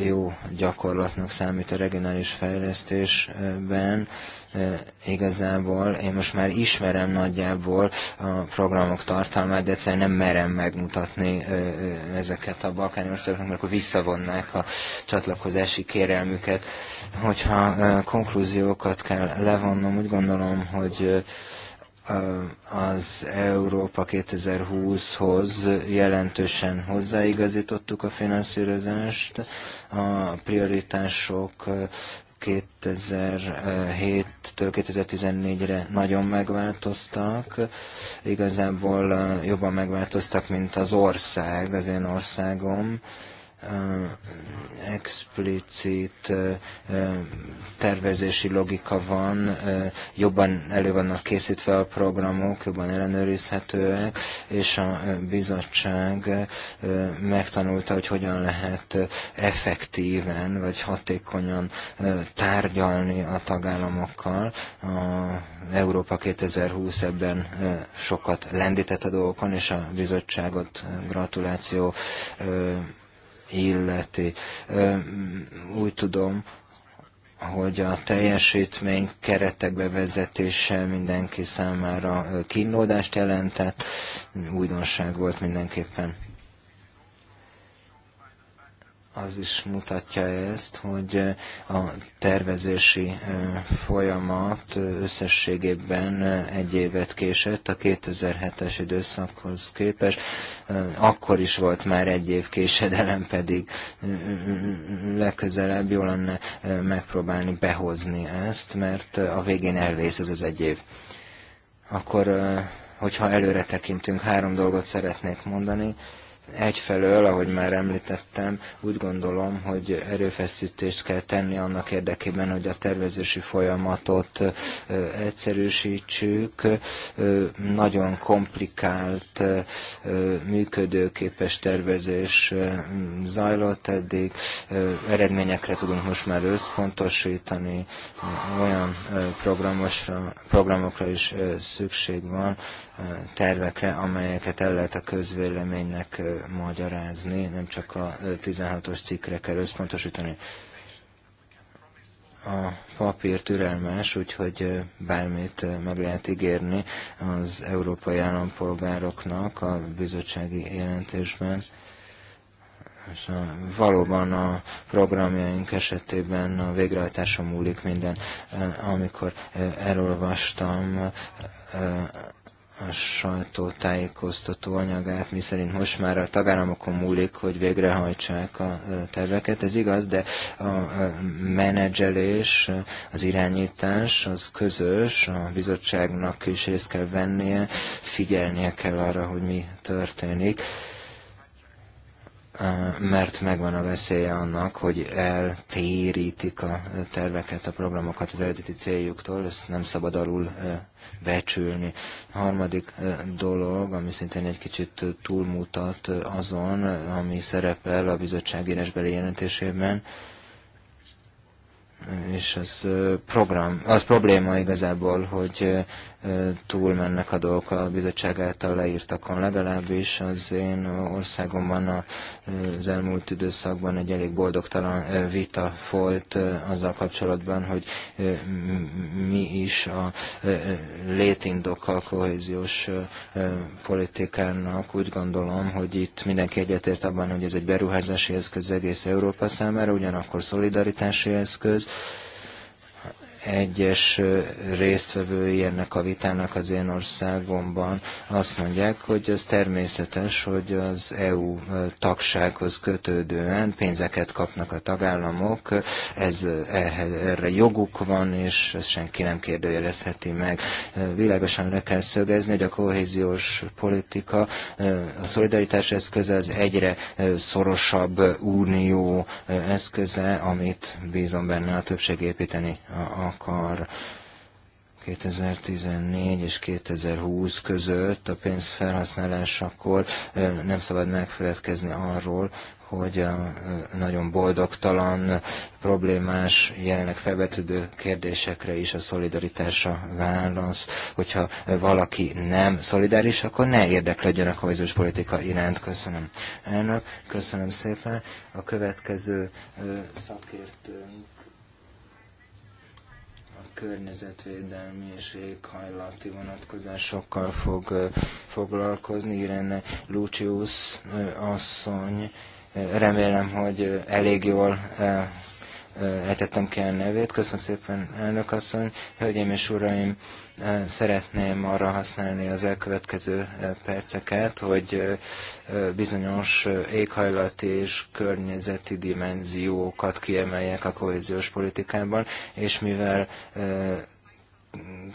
jó gyakorlatnak számít a regionális fejlesztésben, igazából én most már ismerem nagyjából a programok tartalmát, de egyszerűen nem merem megmutatni ezeket a balkáni országoknak, mert akkor visszavonnák a csatlakozási kérelmüket. Hogyha konklúziókat kell levonnom, úgy gondolom, hogy az Európa 2020-hoz jelentősen hozzáigazítottuk a finanszírozást, a prioritások 2007-től 2014-re nagyon megváltoztak. Igazából eh, jobban megváltoztak, mint az ország, az én országom explicit tervezési logika van, jobban elő vannak készítve a programok, jobban ellenőrizhetőek, és a bizottság megtanulta, hogy hogyan lehet effektíven vagy hatékonyan tárgyalni a tagállamokkal. A Európa 2020 ebben sokat lendített a dolgokon, és a bizottságot gratuláció illeti. Úgy tudom, hogy a teljesítmény keretek bevezetése mindenki számára kínlódást jelentett, újdonság volt mindenképpen az is mutatja ezt, hogy eh, a tervezési eh, folyamat eh, összességében egy évet késett a 2007-es időszakhoz képest. Akkor is volt már egy év késedelem, pedig legközelebb jól lenne megpróbálni behozni ezt, mert a végén elvész ez az egy év. Akkor, hogyha előre tekintünk, három dolgot szeretnék mondani Egyfelől, ahogy már említettem, úgy gondolom, hogy erőfeszítést kell tenni annak érdekében, hogy a tervezési folyamatot egyszerűsítsük. Nagyon komplikált, működőképes tervezés zajlott eddig. Eredményekre tudunk most már összpontosítani, olyan programokra is szükség van, tervekre, amelyeket el lehet a közvéleménynek magyarázni, nem csak a 16-os cikkre kell összpontosítani. A papír türelmes, úgyhogy bármit meg lehet ígérni az európai állampolgároknak a bizottsági jelentésben. És a, valóban a programjaink esetében a végrehajtáson múlik minden. Amikor elolvastam a sajtótájékoztató anyagát, miszerint most már a tagállamokon múlik, hogy végrehajtsák a terveket. Ez igaz, de a menedzselés, az irányítás az közös, a bizottságnak is részt kell vennie, figyelnie kell arra, hogy mi történik mert megvan a veszélye annak, hogy eltérítik a terveket, a programokat az eredeti céljuktól, ezt nem szabad alul becsülni. A harmadik dolog, ami szintén egy kicsit túlmutat azon, ami szerepel a bizottság éresbeli jelentésében, és az program, az probléma igazából, hogy túlmennek a dolgok a bizottság által leírtakon. Legalábbis az én országomban az elmúlt időszakban egy elég boldogtalan vita folyt azzal kapcsolatban, hogy mi is a létindok a kohéziós politikának. Úgy gondolom, hogy itt mindenki egyetért abban, hogy ez egy beruházási eszköz egész Európa számára, ugyanakkor szolidaritási eszköz, egyes résztvevői ennek a vitának az én országomban azt mondják, hogy ez természetes, hogy az EU tagsághoz kötődően pénzeket kapnak a tagállamok, ez erre joguk van, és ezt senki nem kérdőjelezheti meg. Világosan le kell szögezni, hogy a kohéziós politika, a szolidaritás eszköze az egyre szorosabb unió eszköze, amit bízom benne a többség építeni akar 2014 és 2020 között a pénz felhasználásakor nem szabad megfeledkezni arról, hogy a nagyon boldogtalan, problémás, jelenleg felvetődő kérdésekre is a szolidaritása válasz. Hogyha valaki nem szolidáris, akkor ne érdeklődjön a kohéziós politika iránt. Köszönöm. Elnök, köszönöm szépen. A következő szakértőnk környezetvédelmi és éghajlati vonatkozásokkal fog foglalkozni. Irene Lucius asszony, remélem, hogy elég jól eltettem eh, ki a nevét. Köszönöm szépen, elnök asszony. Hölgyeim és uraim, eh, szeretném arra használni az elkövetkező eh, perceket, hogy bizonyos éghajlati és környezeti dimenziókat kiemeljek a kohéziós politikában, és mivel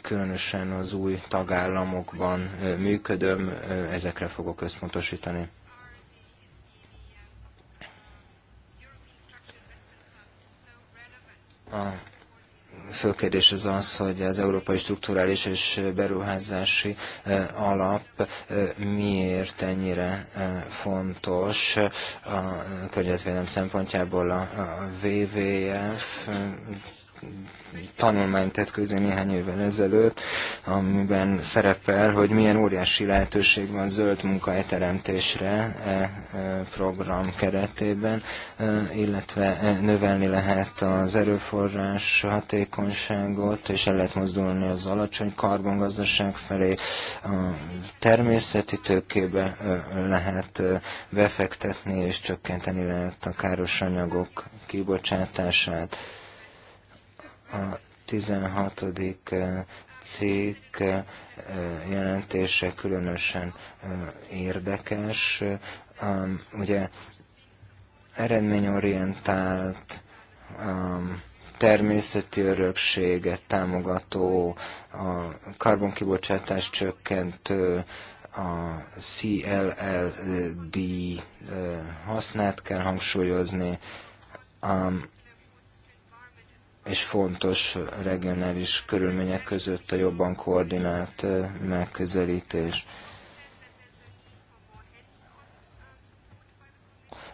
különösen az új tagállamokban működöm, ezekre fogok összpontosítani. A fő kérdés az az, hogy az Európai Strukturális és Beruházási e, Alap e, miért ennyire e, fontos a környezetvédelem szempontjából a WWF tanulmányt tett közé néhány évvel ezelőtt, amiben szerepel, hogy milyen óriási lehetőség van zöld munkahelyteremtésre e, e program keretében, e, illetve e, növelni lehet az erőforrás hatékonyságot, és el lehet mozdulni az alacsony karbongazdaság felé, a természeti tőkébe lehet befektetni, és csökkenteni lehet a káros anyagok kibocsátását a 16. cég jelentése különösen érdekes. Ugye eredményorientált természeti örökséget támogató, a karbonkibocsátás csökkentő, a CLLD hasznát kell hangsúlyozni, és fontos regionális körülmények között a jobban koordinált megközelítés.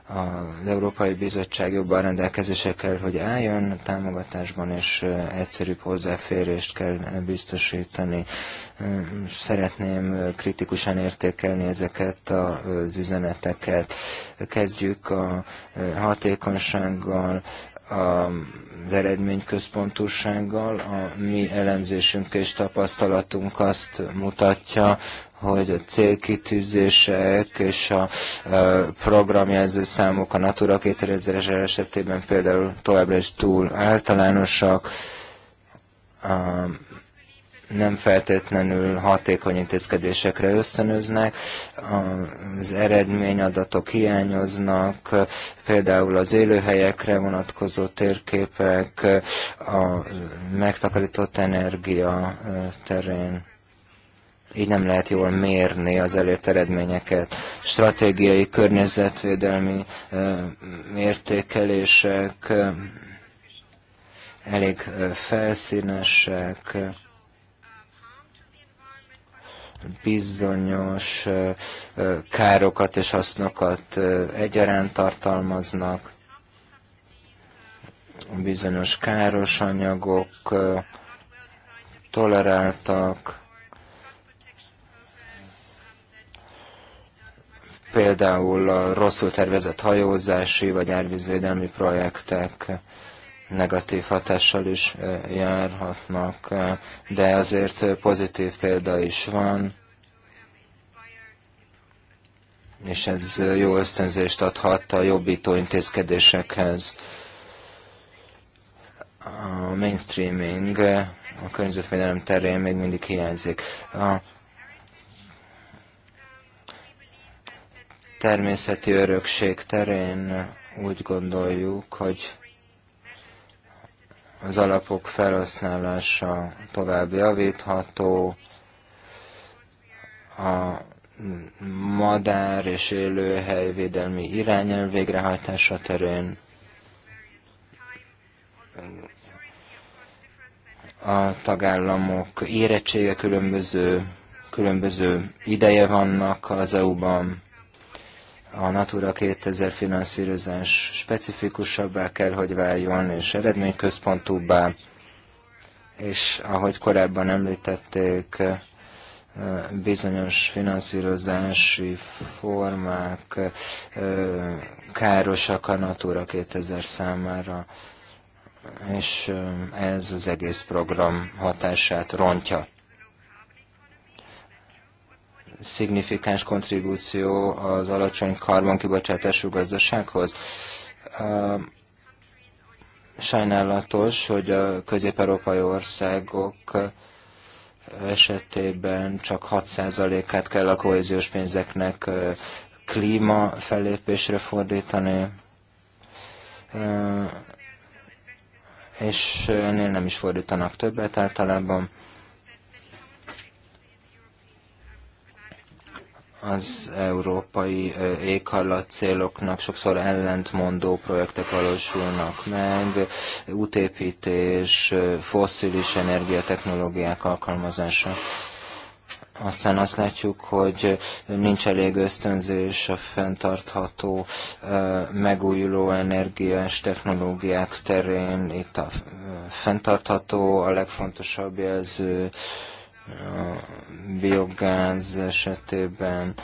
Az Európai Bizottság jobban rendelkezése kell, hogy álljon támogatásban, és egyszerűbb hozzáférést kell biztosítani. Szeretném kritikusan értékelni ezeket az üzeneteket. Kezdjük a hatékonysággal, az eredményközpontúsággal. A mi elemzésünk és tapasztalatunk azt mutatja, hogy a célkitűzések és a programjelző számok a Natura 2000 esetében például továbbra is túl általánosak, nem feltétlenül hatékony intézkedésekre ösztönöznek, az eredményadatok hiányoznak, például az élőhelyekre vonatkozó térképek, a megtakarított energia terén így nem lehet jól mérni az elért eredményeket. Stratégiai, környezetvédelmi mértékelések elég felszínesek bizonyos károkat és hasznokat egyaránt tartalmaznak, bizonyos káros anyagok toleráltak, például a rosszul tervezett hajózási vagy árvízvédelmi projektek negatív hatással is járhatnak, de azért pozitív példa is van, és ez jó ösztönzést adhat a jobbító intézkedésekhez. A mainstreaming a környezetvédelem terén még mindig hiányzik. A természeti örökség terén úgy gondoljuk, hogy az alapok felhasználása tovább javítható, a madár és élőhely védelmi irányelv végrehajtása terén a tagállamok érettsége különböző, különböző ideje vannak az EU-ban, a Natura 2000 finanszírozás specifikusabbá kell, hogy váljon, és eredményközpontúbbá, és ahogy korábban említették, bizonyos finanszírozási formák károsak a Natura 2000 számára, és ez az egész program hatását rontja szignifikáns kontribúció az alacsony karbonkibocsátású gazdasághoz. Sajnálatos, hogy a közép-európai országok esetében csak 6%-át kell a kohéziós pénzeknek klíma fellépésre fordítani, és ennél nem is fordítanak többet általában. az európai éghajlatcéloknak céloknak sokszor ellentmondó projektek valósulnak meg, útépítés, fosszilis energiatechnológiák alkalmazása. Aztán azt látjuk, hogy nincs elég ösztönzés a fenntartható megújuló energiás technológiák terén. Itt a fenntartható a legfontosabb jelző, biogáz esetében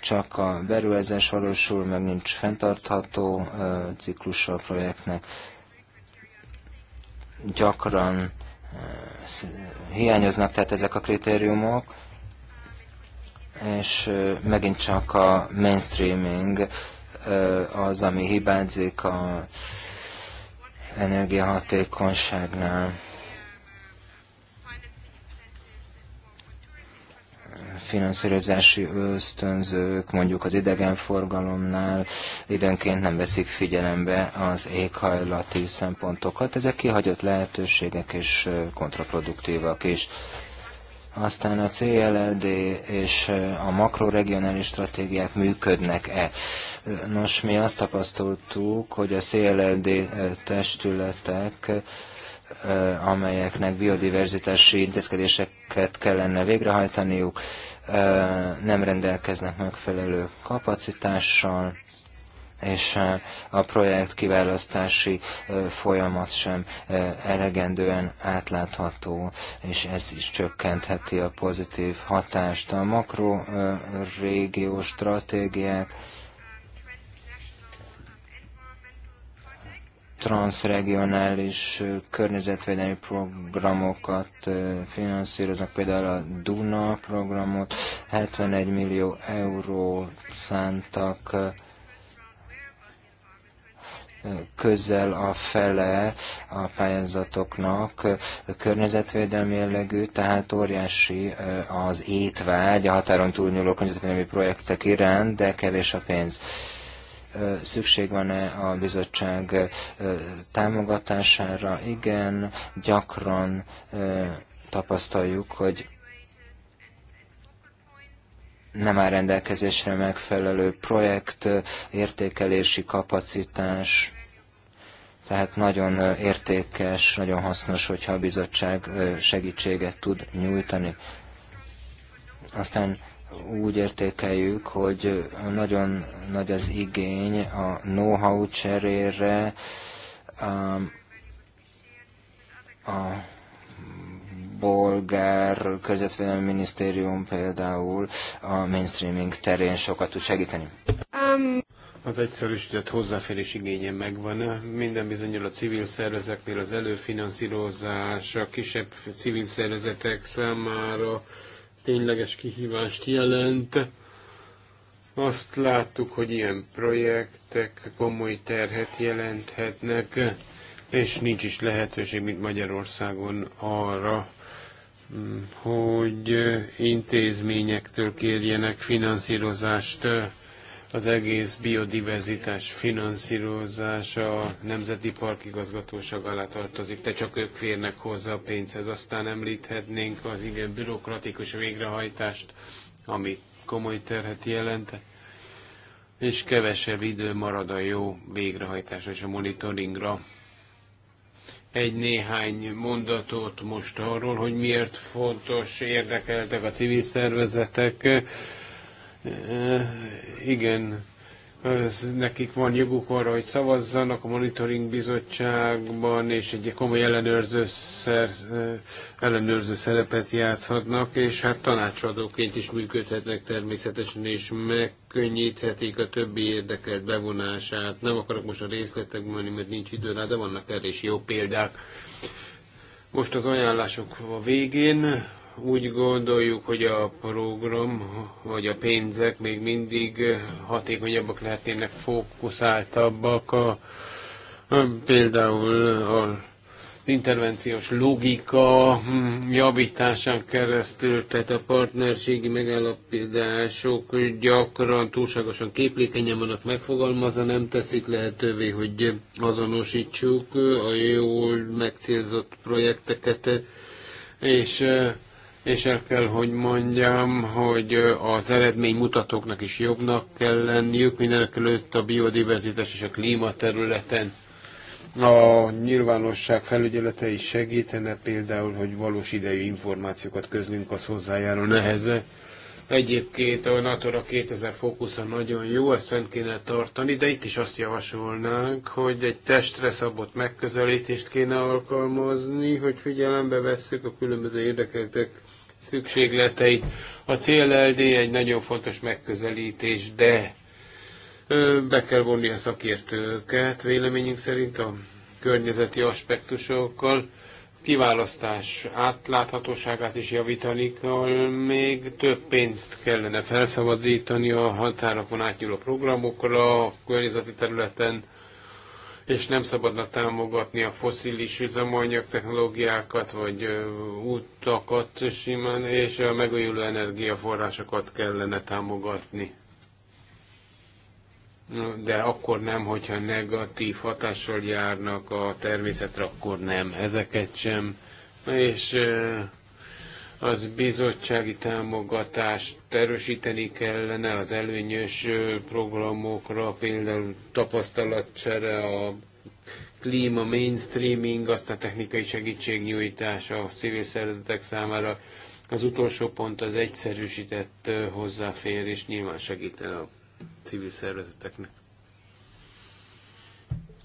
csak a beruházás valósul, meg nincs fenntartható ciklusa a projektnek. Gyakran hiányoznak tehát ezek a kritériumok, és megint csak a mainstreaming az, ami hibázik a energiahatékonyságnál. finanszírozási ösztönzők, mondjuk az idegenforgalomnál időnként nem veszik figyelembe az éghajlati szempontokat. Ezek kihagyott lehetőségek és kontraproduktívak is. Aztán a CLD és a makroregionális stratégiák működnek-e? Nos, mi azt tapasztaltuk, hogy a CLD testületek amelyeknek biodiverzitási intézkedéseket kellene végrehajtaniuk, nem rendelkeznek megfelelő kapacitással, és a projekt kiválasztási folyamat sem elegendően átlátható, és ez is csökkentheti a pozitív hatást. A régió stratégiák transregionális környezetvédelmi programokat finanszíroznak, például a Duna programot, 71 millió euró szántak közel a fele a pályázatoknak környezetvédelmi jellegű, tehát óriási az étvágy a határon túlnyúló környezetvédelmi projektek iránt, de kevés a pénz szükség van-e a bizottság támogatására? Igen, gyakran tapasztaljuk, hogy nem áll rendelkezésre megfelelő projekt, értékelési kapacitás, tehát nagyon értékes, nagyon hasznos, hogyha a bizottság segítséget tud nyújtani. Aztán úgy értékeljük, hogy nagyon nagy az igény a know-how cserére, a, um, a bolgár közvetlenül minisztérium például a mainstreaming terén sokat tud segíteni. Um. Az egyszerűsített hozzáférés igénye megvan. Minden bizonyul a civil szervezeknél az előfinanszírozás, a kisebb civil szervezetek számára tényleges kihívást jelent. Azt láttuk, hogy ilyen projektek komoly terhet jelenthetnek, és nincs is lehetőség, mint Magyarországon arra, mm, hogy intézményektől kérjenek finanszírozást az egész biodiverzitás finanszírozása a Nemzeti Park igazgatóság alá tartozik, Te csak ők férnek hozzá a pénzhez. Aztán említhetnénk az igen bürokratikus végrehajtást, ami komoly terhet jelent, és kevesebb idő marad a jó végrehajtásra és a monitoringra. Egy-néhány mondatot most arról, hogy miért fontos, érdekeltek a civil szervezetek, igen, ez, nekik van joguk arra, hogy szavazzanak a monitoring bizottságban, és egy komoly ellenőrző, szersz, ellenőrző szerepet játszhatnak, és hát tanácsadóként is működhetnek természetesen, és megkönnyíthetik a többi érdekelt bevonását. Nem akarok most a részletekbe menni, mert nincs idő rá, de vannak erre is jó példák. Most az ajánlások a végén, úgy gondoljuk, hogy a program vagy a pénzek még mindig hatékonyabbak lehetnének, fókuszáltabbak. A, például a az intervenciós logika hm, javításán keresztül, tehát a partnerségi megállapodások gyakran túlságosan képlékenyen vannak megfogalmazva, nem teszik lehetővé, hogy azonosítsuk a jól megcélzott projekteket, és és el kell, hogy mondjam, hogy az eredménymutatóknak is jobbnak kell lenniük, mindenek előtt a biodiverzitás és a klíma területen. A nyilvánosság felügyelete is segítene, például, hogy valós idejű információkat közlünk, az hozzájárul neheze. Egyébként a Natura 2000 fókusza nagyon jó, ezt fent kéne tartani, de itt is azt javasolnánk, hogy egy testre szabott megközelítést kéne alkalmazni, hogy figyelembe vesszük a különböző érdekeltek szükségleteit. A CLLD egy nagyon fontos megközelítés, de be kell vonni a szakértőket, véleményünk szerint a környezeti aspektusokkal. Kiválasztás átláthatóságát is javítani kell, még több pénzt kellene felszabadítani a határokon átnyúló programokra a környezeti területen, és nem szabadna támogatni a foszilis üzemanyag technológiákat, vagy útakat simán, és a megújuló energiaforrásokat kellene támogatni. De akkor nem, hogyha negatív hatással járnak a természetre, akkor nem, ezeket sem. És az bizottsági támogatást erősíteni kellene az előnyös programokra, például tapasztalatcsere, a klíma mainstreaming, azt a technikai segítségnyújtás a civil szervezetek számára. Az utolsó pont az egyszerűsített hozzáférés nyilván segítene a civil szervezeteknek.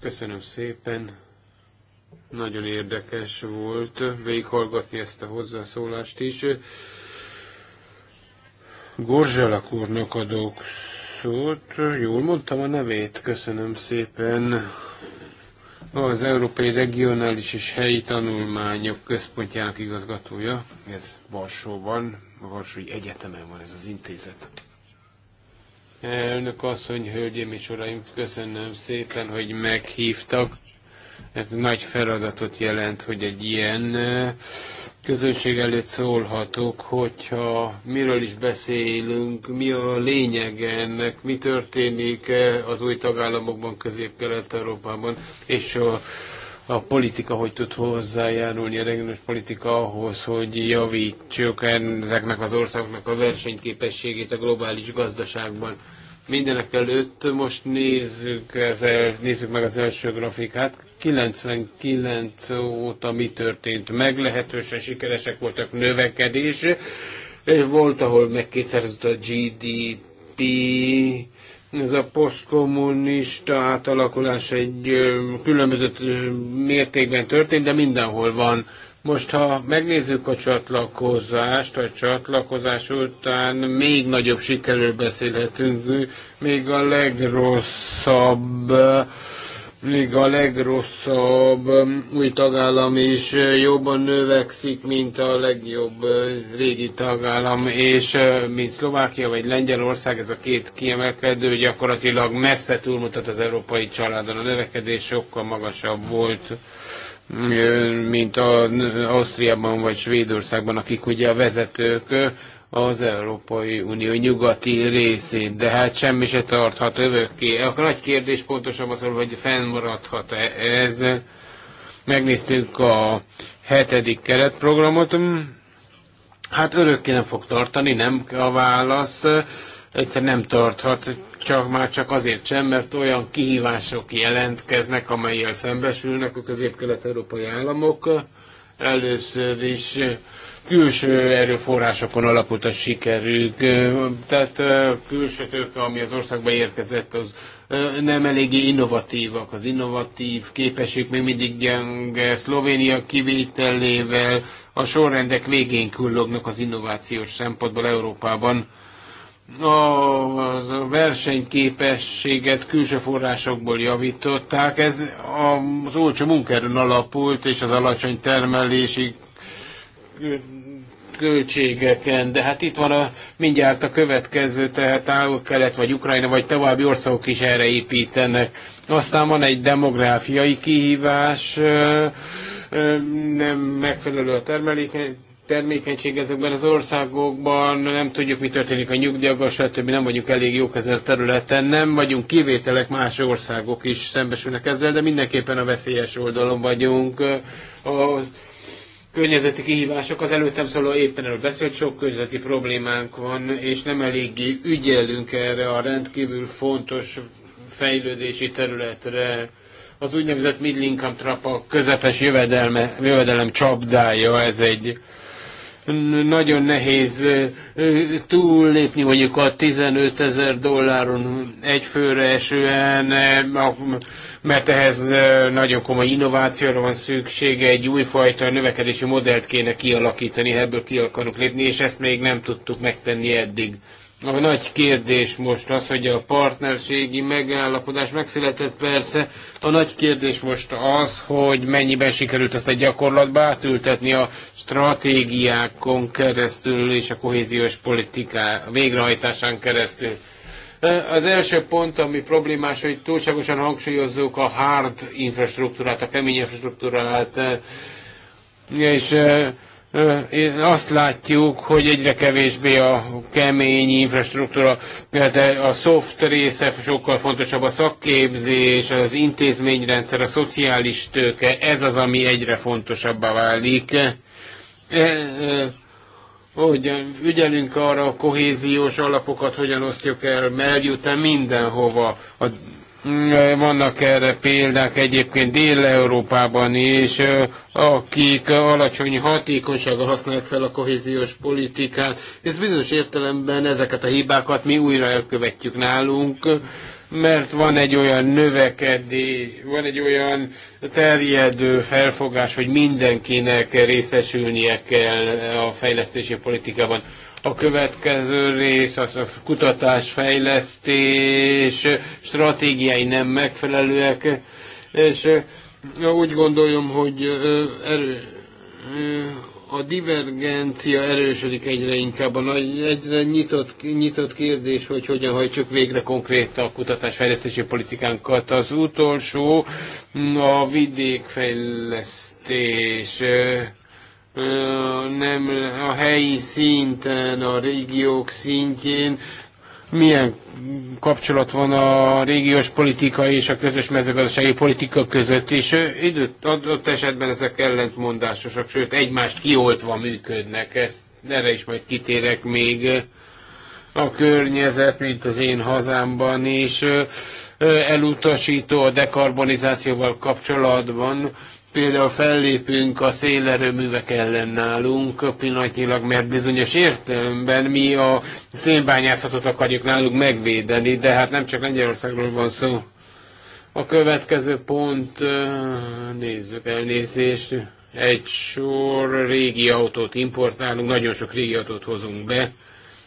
Köszönöm szépen! Nagyon érdekes volt végighallgatni ezt a hozzászólást is. Gorzsalak úrnak adok szót. Jól mondtam a nevét, köszönöm szépen. Az Európai Regionális és Helyi Tanulmányok Központjának igazgatója, ez Varsóban, a Varsói Egyetemen van ez az intézet. Elnök asszony, hölgyeim és uraim, köszönöm szépen, hogy meghívtak nagy feladatot jelent, hogy egy ilyen közönség előtt szólhatok, hogyha miről is beszélünk, mi a lényeg ennek, mi történik az új tagállamokban, közép-kelet-európában, és a, a politika hogy tud hozzájárulni, a regionális politika ahhoz, hogy javítsuk ezeknek az országoknak a versenyképességét a globális gazdaságban. Mindenek előtt most nézzük, ezzel, nézzük meg az első grafikát. 99 óta mi történt? Meglehetősen sikeresek voltak növekedés, és volt, ahol meg a GDP, ez a posztkommunista átalakulás egy különböző mértékben történt, de mindenhol van. Most, ha megnézzük a csatlakozást, a csatlakozás után még nagyobb sikerről beszélhetünk, még a legrosszabb még a legrosszabb um, új tagállam is uh, jobban növekszik, mint a legjobb uh, régi tagállam, és uh, mint Szlovákia vagy Lengyelország, ez a két kiemelkedő gyakorlatilag messze túlmutat az európai családon. A növekedés sokkal magasabb volt mint az Ausztriában vagy Svédországban, akik ugye a vezetők az Európai Unió nyugati részét, de hát semmi se tarthat övökké. A nagy kérdés pontosan az, hogy fennmaradhat-e ez. Megnéztük a hetedik keretprogramot. Hát örökké nem fog tartani, nem a válasz. Egyszer nem tarthat, csak már csak azért sem, mert olyan kihívások jelentkeznek, amelyel szembesülnek a közép-kelet-európai államok. Először is külső erőforrásokon alapult a sikerük, tehát külső tőke, ami az országba érkezett, az nem eléggé innovatívak. Az innovatív képesség még mindig gyenge. Szlovénia kivételével a sorrendek végén küllognak az innovációs szempontból Európában. A versenyképességet külső forrásokból javították, ez az olcsó munkáron alapult, és az alacsony termelési költségeken, de hát itt van a, mindjárt a következő, tehát kelet vagy Ukrajna vagy további országok is erre építenek. Aztán van egy demográfiai kihívás, nem megfelelő a termelékenység, termékenység ezekben az országokban, nem tudjuk, mi történik a nyugdíjakkal, stb. nem vagyunk elég jók ezzel a területen, nem vagyunk kivételek, más országok is szembesülnek ezzel, de mindenképpen a veszélyes oldalon vagyunk. A környezeti kihívások, az előttem szóló éppen erről beszélt, sok környezeti problémánk van, és nem eléggé ügyelünk erre a rendkívül fontos fejlődési területre. Az úgynevezett mid-income trap a közepes jövedelme, jövedelem csapdája, ez egy nagyon nehéz túllépni mondjuk a 15 ezer dolláron főre esően, mert ehhez nagyon komoly innovációra van szüksége, egy újfajta növekedési modellt kéne kialakítani, ebből ki akarunk lépni, és ezt még nem tudtuk megtenni eddig. A nagy kérdés most az, hogy a partnerségi megállapodás megszületett persze. A nagy kérdés most az, hogy mennyiben sikerült ezt a gyakorlatba átültetni a stratégiákon keresztül és a kohéziós politiká végrehajtásán keresztül. Az első pont, ami problémás, hogy túlságosan hangsúlyozzuk a hard infrastruktúrát, a kemény infrastruktúrát, és azt látjuk, hogy egyre kevésbé a kemény infrastruktúra, tehát a soft része sokkal fontosabb, a szakképzés, az intézményrendszer, a szociális tőke, ez az, ami egyre fontosabbá válik hogy ügyelünk arra a kohéziós alapokat, hogyan osztjuk el, mert eljut -e mindenhova. A vannak erre példák egyébként Dél-Európában is, akik alacsony hatékonysága használják fel a kohéziós politikát. Ez bizonyos értelemben ezeket a hibákat mi újra elkövetjük nálunk, mert van egy olyan növekedés, van egy olyan terjedő felfogás, hogy mindenkinek részesülnie kell a fejlesztési politikában. A következő rész az a kutatás, fejlesztés, stratégiai nem megfelelőek, és úgy gondolom, hogy erő, a divergencia erősödik egyre inkább. A nagy, egyre nyitott, nyitott kérdés, hogy hogyan hajtsuk végre konkrét a kutatásfejlesztési politikánkat. Az utolsó a vidékfejlesztés nem a helyi szinten, a régiók szintjén, milyen kapcsolat van a régiós politika és a közös mezőgazdasági politika között, és időt adott esetben ezek ellentmondásosak, sőt egymást kioltva működnek, ezt erre is majd kitérek még a környezet, mint az én hazámban is elutasító a dekarbonizációval kapcsolatban, például fellépünk a szélerőművek ellen nálunk pillanatilag, mert bizonyos értelemben mi a szénbányászatot akarjuk náluk megvédeni, de hát nem csak Lengyelországról van szó. A következő pont, nézzük elnézést, egy sor régi autót importálunk, nagyon sok régi autót hozunk be,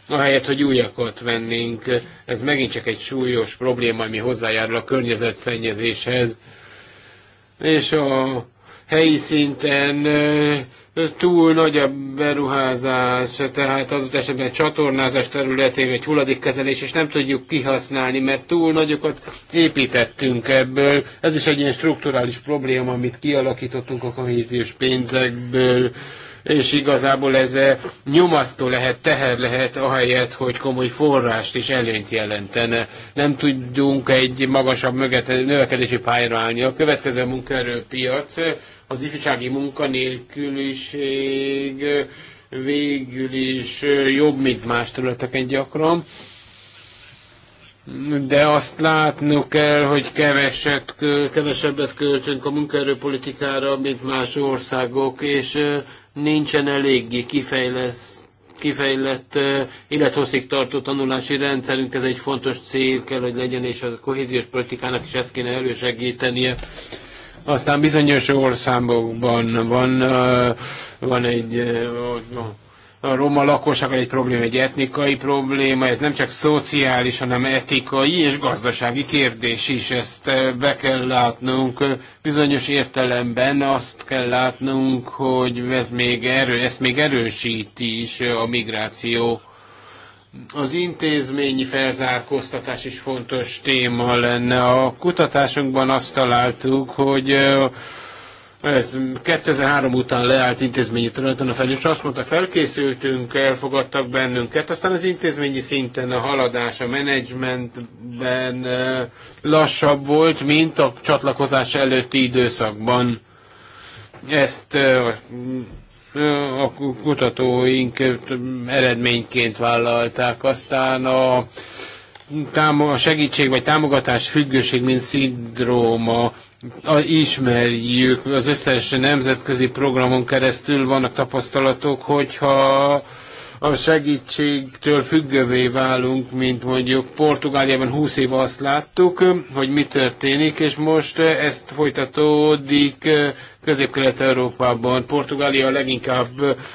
ahelyett, hogy újakat vennénk. Ez megint csak egy súlyos probléma, ami hozzájárul a környezetszennyezéshez. És a helyi szinten túl nagy a beruházás, tehát adott esetben csatornázás területén, vagy hulladékkezelés, és nem tudjuk kihasználni, mert túl nagyokat építettünk ebből. Ez is egy ilyen strukturális probléma, amit kialakítottunk a kohéziós pénzekből és igazából ez eh, nyomasztó lehet, teher lehet, ahelyett, hogy komoly forrást is előnyt jelentene. Nem tudunk egy magasabb mögött, növekedési pályára állni. A következő munkaerőpiac, eh, az ifjúsági munkanélküliség eh, végül is jobb, mint más területeken gyakran de azt látnunk kell, hogy keveset, kevesebbet költünk a munkaerőpolitikára, mint más országok, és nincsen eléggé kifejleszt kifejlett élethosszig tartó tanulási rendszerünk, ez egy fontos cél kell, hogy legyen, és a kohéziós politikának is ezt kéne elősegítenie. Aztán bizonyos országokban van, van egy a roma lakosság egy probléma, egy etnikai probléma, ez nem csak szociális, hanem etikai és gazdasági kérdés is, ezt eh, be kell látnunk. Bizonyos értelemben azt kell látnunk, hogy ez még erő, ezt még erősíti is a migráció. Az intézményi felzárkóztatás is fontos téma lenne. A kutatásunkban azt találtuk, hogy eh, ez 2003 után leállt intézményi területen a fel, és azt mondta, felkészültünk, elfogadtak bennünket, aztán az intézményi szinten a haladás, a menedzsmentben lassabb volt, mint a csatlakozás előtti időszakban. Ezt a kutatóink eredményként vállalták. Aztán a, a segítség vagy támogatás függőség, mint szindróma a ismerjük, az összes nemzetközi programon keresztül vannak tapasztalatok, hogyha a segítségtől függővé válunk, mint mondjuk Portugáliában 20 év azt láttuk, hogy mi történik, és most ezt folytatódik Közép-Kelet-Európában. Portugália a leginkább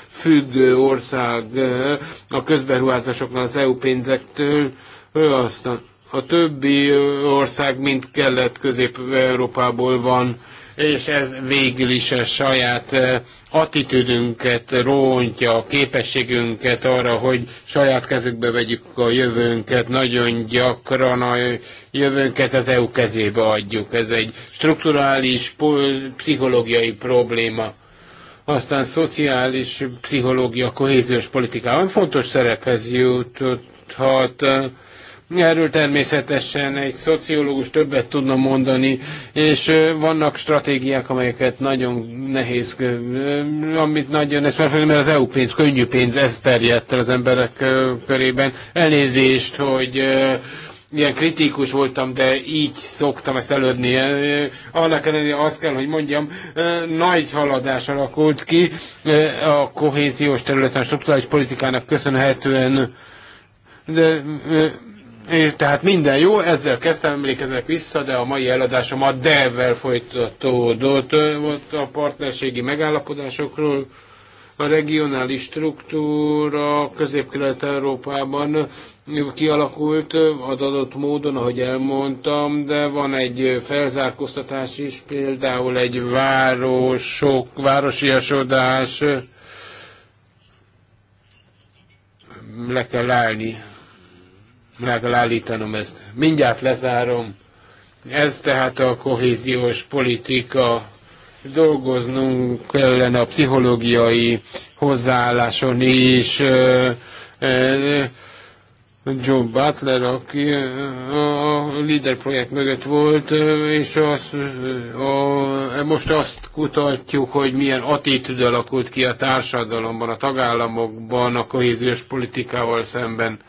függő ország a közberuházásoknál az EU pénzektől, ő aztán a többi ország mind kelet-közép-európából van, és ez végül is a saját attitűdünket rontja, a képességünket arra, hogy saját kezükbe vegyük a jövőnket, nagyon gyakran a jövőnket az EU kezébe adjuk. Ez egy strukturális, pszichológiai probléma. Aztán szociális pszichológia, kohéziós politikában fontos szerephez juthat, Erről természetesen egy szociológus többet tudna mondani, és vannak stratégiák, amelyeket nagyon nehéz, amit nagyon, ezt mert az EU pénz, könnyű pénz, ez terjedt az emberek körében. Elnézést, hogy ilyen kritikus voltam, de így szoktam ezt elődni. Annak ellenére azt kell, hogy mondjam, nagy haladás alakult ki a kohéziós területen, a struktúrális politikának köszönhetően, de tehát minden jó, ezzel kezdtem, emlékeznek vissza, de a mai eladásom a DEV-vel folytatódott. Volt a partnerségi megállapodásokról, a regionális struktúra Közép-Kelet-Európában kialakult az adott módon, ahogy elmondtam, de van egy felzárkóztatás is, például egy városok, esodás, le kell állni meg kell állítanom ezt. Mindjárt lezárom. Ez tehát a kohéziós politika. Dolgoznunk kellene a pszichológiai hozzáálláson is. Joe Butler, aki a Leader projekt mögött volt, és azt, a, most azt kutatjuk, hogy milyen attitűd alakult ki a társadalomban, a tagállamokban, a kohéziós politikával szemben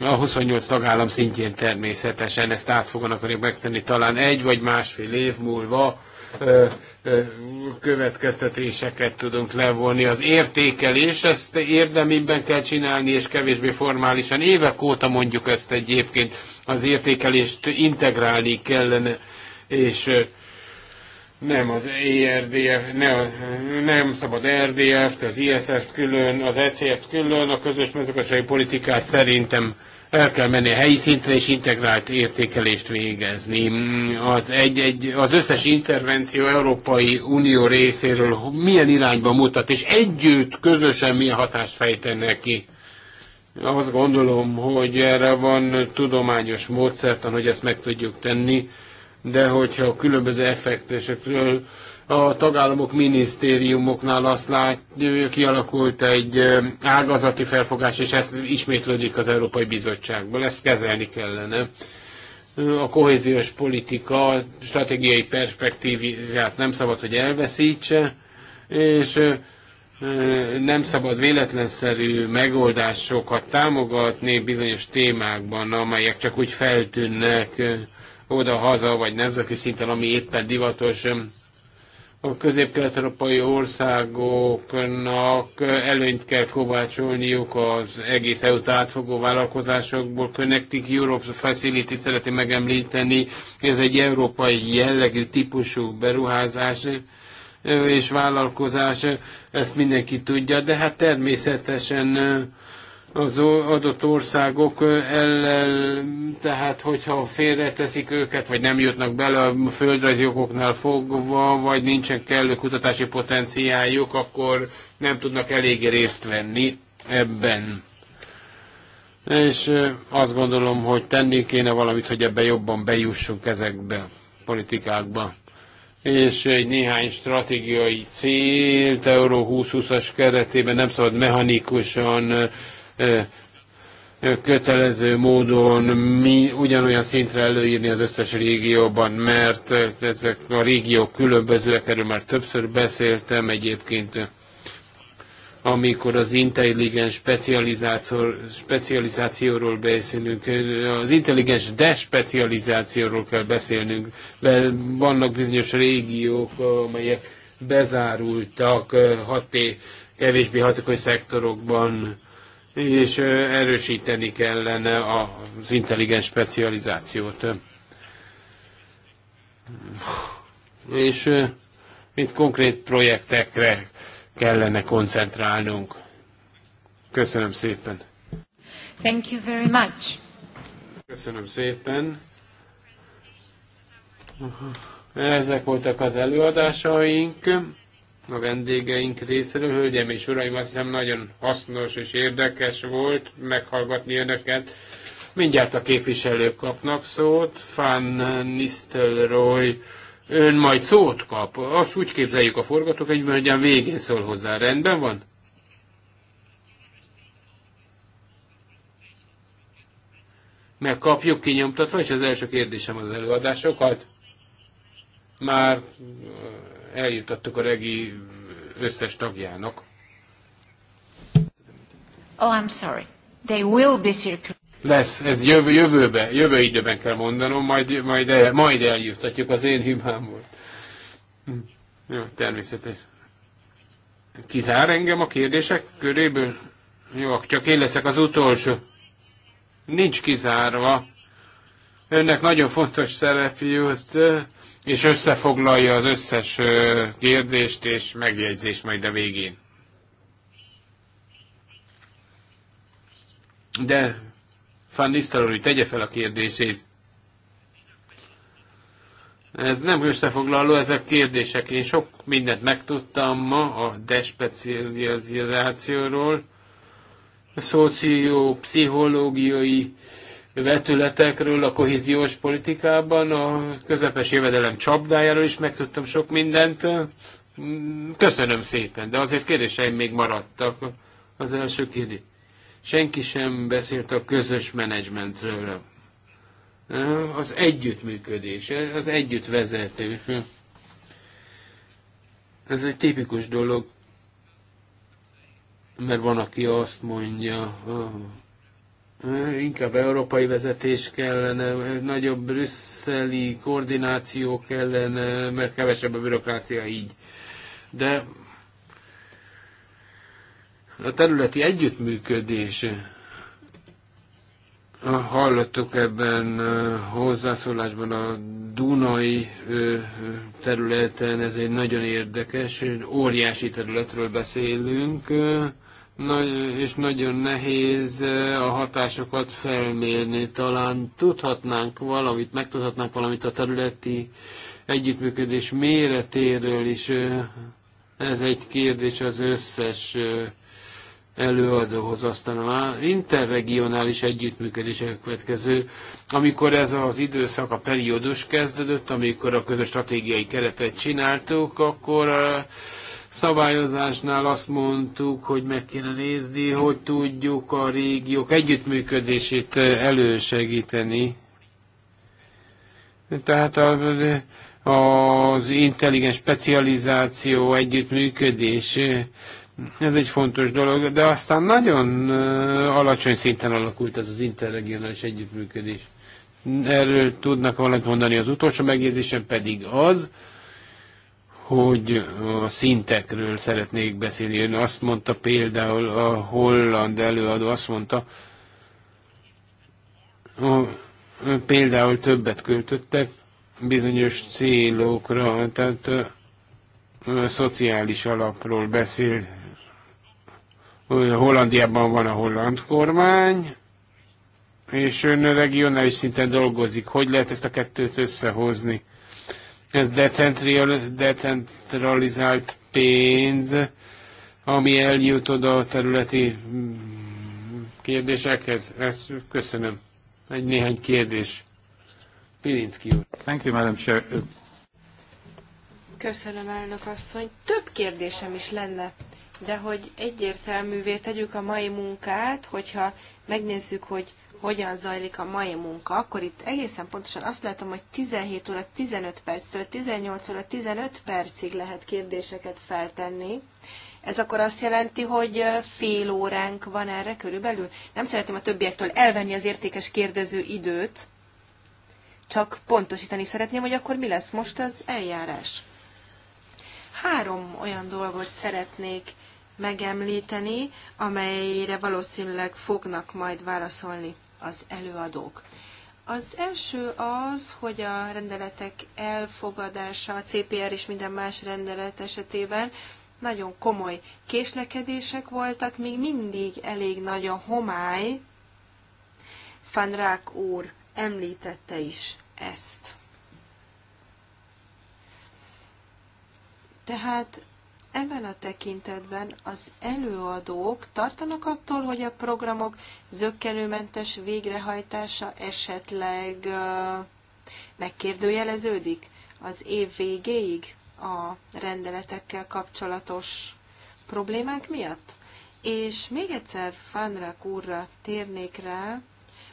a 28 tagállam szintjén természetesen ezt át fognak megtenni talán egy vagy másfél év múlva, következtetéseket tudunk levonni. Az értékelés, ezt érdemiben kell csinálni, és kevésbé formálisan. Évek óta mondjuk ezt egyébként, az értékelést integrálni kellene, és nem az ERDF, ne, nem szabad e rdf az iss külön, az ECF-t külön, a közös mezőgazdasági politikát szerintem el kell menni a helyi szintre és integrált értékelést végezni. Az, egy, egy, az összes intervenció Európai Unió részéről milyen irányba mutat, és együtt közösen milyen hatást fejtenek ki. Azt gondolom, hogy erre van tudományos módszertan, hogy ezt meg tudjuk tenni de hogyha a különböző effektesekről a tagállamok minisztériumoknál azt látjuk, kialakult egy ágazati felfogás, és ez ismétlődik az Európai Bizottságban. Ezt kezelni kellene. A kohéziós politika stratégiai perspektívját nem szabad, hogy elveszítse, és nem szabad véletlenszerű megoldásokat támogatni bizonyos témákban, amelyek csak úgy feltűnnek oda-haza, vagy nemzeti szinten, ami éppen divatos. A közép-kelet-európai országoknak előnyt kell kovácsolniuk az egész EU-t átfogó vállalkozásokból. Connecting Europe Facility szeretném megemlíteni, ez egy európai jellegű típusú beruházás és vállalkozás, ezt mindenki tudja, de hát természetesen az adott országok ellen, tehát hogyha félreteszik őket, vagy nem jutnak bele a földrajzi okoknál fogva, vagy nincsen kellő kutatási potenciáljuk, akkor nem tudnak elég részt venni ebben. És azt gondolom, hogy tenni kéne valamit, hogy ebbe jobban bejussunk ezekbe a politikákba. És egy néhány stratégiai célt Euró 2020-as keretében nem szabad mechanikusan kötelező módon mi ugyanolyan szintre előírni az összes régióban, mert ezek a régiók különbözőek, erről már többször beszéltem egyébként, amikor az intelligens specializációról beszélünk, az intelligens despecializációról kell beszélnünk, mert vannak bizonyos régiók, amelyek bezárultak haté, kevésbé hatékony szektorokban, és erősíteni kellene az intelligens specializációt. És mit konkrét projektekre kellene koncentrálnunk. Köszönöm szépen. Thank you very much. Köszönöm szépen. Ezek voltak az előadásaink a vendégeink részéről. Hölgyeim és uraim, azt hiszem nagyon hasznos és érdekes volt meghallgatni önöket. Mindjárt a képviselők kapnak szót. Fan Nistelrooy, ön majd szót kap. Azt úgy képzeljük a forgatókönyvben, hogy a végén szól hozzá. Rendben van? Megkapjuk kinyomtatva, és az első kérdésem az előadásokat. Már Eljutottuk a regi összes tagjának. Oh, I'm sorry. They will be Lesz, ez jövő, jövőbe, jövő időben kell mondanom, majd, majd, el, majd eljuttatjuk az én hibám volt. Hm. Jó, természetes. Kizár engem a kérdések köréből? Jó, csak én leszek az utolsó. Nincs kizárva. Önnek nagyon fontos szerep jut és összefoglalja az összes kérdést és megjegyzést majd a végén. De Van Nistelrooy tegye fel a kérdését. Ez nem összefoglaló, ezek kérdések. Én sok mindent megtudtam ma a despecializációról, a szociopszichológiai vetületekről a kohéziós politikában, a közepes jövedelem csapdájáról is megtudtam sok mindent. Köszönöm szépen, de azért kérdéseim még maradtak. Az első kérdés. Senki sem beszélt a közös menedzsmentről. Az együttműködés, az együttvezetés. Ez egy tipikus dolog, mert van, aki azt mondja, inkább európai vezetés kellene, nagyobb brüsszeli koordináció kellene, mert kevesebb a bürokrácia így. De a területi együttműködés Hallottuk ebben hozzászólásban a Dunai területen, ez egy nagyon érdekes, óriási területről beszélünk, nagy, és nagyon nehéz eh, a hatásokat felmérni. Talán tudhatnánk valamit, megtudhatnánk valamit a területi együttműködés méretéről is. Eh, ez egy kérdés az összes eh, előadóhoz, aztán a interregionális együttműködés a következő, amikor ez az időszak, a periódus kezdődött, amikor a közös stratégiai keretet csináltuk, akkor szabályozásnál azt mondtuk, hogy meg kéne nézni, hogy tudjuk a régiók együttműködését eh, elősegíteni. Tehát a, az intelligens specializáció, együttműködés, eh, ez egy fontos dolog, de aztán nagyon eh, alacsony szinten alakult ez az interregionális együttműködés. Erről tudnak valamit mondani. Az utolsó megjegyzésem pedig az, hogy a szintekről szeretnék beszélni. Ön azt mondta például, a holland előadó azt mondta, például többet költöttek bizonyos célokra, tehát a szociális alapról beszél. Hollandiában van a holland kormány, és ön regionális szinten dolgozik. Hogy lehet ezt a kettőt összehozni? Ez decentralizált pénz, ami eljut oda a területi mm, kérdésekhez. Ezt köszönöm. Egy néhány kérdés. Pilinszki úr. Thank you, Madam Chair. Köszönöm, elnök asszony. Több kérdésem is lenne, de hogy egyértelművé tegyük a mai munkát, hogyha megnézzük, hogy hogyan zajlik a mai munka, akkor itt egészen pontosan azt látom, hogy 17 óra 15 perctől 18 óra 15 percig lehet kérdéseket feltenni. Ez akkor azt jelenti, hogy fél óránk van erre körülbelül? Nem szeretném a többiektől elvenni az értékes kérdező időt, csak pontosítani szeretném, hogy akkor mi lesz most az eljárás. Három olyan dolgot szeretnék megemlíteni, amelyre valószínűleg fognak majd válaszolni az előadók. Az első az, hogy a rendeletek elfogadása, a CPR és minden más rendelet esetében nagyon komoly késlekedések voltak, még mindig elég nagy a homály. Fanrák úr említette is ezt. Tehát ebben a tekintetben az előadók tartanak attól, hogy a programok zöggenőmentes végrehajtása esetleg megkérdőjeleződik az év végéig a rendeletekkel kapcsolatos problémák miatt? És még egyszer Fánrak úrra térnék rá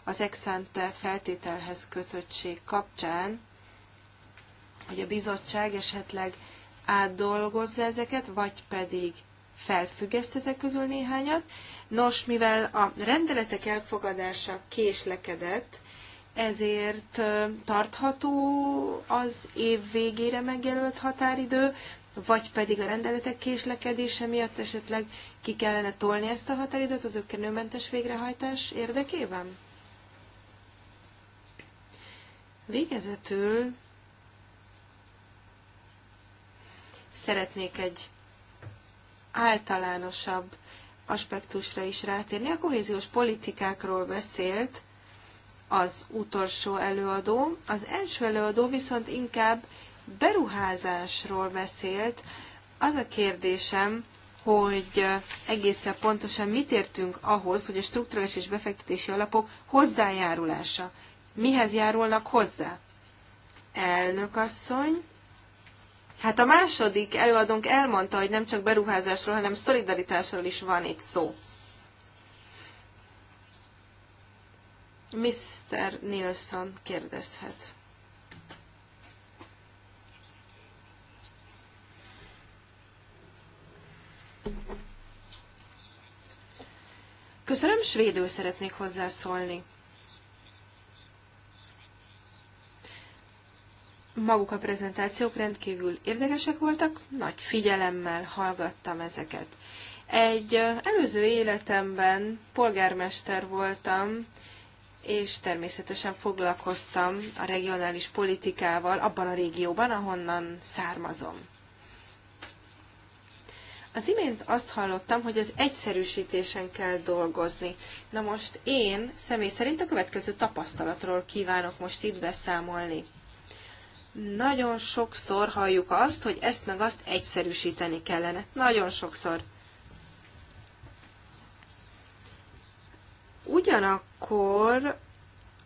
az exante feltételhez kötöttség kapcsán, hogy a bizottság esetleg átdolgozza ezeket, vagy pedig felfüggeszt ezek közül néhányat. Nos, mivel a rendeletek elfogadása késlekedett, ezért tartható az év végére megjelölt határidő, vagy pedig a rendeletek késlekedése miatt esetleg ki kellene tolni ezt a határidőt az ökkenőmentes végrehajtás érdekében? Végezetül szeretnék egy általánosabb aspektusra is rátérni. A kohéziós politikákról beszélt az utolsó előadó. Az első előadó viszont inkább beruházásról beszélt. Az a kérdésem, hogy egészen pontosan mit értünk ahhoz, hogy a struktúrális és befektetési alapok hozzájárulása. Mihez járulnak hozzá? Elnök asszony, Hát a második előadónk elmondta, hogy nem csak beruházásról, hanem szolidaritásról is van itt szó. Mr. Nilsson kérdezhet. Köszönöm, svédül szeretnék hozzászólni. maguk a prezentációk rendkívül érdekesek voltak, nagy figyelemmel hallgattam ezeket. Egy előző életemben polgármester voltam, és természetesen foglalkoztam a regionális politikával abban a régióban, ahonnan származom. Az imént azt hallottam, hogy az egyszerűsítésen kell dolgozni. Na most én személy szerint a következő tapasztalatról kívánok most itt beszámolni. Nagyon sokszor halljuk azt, hogy ezt meg azt egyszerűsíteni kellene. Nagyon sokszor. Ugyanakkor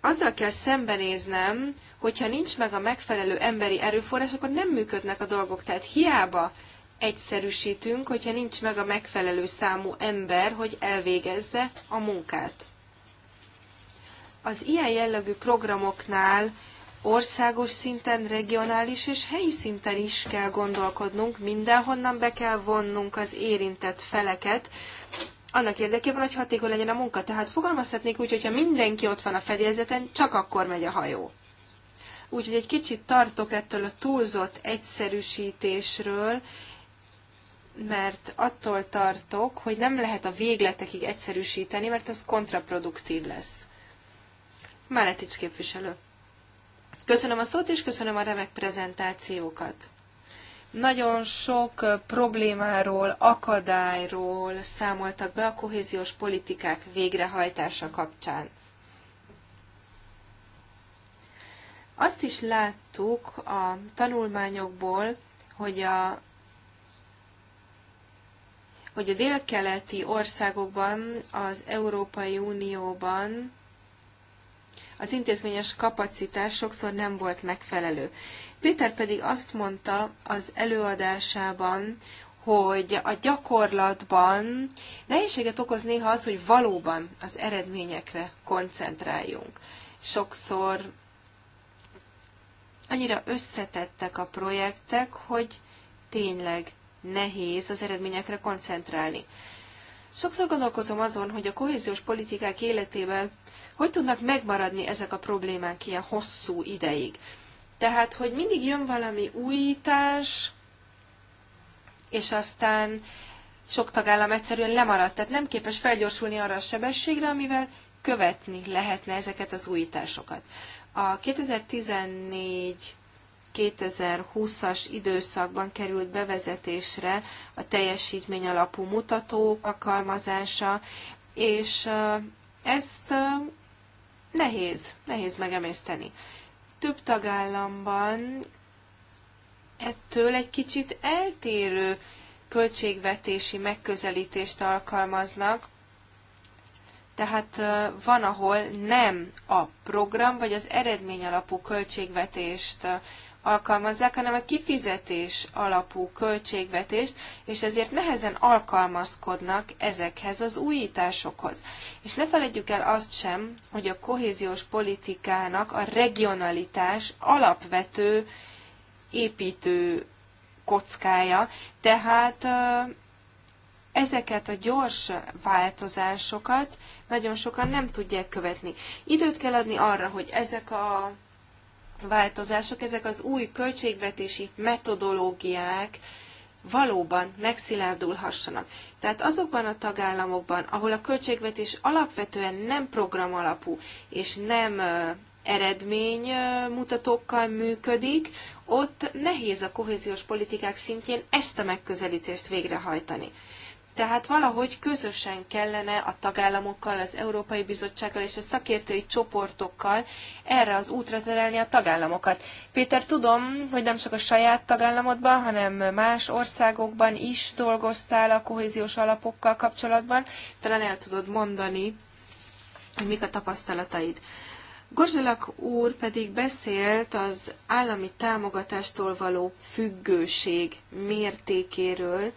azzal kell szembenéznem, hogyha nincs meg a megfelelő emberi erőforrás, akkor nem működnek a dolgok. Tehát hiába egyszerűsítünk, hogyha nincs meg a megfelelő számú ember, hogy elvégezze a munkát. Az ilyen jellegű programoknál országos szinten, regionális és helyi szinten is kell gondolkodnunk, mindenhonnan be kell vonnunk az érintett feleket, annak érdekében, hogy hatékony legyen a munka. Tehát fogalmazhatnék úgy, hogyha mindenki ott van a fedélzeten, csak akkor megy a hajó. Úgyhogy egy kicsit tartok ettől a túlzott egyszerűsítésről, mert attól tartok, hogy nem lehet a végletekig egyszerűsíteni, mert az kontraproduktív lesz. Máletics képviselő. Köszönöm a szót, és köszönöm a remek prezentációkat. Nagyon sok problémáról, akadályról számoltak be a kohéziós politikák végrehajtása kapcsán. Azt is láttuk a tanulmányokból, hogy a hogy a délkeleti országokban, az Európai Unióban az intézményes kapacitás sokszor nem volt megfelelő. Péter pedig azt mondta az előadásában, hogy a gyakorlatban nehézséget okoz néha az, hogy valóban az eredményekre koncentráljunk. Sokszor annyira összetettek a projektek, hogy tényleg nehéz az eredményekre koncentrálni. Sokszor gondolkozom azon, hogy a kohéziós politikák életében hogy tudnak megmaradni ezek a problémák ilyen hosszú ideig. Tehát, hogy mindig jön valami újítás, és aztán sok tagállam egyszerűen lemaradt, tehát nem képes felgyorsulni arra a sebességre, amivel követni lehetne ezeket az újításokat. A 2014 2020-as időszakban került bevezetésre a teljesítmény alapú mutatók alkalmazása, és ezt nehéz, nehéz megemészteni. Több tagállamban ettől egy kicsit eltérő költségvetési megközelítést alkalmaznak, tehát van, ahol nem a program vagy az eredmény alapú költségvetést alkalmazzák, hanem a kifizetés alapú költségvetést, és ezért nehezen alkalmazkodnak ezekhez az újításokhoz. És ne felejtjük el azt sem, hogy a kohéziós politikának a regionalitás alapvető építő kockája, tehát ezeket a gyors változásokat nagyon sokan nem tudják követni. Időt kell adni arra, hogy ezek a változások, ezek az új költségvetési metodológiák valóban megszilárdulhassanak. Tehát azokban a tagállamokban, ahol a költségvetés alapvetően nem program alapú és nem eredménymutatókkal működik, ott nehéz a kohéziós politikák szintjén ezt a megközelítést végrehajtani. Tehát valahogy közösen kellene a tagállamokkal, az Európai Bizottsággal és a szakértői csoportokkal erre az útra terelni a tagállamokat. Péter, tudom, hogy nem csak a saját tagállamodban, hanem más országokban is dolgoztál a kohéziós alapokkal kapcsolatban. Talán el tudod mondani, hogy mik a tapasztalataid. Gozsalak úr pedig beszélt az állami támogatástól való függőség mértékéről,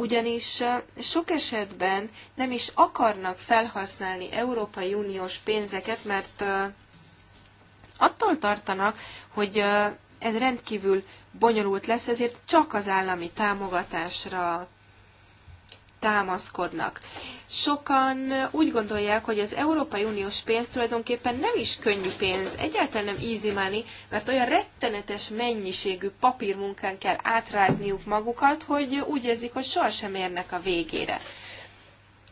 ugyanis eh, sok esetben nem is akarnak felhasználni Európai Uniós pénzeket, mert eh, attól tartanak, hogy eh, ez rendkívül bonyolult lesz, ezért csak az állami támogatásra támaszkodnak. Sokan úgy gondolják, hogy az Európai Uniós pénz tulajdonképpen nem is könnyű pénz, egyáltalán nem easy money, mert olyan rettenetes mennyiségű papírmunkán kell átrágniuk magukat, hogy úgy érzik, hogy sohasem érnek a végére.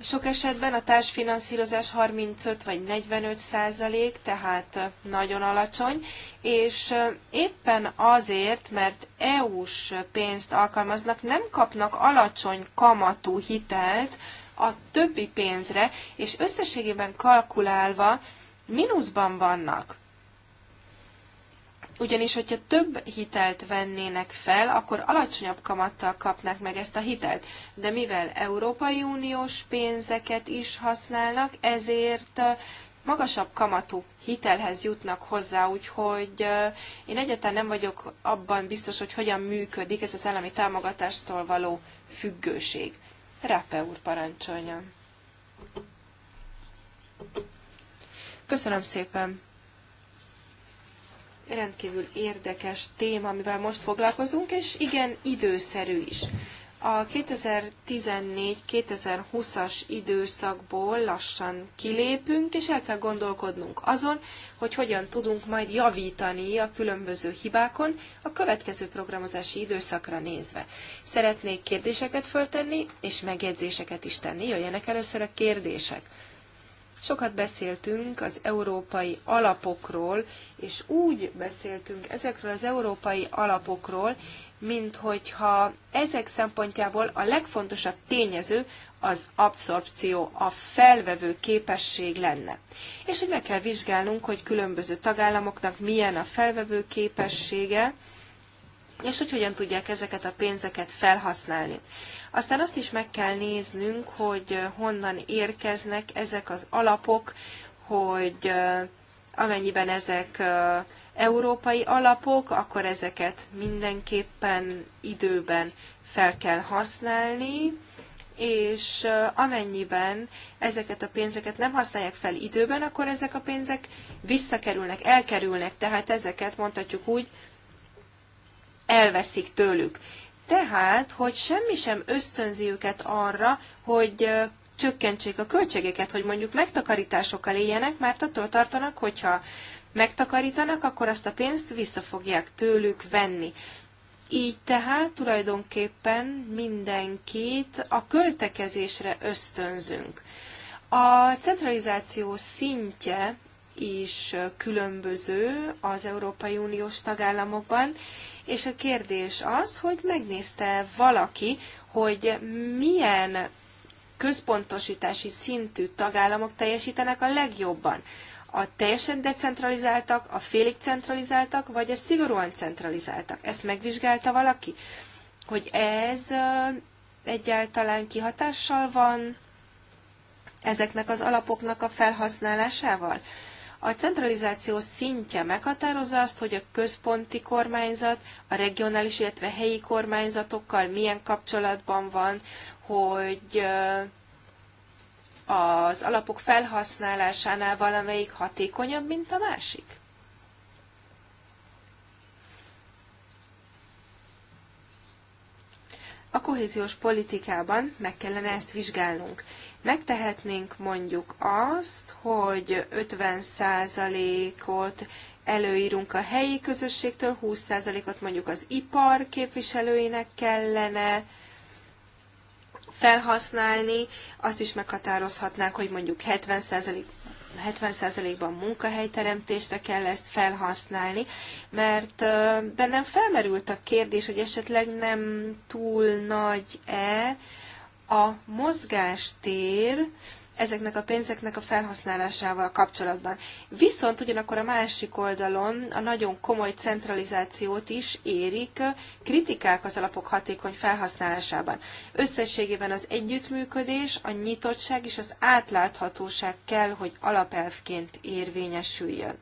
Sok esetben a társfinanszírozás 35 vagy 45 százalék, tehát nagyon alacsony, és éppen azért, mert EU-s pénzt alkalmaznak, nem kapnak alacsony kamatú hitelt a többi pénzre, és összességében kalkulálva mínuszban vannak ugyanis hogyha több hitelt vennének fel, akkor alacsonyabb kamattal kapnák meg ezt a hitelt. De mivel Európai Uniós pénzeket is használnak, ezért magasabb kamatú hitelhez jutnak hozzá, úgyhogy én egyáltalán nem vagyok abban biztos, hogy hogyan működik ez az állami támogatástól való függőség. Rápe úr parancsolja. Köszönöm szépen! rendkívül érdekes téma, amivel most foglalkozunk, és igen, időszerű is. A 2014-2020-as időszakból lassan kilépünk, és el kell gondolkodnunk azon, hogy hogyan tudunk majd javítani a különböző hibákon a következő programozási időszakra nézve. Szeretnék kérdéseket föltenni, és megjegyzéseket is tenni. Jöjjenek először a kérdések. Sokat beszéltünk az európai alapokról, és úgy beszéltünk ezekről az európai alapokról, mint hogyha ezek szempontjából a legfontosabb tényező az abszorpció, a felvevő képesség lenne. És hogy meg kell vizsgálnunk, hogy különböző tagállamoknak milyen a felvevő képessége, és hogy hogyan tudják ezeket a pénzeket felhasználni. Aztán azt is meg kell néznünk, hogy honnan érkeznek ezek az alapok, hogy amennyiben ezek európai alapok, akkor ezeket mindenképpen időben fel kell használni, és amennyiben ezeket a pénzeket nem használják fel időben, akkor ezek a pénzek visszakerülnek, elkerülnek, tehát ezeket mondhatjuk úgy, elveszik tőlük tehát, hogy semmi sem ösztönzi őket arra, hogy csökkentsék a költségeket, hogy mondjuk megtakarításokkal éljenek, mert attól tartanak, hogyha megtakarítanak, akkor azt a pénzt vissza fogják tőlük venni. Így tehát tulajdonképpen mindenkit a költekezésre ösztönzünk. A centralizáció szintje is különböző az Európai Uniós tagállamokban, és a kérdés az, hogy megnézte valaki, hogy milyen központosítási szintű tagállamok teljesítenek a legjobban. A teljesen decentralizáltak, a félig centralizáltak, vagy a szigorúan centralizáltak. Ezt megvizsgálta valaki, hogy ez egyáltalán kihatással van ezeknek az alapoknak a felhasználásával? A centralizáció szintje meghatározza azt, hogy a központi kormányzat a regionális, illetve helyi kormányzatokkal milyen kapcsolatban van, hogy az alapok felhasználásánál valamelyik hatékonyabb, mint a másik. a kohéziós politikában meg kellene ezt vizsgálnunk. Megtehetnénk mondjuk azt, hogy 50%-ot előírunk a helyi közösségtől, 20%-ot mondjuk az ipar képviselőinek kellene felhasználni, azt is meghatározhatnánk, hogy mondjuk 70% 70%-ban munkahelyteremtésre kell ezt felhasználni, mert bennem felmerült a kérdés, hogy esetleg nem túl nagy-e a mozgástér, ezeknek a pénzeknek a felhasználásával kapcsolatban. Viszont ugyanakkor a másik oldalon a nagyon komoly centralizációt is érik kritikák az alapok hatékony felhasználásában. Összességében az együttműködés, a nyitottság és az átláthatóság kell, hogy alapelvként érvényesüljön.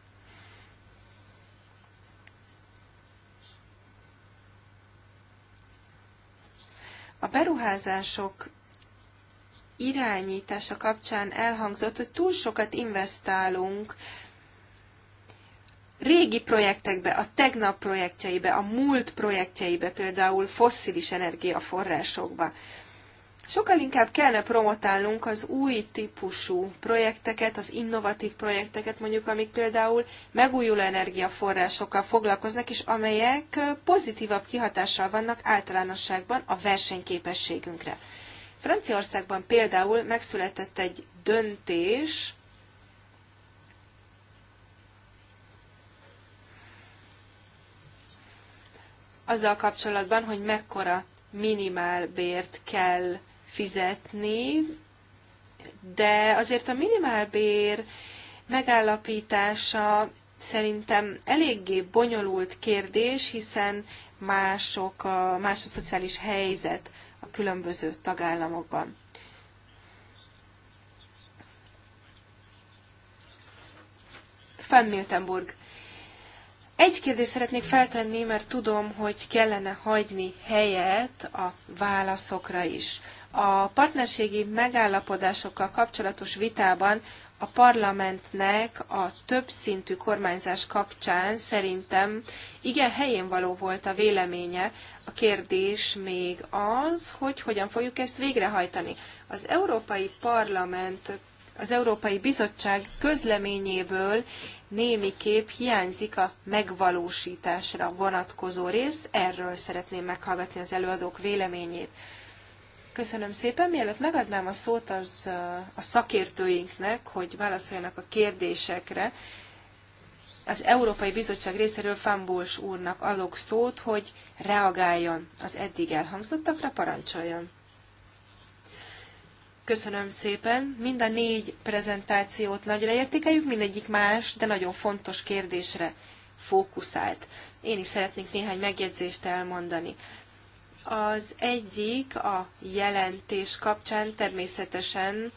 A beruházások irányítása kapcsán elhangzott, hogy túl sokat investálunk régi projektekbe, a tegnap projektjeibe, a múlt projektjeibe, például fosszilis energiaforrásokba. Sokkal inkább kellene promotálnunk az új típusú projekteket, az innovatív projekteket, mondjuk, amik például megújuló energiaforrásokkal foglalkoznak, és amelyek pozitívabb kihatással vannak általánosságban a versenyképességünkre. Franciaországban például megszületett egy döntés, azzal kapcsolatban, hogy mekkora minimálbért kell fizetni, de azért a minimálbér megállapítása szerintem eléggé bonyolult kérdés, hiszen mások, más a szociális helyzet a különböző tagállamokban. Fennmiltenburg. Egy kérdést szeretnék feltenni, mert tudom, hogy kellene hagyni helyet a válaszokra is. A partnerségi megállapodásokkal kapcsolatos vitában a parlamentnek a többszintű kormányzás kapcsán szerintem igen helyén való volt a véleménye. A kérdés még az, hogy hogyan fogjuk ezt végrehajtani. Az Európai Parlament, az Európai Bizottság közleményéből némi kép hiányzik a megvalósításra vonatkozó rész. Erről szeretném meghallgatni az előadók véleményét. Köszönöm szépen. Mielőtt megadnám a szót az uh, a szakértőinknek, hogy válaszoljanak a kérdésekre, az Európai Bizottság részéről Fambós úrnak adok szót, hogy reagáljon az eddig elhangzottakra, parancsoljon. Köszönöm szépen. Mind a négy prezentációt nagyra értékeljük, mindegyik más, de nagyon fontos kérdésre fókuszált. Én is szeretnék néhány megjegyzést elmondani. Az egyik a jelentés kapcsán természetesen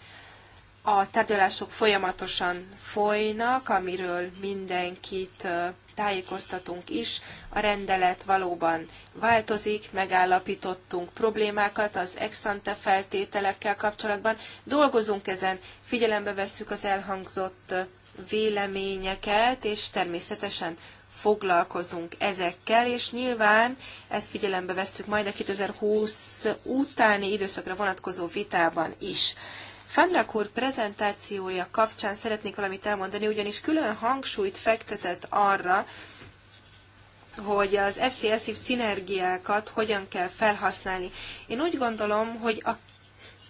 a tárgyalások folyamatosan folynak, amiről mindenkit tájékoztatunk is. A rendelet valóban változik, megállapítottunk problémákat az ex-ante feltételekkel kapcsolatban. Dolgozunk ezen, figyelembe vesszük az elhangzott véleményeket, és természetesen foglalkozunk ezekkel, és nyilván ezt figyelembe vesszük majd a 2020 utáni időszakra vonatkozó vitában is. Fandrak úr prezentációja kapcsán szeretnék valamit elmondani, ugyanis külön hangsúlyt fektetett arra, hogy az FCSIF szinergiákat hogyan kell felhasználni. Én úgy gondolom, hogy a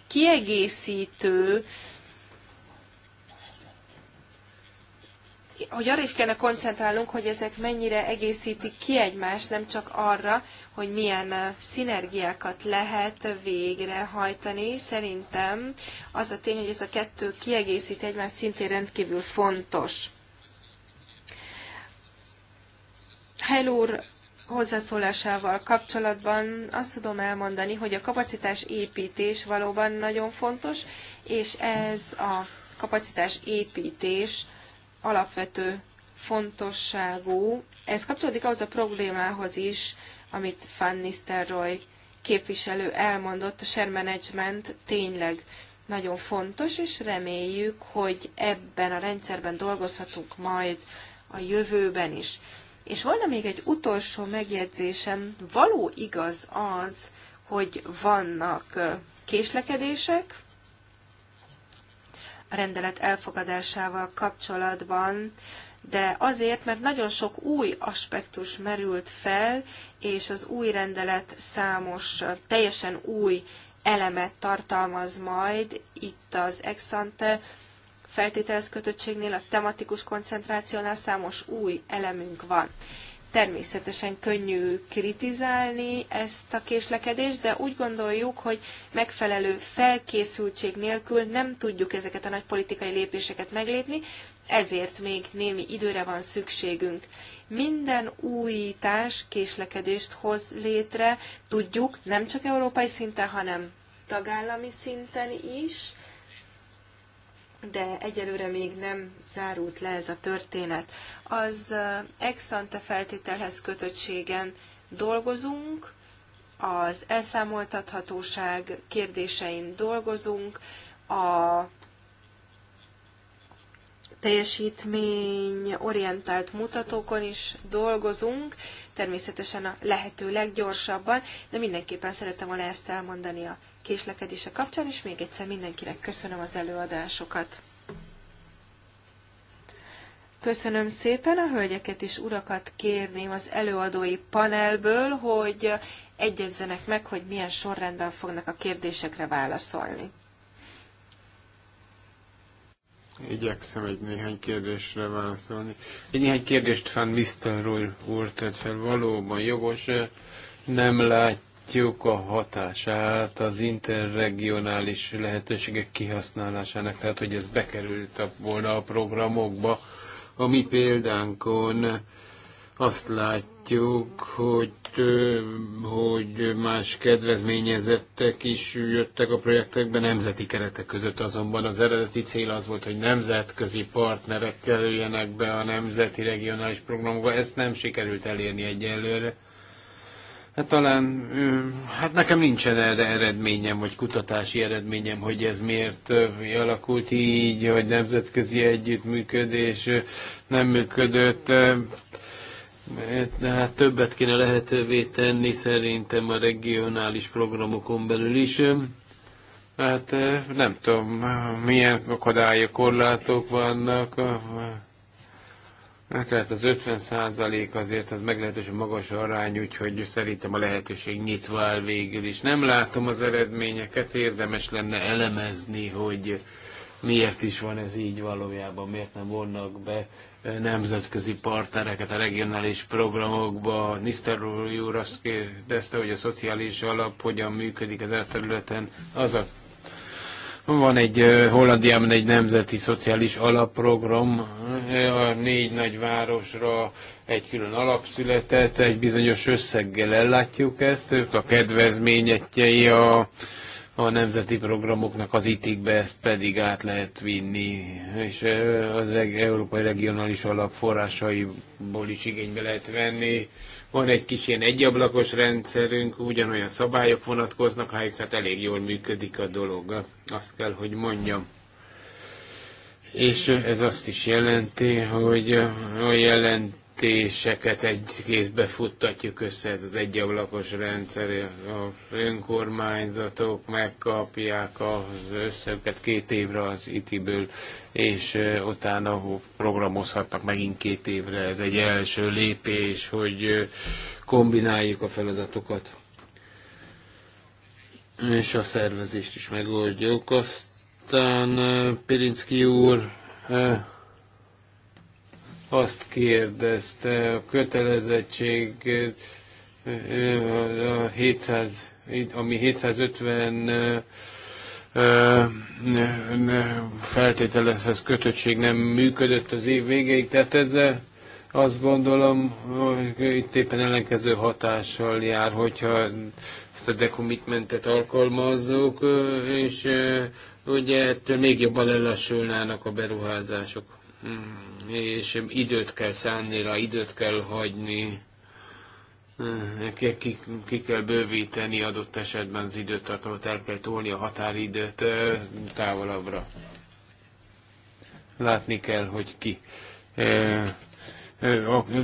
kiegészítő hogy arra is kellene koncentrálnunk, hogy ezek mennyire egészítik ki egymást, nem csak arra, hogy milyen eh, szinergiákat lehet végrehajtani. Szerintem az a tény, hogy ez a kettő kiegészít egymást szintén rendkívül fontos. Helur hozzászólásával kapcsolatban azt tudom elmondani, hogy a kapacitás építés valóban nagyon fontos, és ez a kapacitás építés alapvető fontosságú. Ez kapcsolódik ahhoz a problémához is, amit Van Nistelrooy képviselő elmondott, a share management tényleg nagyon fontos, és reméljük, hogy ebben a rendszerben dolgozhatunk majd a jövőben is. És volna még egy utolsó megjegyzésem, való igaz az, hogy vannak késlekedések, rendelet elfogadásával kapcsolatban, de azért, mert nagyon sok új aspektus merült fel, és az új rendelet számos teljesen új elemet tartalmaz majd itt az Exante feltételezkötöttségnél, a tematikus koncentrációnál számos új elemünk van. Természetesen könnyű kritizálni ezt a késlekedést, de úgy gondoljuk, hogy megfelelő felkészültség nélkül nem tudjuk ezeket a nagy politikai lépéseket meglépni, ezért még némi időre van szükségünk. Minden újítás késlekedést hoz létre, tudjuk, nem csak európai szinten, hanem tagállami szinten is de egyelőre még nem zárult le ez a történet. Az ex-ante feltételhez kötöttségen dolgozunk, az elszámoltathatóság kérdésein dolgozunk, a teljesítmény orientált mutatókon is dolgozunk, természetesen a lehető leggyorsabban, de mindenképpen szeretem volna ezt elmondani a késlekedése kapcsán, és még egyszer mindenkinek köszönöm az előadásokat. Köszönöm szépen a hölgyeket és urakat kérném az előadói panelből, hogy egyezzenek meg, hogy milyen sorrendben fognak a kérdésekre válaszolni. Igyekszem egy néhány kérdésre válaszolni. Egy néhány kérdést Van Nistelrooy úr tett fel, valóban jogos, nem lát látjuk a hatását az interregionális lehetőségek kihasználásának, tehát hogy ez bekerült volna a programokba. A mi példánkon azt látjuk, hogy, hogy más kedvezményezettek is jöttek a projektekbe nemzeti keretek között, azonban az eredeti cél az volt, hogy nemzetközi partnerek kerüljenek be a nemzeti regionális programokba. Ezt nem sikerült elérni egyelőre Hát talán, hát nekem nincsen erre eredményem, vagy kutatási eredményem, hogy ez miért alakult így, hogy nemzetközi együttműködés nem működött. De hát többet kéne lehetővé tenni szerintem a regionális programokon belül is. Hát nem tudom, milyen akadályok, korlátok vannak. Hát tehát az 50 százalék azért az meglehetősen magas arány, úgyhogy szerintem a lehetőség nyitva áll végül is. Nem látom az eredményeket, érdemes lenne elemezni, hogy miért is van ez így valójában, miért nem vonnak be eh, nemzetközi partnereket a regionális programokba. Nisztelúr úr azt kérdezte, hogy a szociális alap hogyan működik ezen a területen. Az a van egy Hollandiában egy nemzeti szociális alapprogram, a négy nagyvárosra egy külön alapszületet, egy bizonyos összeggel ellátjuk ezt, ők a kedvezményetjei a, a nemzeti programoknak az itikbe ezt pedig át lehet vinni, és az Európai Regionális Alap forrásaiból is igénybe lehet venni. Van egy kis ilyen egyablakos rendszerünk, ugyanolyan szabályok vonatkoznak rájuk, tehát elég jól működik a dolog, azt kell, hogy mondjam. És ez azt is jelenti, hogy a jelent döntéseket egy kézbe futtatjuk össze, ez az egyablakos rendszer, a önkormányzatok megkapják az összeget két évre az ITI-ből, és utána programozhatnak megint két évre. Ez egy első lépés, hogy kombináljuk a feladatokat. És a szervezést is megoldjuk. Aztán Pirinszki úr azt kérdezte, a kötelezettség a 700, ami 750 feltételezhez kötöttség nem működött az év végéig, tehát ez azt gondolom, hogy itt éppen ellenkező hatással jár, hogyha ezt a decommitmentet alkalmazzuk, és ugye ettől még jobban lelassulnának a beruházások. Mm, és időt kell szánni rá, időt kell hagyni, ki, ki, ki kell bővíteni adott esetben az időtartamot, el kell tolni a határidőt távolabbra. Látni kell, hogy ki.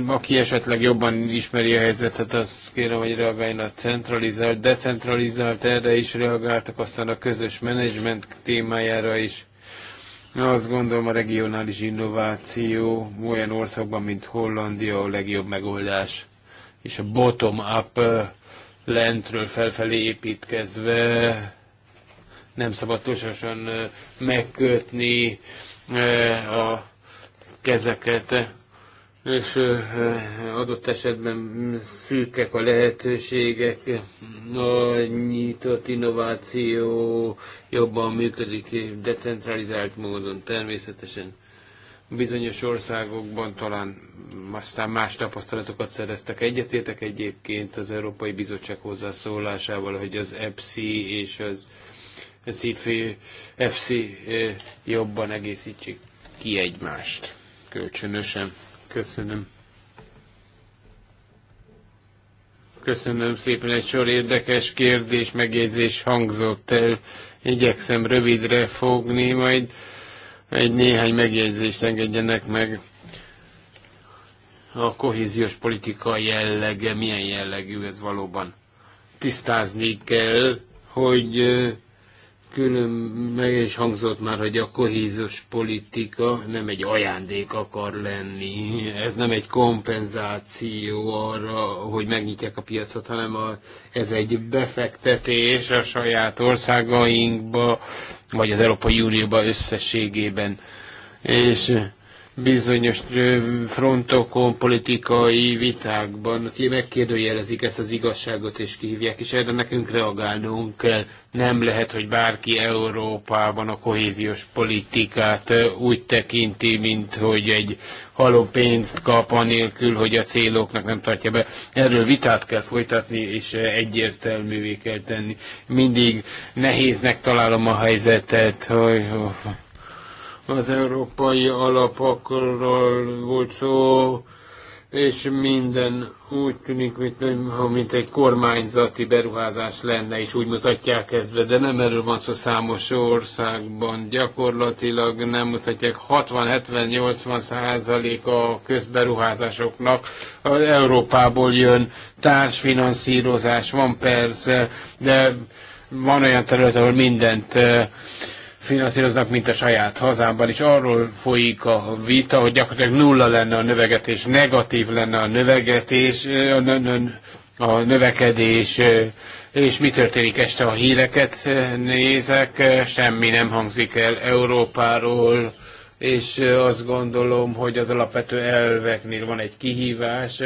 Aki esetleg jobban ismeri a helyzetet, azt kérem, hogy reagáljon a centralizált, decentralizált, erre is reagáltak, aztán a közös menedzsment témájára is azt gondolom a regionális innováció olyan országban, mint Hollandia a legjobb megoldás, és a bottom-up lentről felfelé építkezve nem szabad túlságosan megkötni a kezeket és adott esetben szűkek a lehetőségek, a nyitott innováció jobban működik decentralizált módon természetesen. Bizonyos országokban talán aztán más tapasztalatokat szereztek. Egyetétek egyébként az Európai Bizottság hozzászólásával, hogy az EPSI és az FC jobban egészítsék ki egymást kölcsönösen. Köszönöm. Köszönöm szépen, egy sor érdekes kérdés, megjegyzés hangzott el. Igyekszem rövidre fogni, majd egy néhány megjegyzést engedjenek meg. A kohéziós politika jellege, milyen jellegű ez valóban? Tisztázni kell, hogy külön meg is hangzott már, hogy a kohízos politika nem egy ajándék akar lenni, ez nem egy kompenzáció arra, hogy megnyitják a piacot, hanem a, ez egy befektetés a saját országainkba, vagy az Európai Unióba összességében. És bizonyos frontokon, politikai vitákban megkérdőjelezik ezt az igazságot és kihívják, és erre nekünk reagálnunk kell. Nem lehet, hogy bárki Európában a kohéziós politikát úgy tekinti, mint hogy egy haló pénzt kap, anélkül, hogy a céloknak nem tartja be. Erről vitát kell folytatni, és egyértelművé kell tenni. Mindig nehéznek találom a helyzetet, hogy az európai alapokról volt szó, és minden úgy tűnik, mint, mint egy kormányzati beruházás lenne, és úgy mutatják ezt be, de nem erről van szó számos országban. Gyakorlatilag nem mutatják 60-70-80 százalék a közberuházásoknak az Európából jön. Társfinanszírozás van persze, de van olyan terület, ahol mindent eh, finanszíroznak, mint a saját hazámban, és arról folyik a vita, hogy gyakorlatilag nulla lenne a növegetés, negatív lenne a növegetés, a növekedés, és mi történik este, a híreket nézek, semmi nem hangzik el Európáról, és azt gondolom, hogy az alapvető elveknél van egy kihívás,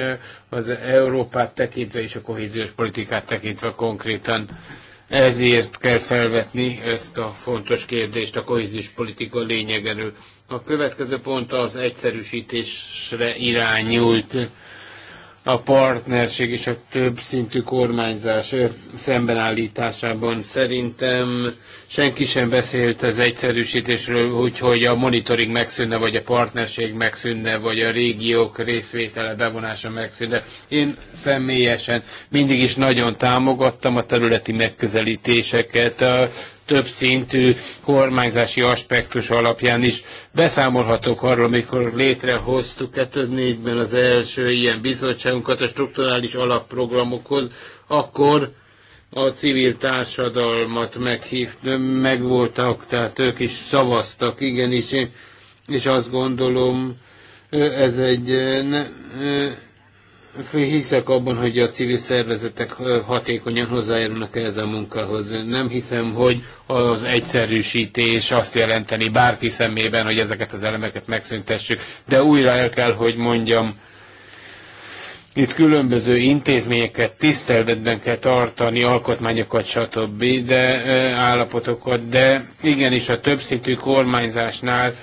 az Európát tekintve és a kohéziós politikát tekintve konkrétan. Ezért kell felvetni ezt a fontos kérdést a kohézis politika lényegéről. A következő pont az egyszerűsítésre irányult a partnerség és a több szintű kormányzás szembenállításában szerintem senki sem beszélt az egyszerűsítésről, úgyhogy a monitoring megszűnne, vagy a partnerség megszűnne, vagy a régiók részvétele, bevonása megszűnne. Én személyesen mindig is nagyon támogattam a területi megközelítéseket, a többszintű kormányzási aspektus alapján is. Beszámolhatok arról, amikor létrehoztuk 2004-ben az első ilyen bizottságunkat a strukturális alapprogramokhoz, akkor a civil társadalmat meghívtam, megvoltak, tehát ők is szavaztak, igenis, és azt gondolom, ez egy hiszek abban, hogy a civil szervezetek hatékonyan hozzájárulnak ehhez a munkához. Nem hiszem, hogy az egyszerűsítés azt jelenteni bárki szemében, hogy ezeket az elemeket megszüntessük, de újra el kell, hogy mondjam, itt különböző intézményeket tiszteletben kell tartani, alkotmányokat, stb., de állapotokat, de igenis a többszintű kormányzásnál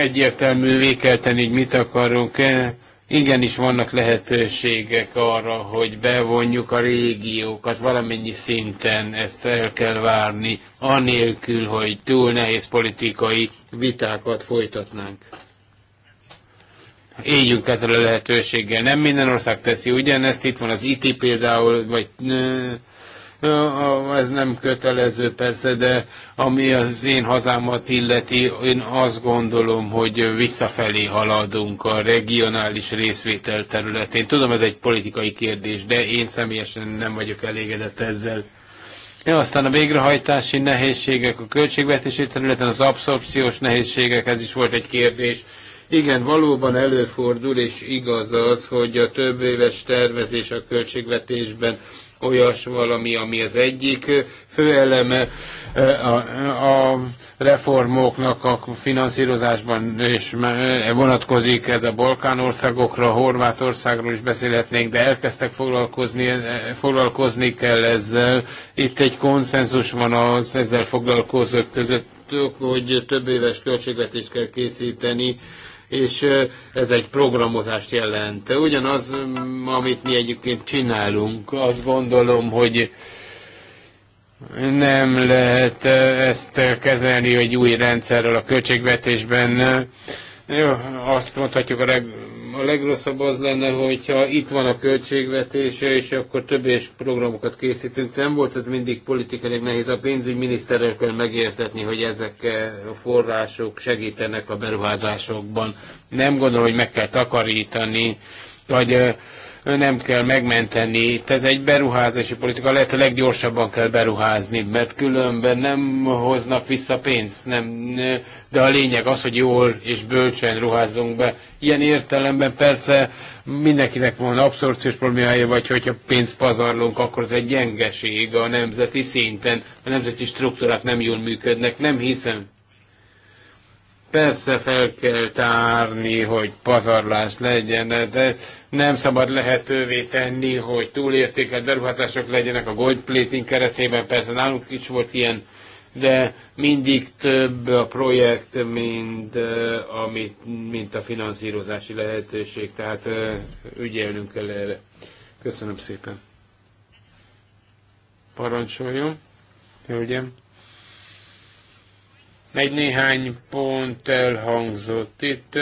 egyértelművé kell tenni, hogy mit akarunk igenis vannak lehetőségek arra, hogy bevonjuk a régiókat valamennyi szinten, ezt el kell várni, anélkül, hogy túl nehéz politikai vitákat folytatnánk. Éljünk ezzel a lehetőséggel. Nem minden ország teszi ugyanezt, itt van az IT például, vagy ez nem kötelező persze, de ami az én hazámat illeti, én azt gondolom, hogy visszafelé haladunk a regionális részvétel területén. Tudom, ez egy politikai kérdés, de én személyesen nem vagyok elégedett ezzel. Ja, aztán a végrehajtási nehézségek, a költségvetési területen az abszorpciós nehézségek, ez is volt egy kérdés. Igen, valóban előfordul, és igaz az, hogy a több éves tervezés a költségvetésben olyas valami, ami az egyik fő eleme e, a, reformoknak a finanszírozásban, és e, vonatkozik ez a Balkán országokra, Horvátországról is beszélhetnénk, de elkezdtek foglalkozni, e, foglalkozni kell ezzel. Itt egy konszenzus van az ezzel foglalkozók között, hogy több éves költségvetést kell készíteni, és ez egy programozást jelent. Ugyanaz, mm, amit mi egyébként csinálunk, azt gondolom, hogy nem lehet ezt kezelni egy új rendszerrel a költségvetésben. Jó, azt mondhatjuk a a legrosszabb az lenne, hogyha itt van a költségvetése, és akkor több és programokat készítünk. Nem volt ez mindig politikailag nehéz a pénzügyminiszterrel kell megértetni, hogy ezek a források segítenek a beruházásokban. Nem gondolom, hogy meg kell takarítani, vagy nem kell megmenteni. Itt ez egy beruházási politika, lehet, a leggyorsabban kell beruházni, mert különben nem hoznak vissza pénzt, nem, de a lényeg az, hogy jól és bölcsen ruházzunk be. Ilyen értelemben persze mindenkinek van abszorciós problémája, vagy hogyha pénzt pazarlunk, akkor ez egy gyengeség a nemzeti szinten, a nemzeti struktúrák nem jól működnek, nem hiszem Persze fel kell tárni, hogy pazarlás legyen, de nem szabad lehetővé tenni, hogy túlértékelt beruházások legyenek a gold plating keretében. Persze nálunk is volt ilyen, de mindig több a projekt, mint, eh, amit, mint a finanszírozási lehetőség. Tehát eh, ügyelnünk kell erre. Köszönöm szépen. Parancsoljon, hölgyem. Egy néhány pont elhangzott itt,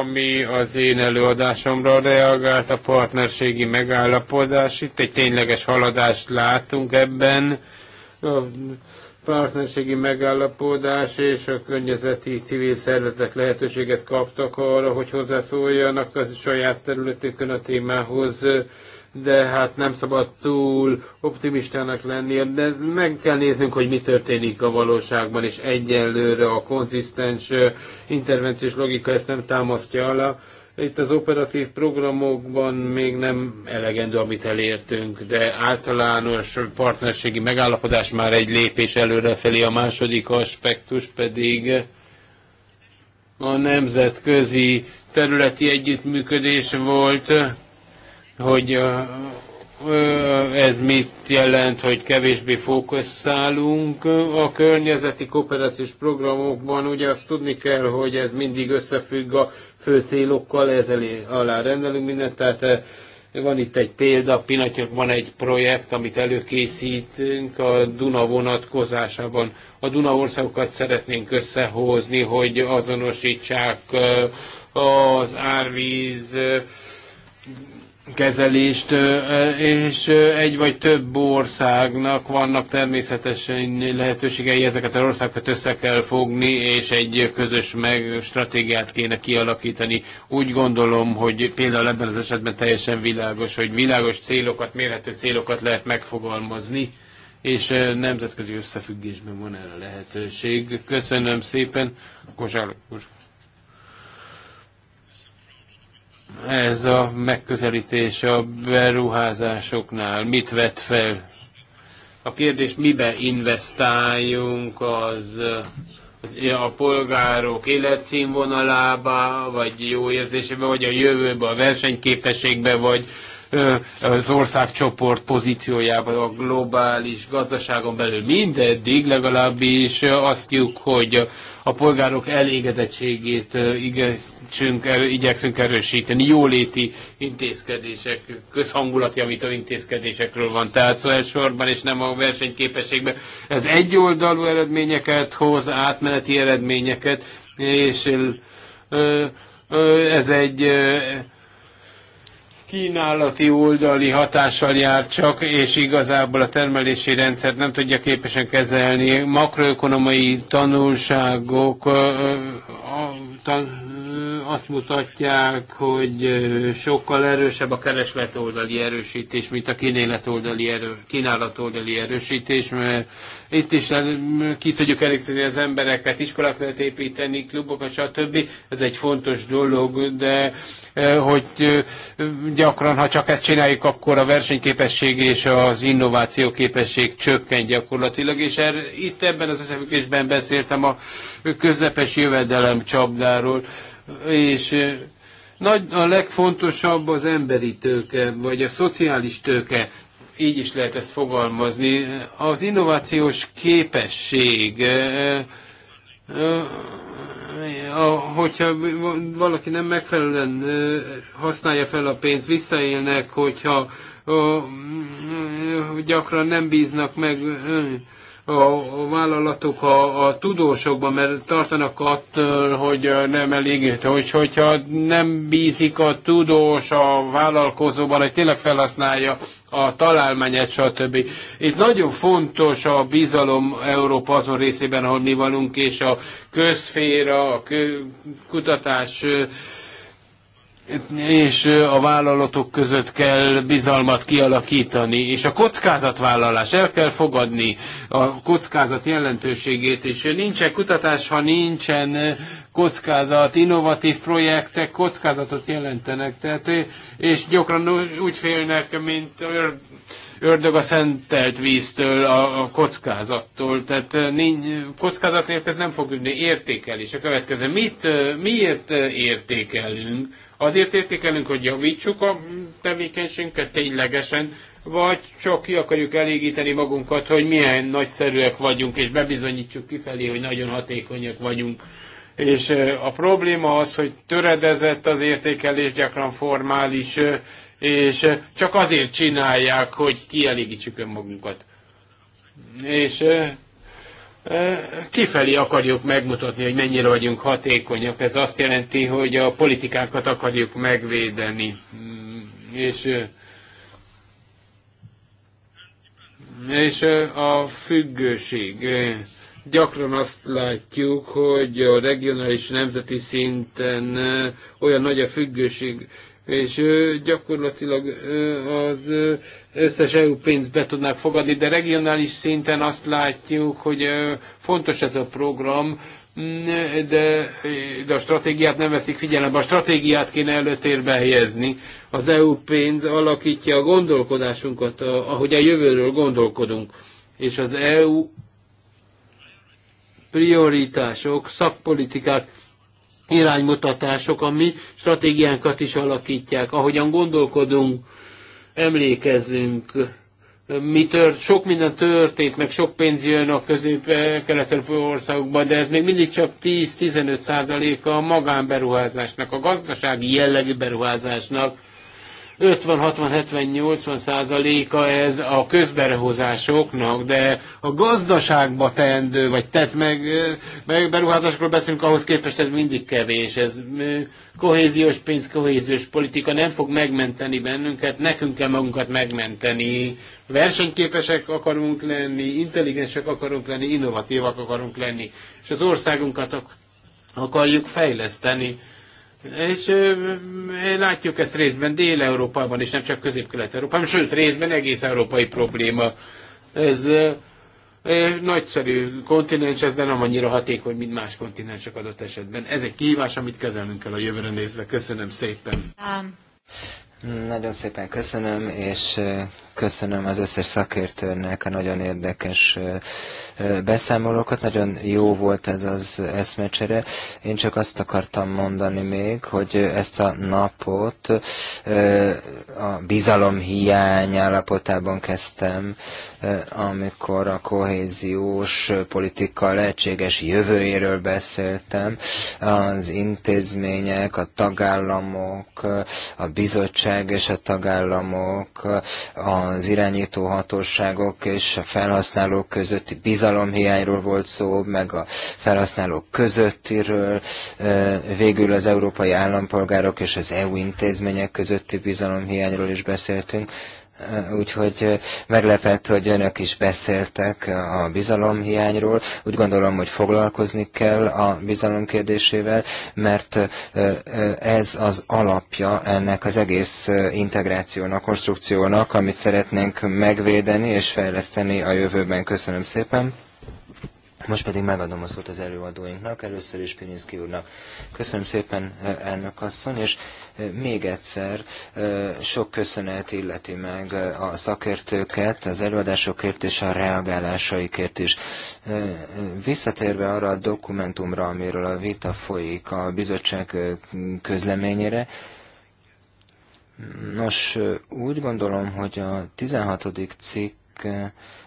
ami az én előadásomra reagált, a partnerségi megállapodás. Itt egy tényleges haladást látunk ebben. A partnerségi megállapodás és a környezeti civil szervezetek lehetőséget kaptak arra, hogy hozzászóljanak a saját területükön a témához de hát nem szabad túl optimistának lenni, de meg kell néznünk, hogy mi történik a valóságban, és egyenlőre a konzisztens intervenciós logika ezt nem támasztja alá. Itt az operatív programokban még nem elegendő, amit elértünk, de általános partnerségi megállapodás már egy lépés előrefelé, a második aspektus pedig a nemzetközi területi együttműködés volt hogy ez mit jelent, hogy kevésbé fókuszálunk a környezeti kooperációs programokban. Ugye azt tudni kell, hogy ez mindig összefügg a fő célokkal, ezzel alá rendelünk mindent, tehát van itt egy példa, pillanatnyilag van egy projekt, amit előkészítünk a Duna vonatkozásában. A Duna országokat szeretnénk összehozni, hogy azonosítsák az árvíz kezelést, és egy vagy több országnak vannak természetesen lehetőségei, ezeket az országokat össze kell fogni, és egy közös meg stratégiát kéne kialakítani. Úgy gondolom, hogy például ebben az esetben teljesen világos, hogy világos célokat, mérhető célokat lehet megfogalmazni, és nemzetközi összefüggésben van erre lehetőség. Köszönöm szépen, Kozsár ez a megközelítés a beruházásoknál? Mit vet fel? A kérdés, mibe investáljunk az, az a polgárok életszínvonalába, vagy jó érzésébe, vagy a jövőbe, a versenyképességbe, vagy az országcsoport pozíciójában a globális gazdaságon belül mindeddig legalábbis azt juk, hogy a polgárok elégedettségét igyekszünk, erősíteni, jóléti intézkedések, közhangulati, amit a intézkedésekről van. Tehát szó elsősorban, és nem a versenyképességben. Ez egyoldalú eredményeket hoz, átmeneti eredményeket, és ez egy kínálati oldali hatással jár csak, és igazából a termelési rendszert nem tudja képesen kezelni. Makroökonomai tanulságok, a, a, azt mutatják, hogy sokkal erősebb a kereslet oldali erősítés, mint a kínálat oldali, erő, kínálat oldali erősítés, mert itt is ki tudjuk elégíteni az embereket, iskolák lehet építeni, klubokat, stb. Ez egy fontos dolog, de hogy gyakran, ha csak ezt csináljuk, akkor a versenyképesség és az innováció képesség csökken gyakorlatilag, és er, itt ebben az összefüggésben beszéltem a közepes jövedelem csapdáról és nagy, a legfontosabb az emberi tőke, vagy a szociális tőke, így is lehet ezt fogalmazni. Az innovációs képesség, hogyha valaki nem megfelelően használja fel a pénzt, visszaélnek, hogyha gyakran nem bíznak meg a vállalatok a, a tudósokban, mert tartanak attól, hogy nem elég, hogy, hogyha nem bízik a tudós a vállalkozóban, hogy tényleg felhasználja a találmányát, stb. Itt nagyon fontos a bizalom Európa azon részében, ahol mi vagyunk, és a közféra, a kutatás és a vállalatok között kell bizalmat kialakítani, és a kockázatvállalás, el kell fogadni a kockázat jelentőségét, és nincsen kutatás, ha nincsen kockázat, innovatív projektek kockázatot jelentenek, tehát, és gyakran úgy félnek, mint ördög a szentelt víztől, a, a kockázattól. Tehát eh, nincs, kockázat nélkül ez nem fog tűnni. Értékelés a következő. Mit, eh, miért eh, értékelünk? Azért értékelünk, hogy javítsuk a tevékenységünket ténylegesen, vagy csak ki akarjuk elégíteni magunkat, hogy milyen nagyszerűek vagyunk, és bebizonyítsuk kifelé, hogy nagyon hatékonyak vagyunk. És a probléma az, hogy töredezett az értékelés, gyakran formális, és eh, csak azért csinálják, hogy kielégítsük önmagunkat. És eh, eh, kifelé akarjuk megmutatni, hogy mennyire vagyunk hatékonyak. Ez azt jelenti, hogy a politikánkat akarjuk megvédeni. Mm, és, és a függőség. Gyakran azt látjuk, hogy a regionális nemzeti szinten olyan nagy a függőség, és gyakorlatilag az összes EU pénzt be tudnák fogadni, de regionális szinten azt látjuk, hogy fontos ez a program, mm, de, de a stratégiát nem veszik figyelembe. A stratégiát kéne előtérbe helyezni. Az EU pénz alakítja a gondolkodásunkat, ahogy a jövőről gondolkodunk. És az EU prioritások, szakpolitikák, iránymutatások ami stratégiánkat is alakítják. Ahogyan gondolkodunk, emlékezzünk, mi tört, sok minden történt, meg sok pénz jön a közép-keleten országokban, de ez még mindig csak 10-15 százaléka a magánberuházásnak, a gazdasági jellegű beruházásnak 50-60-70-80 százaléka ez a közberehozásoknak, de a gazdaságba teendő, vagy tett meg, meg beruházásokról beszélünk, ahhoz képest ez mindig kevés. Ez kohéziós pénz, kohéziós politika nem fog megmenteni bennünket, nekünk kell magunkat megmenteni. Versenyképesek akarunk lenni, intelligensek akarunk lenni, innovatívak akarunk lenni, és az országunkat akarjuk fejleszteni és látjuk ezt részben Dél-Európában, és nem csak Közép-Kelet-Európában, sőt részben egész európai probléma. Ez nagyszerű kontinens, ez de nem annyira hatékony, mint más kontinensek adott esetben. Ez egy kihívás, amit kezelnünk kell a jövőre nézve. Köszönöm szépen. Um. Nagyon szépen köszönöm, és Köszönöm az összes szakértőnek a nagyon érdekes beszámolókat. Nagyon jó volt ez az eszmecsere. Én csak azt akartam mondani még, hogy ezt a napot a bizalom hiány állapotában kezdtem, amikor a kohéziós politika lehetséges jövőjéről beszéltem. Az intézmények, a tagállamok, a bizottság és a tagállamok, a az irányító hatóságok és a felhasználók közötti bizalomhiányról volt szó, meg a felhasználók közöttiről, végül az európai állampolgárok és az EU intézmények közötti bizalomhiányról is beszéltünk. Eh, úgyhogy eh, meglepett, hogy önök is beszéltek eh, a bizalomhiányról. Úgy gondolom, hogy foglalkozni kell a bizalom kérdésével, mert ez az alapja ennek az egész integrációnak, konstrukciónak, amit szeretnénk megvédeni és fejleszteni a jövőben. Köszönöm szépen! Most pedig megadom a szót az előadóinknak, először is Pirinszki úrnak. Köszönöm szépen, e, elnök asszony, és e, még egyszer e, sok köszönet illeti meg a szakértőket, az előadásokért és a reagálásaikért is. Visszatérve arra a dokumentumra, amiről a vita folyik a bizottság közleményére, Nos, úgy gondolom, hogy a 16. cikk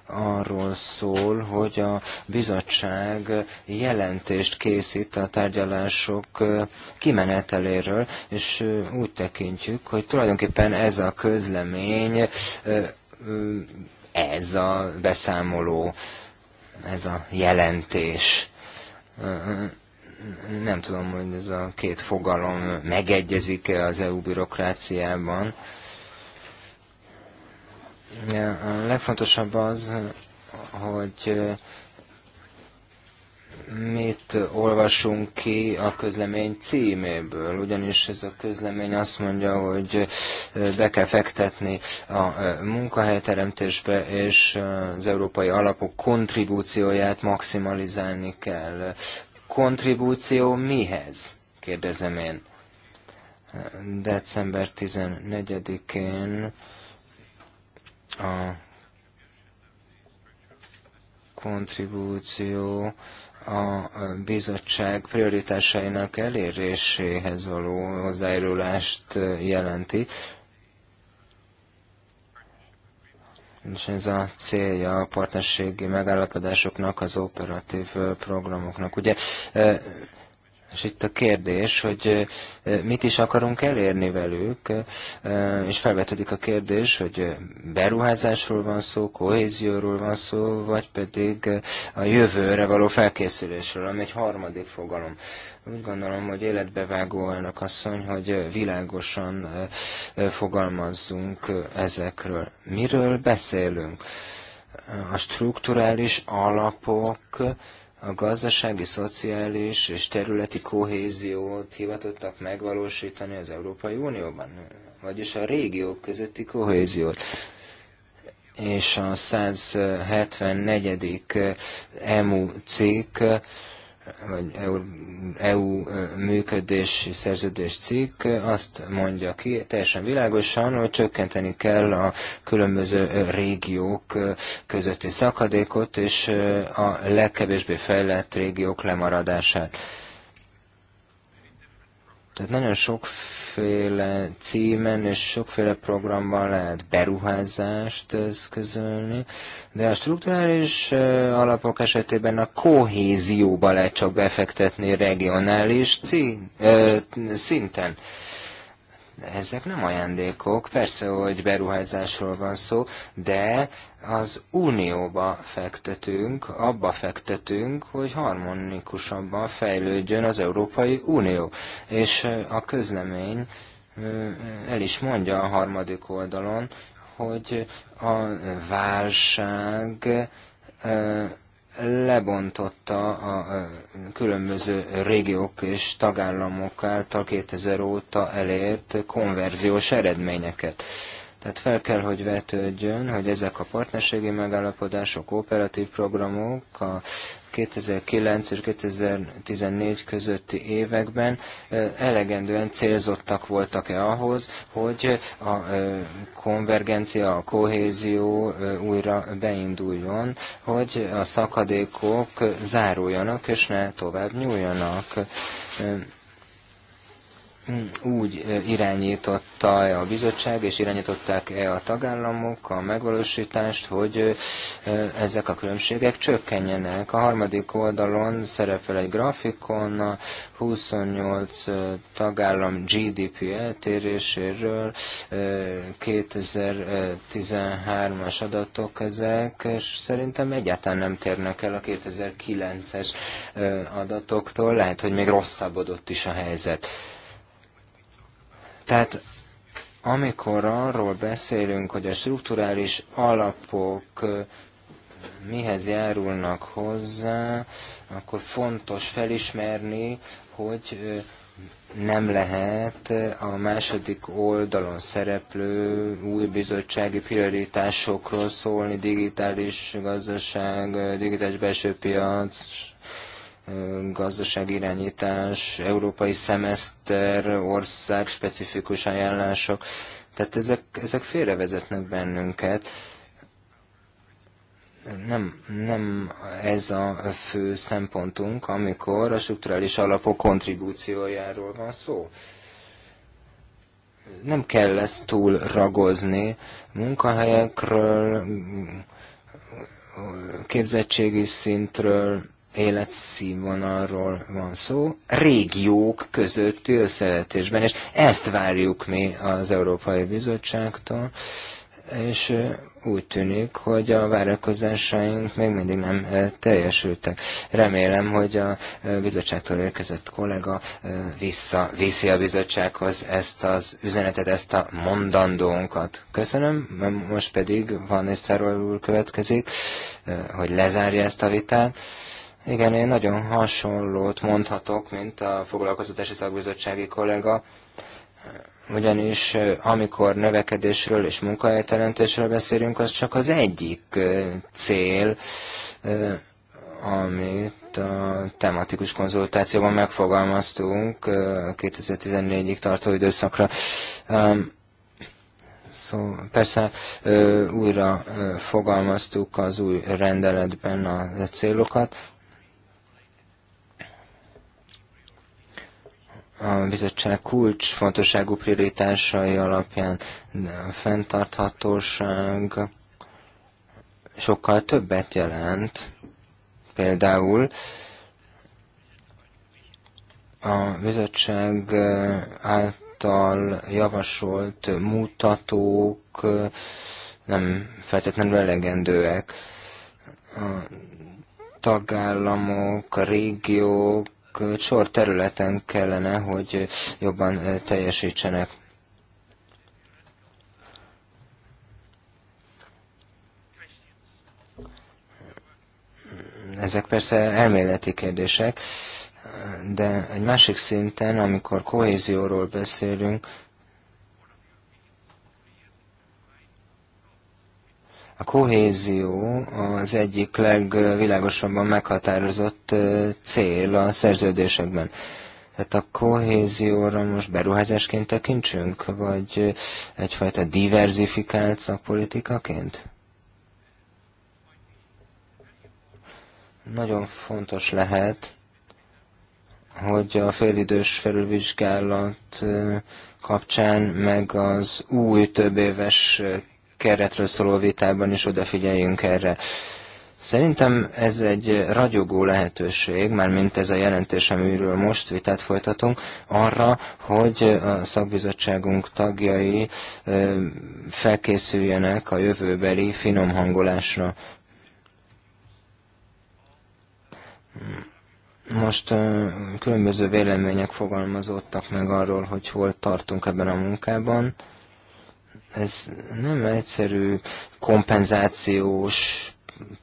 arról szól, hogy a bizottság jelentést készít a tárgyalások kimeneteléről, és úgy tekintjük, hogy tulajdonképpen ez a közlemény, ez a beszámoló, ez a jelentés nem tudom, hogy ez a két fogalom megegyezik-e az EU bürokráciában. A legfontosabb az, hogy mit olvasunk ki a közlemény címéből, ugyanis ez a közlemény azt mondja, hogy be kell fektetni a munkahelyteremtésbe, és az európai alapok kontribúcióját maximalizálni kell. Kontribúció mihez? kérdezem én. December 14-én a kontribúció a bizottság prioritásainak eléréséhez való hozzájárulást jelenti, és ez a célja a partnerségi megállapodásoknak, az operatív programoknak. Ugye és itt a kérdés, hogy mit is akarunk elérni velük, és felvetődik a kérdés, hogy beruházásról van szó, kohézióról van szó, vagy pedig a jövőre való felkészülésről, ami egy harmadik fogalom. Úgy gondolom, hogy életbevágó elnök asszony, hogy világosan fogalmazzunk ezekről. Miről beszélünk? A strukturális alapok a gazdasági, szociális és területi kohéziót hivatottak megvalósítani az Európai Unióban, vagyis a régiók közötti kohéziót és a 174. Eh, EMU cikk vagy EU, EU működési szerződés cikk azt mondja ki teljesen világosan, hogy csökkenteni kell a különböző régiók közötti szakadékot és a legkevésbé fejlett régiók lemaradását. Tehát nagyon sok sokféle címen és sokféle programban lehet beruházást eszközölni, de a strukturális alapok esetében a kohézióba lehet csak befektetni regionális cín, ö, szinten de ezek nem ajándékok, persze, hogy beruházásról van szó, de az unióba fektetünk, abba fektetünk, hogy harmonikusabban fejlődjön az Európai Unió. És a közlemény el is mondja a harmadik oldalon, hogy a válság lebontotta a különböző régiók és tagállamok által 2000 óta elért konverziós eredményeket. Tehát fel kell, hogy vetődjön, hogy ezek a partnerségi megállapodások, operatív programok a 2009 és 2014 közötti években elegendően célzottak voltak-e ahhoz, hogy a konvergencia, a kohézió újra beinduljon, hogy a szakadékok záruljanak és ne tovább nyúljanak úgy e, irányította-e a bizottság, és irányították-e a tagállamok a megvalósítást, hogy e, ezek a különbségek csökkenjenek. A harmadik oldalon szerepel egy grafikon a 28 e, tagállam GDP eltéréséről, 2013-as adatok ezek, és szerintem egyáltalán nem térnek el a 2009-es adatoktól, lehet, hogy még rosszabbodott is a helyzet. Tehát amikor arról beszélünk, hogy a strukturális alapok mihez járulnak hozzá, akkor fontos felismerni, hogy nem lehet a második oldalon szereplő új bizottsági prioritásokról szólni, digitális gazdaság, digitális belső piac, gazdasági irányítás, európai szemeszter, ország specifikus ajánlások. Tehát ezek, ezek félrevezetnek bennünket. Nem, nem ez a fő szempontunk, amikor a strukturális alapok kontribúciójáról van szó nem kell ezt túl ragozni. Munkahelyekről, képzettségi szintről, életszínvonalról van szó, régiók közötti összevetésben, és ezt várjuk mi az Európai Bizottságtól, és úgy tűnik, hogy a várakozásaink még mindig nem teljesültek. Remélem, hogy a bizottságtól érkezett kollega vissza, viszi a bizottsághoz ezt az üzenetet, ezt a mondandónkat. Köszönöm, most pedig Van Nisztáról úr következik, hogy lezárja ezt a vitát. Igen, én nagyon hasonlót mondhatok, mint a foglalkoztatási szakbizottsági kollega, ugyanis amikor növekedésről és munkahelyteremtésről beszélünk, az csak az egyik cél, amit a tematikus konzultációban megfogalmaztunk 2014-ig tartó időszakra. Szóval persze újra fogalmaztuk az új rendeletben a célokat, a bizottság kulcsfontosságú prioritásai alapján a fenntarthatóság sokkal többet jelent. Például a bizottság által javasolt mutatók nem feltétlenül elegendőek. A tagállamok, a régiók sor területen kellene, hogy jobban teljesítsenek. Ezek persze elméleti kérdések, de egy másik szinten, amikor kohézióról beszélünk, A kohézió az egyik legvilágosabban meghatározott cél a szerződésekben. Tehát a kohézióra most beruházásként tekintsünk, vagy egyfajta diversifikált szakpolitikaként? Nagyon fontos lehet, hogy a félidős felülvizsgálat kapcsán, meg az új több keretről szóló vitában is odafigyeljünk erre. Szerintem ez egy ragyogó lehetőség, mint ez a jelentés, amiről most vitát folytatunk, arra, hogy a szakbizottságunk tagjai felkészüljenek a jövőbeli finom hangolásra. Most különböző vélemények fogalmazottak meg arról, hogy hol tartunk ebben a munkában ez nem egyszerű kompenzációs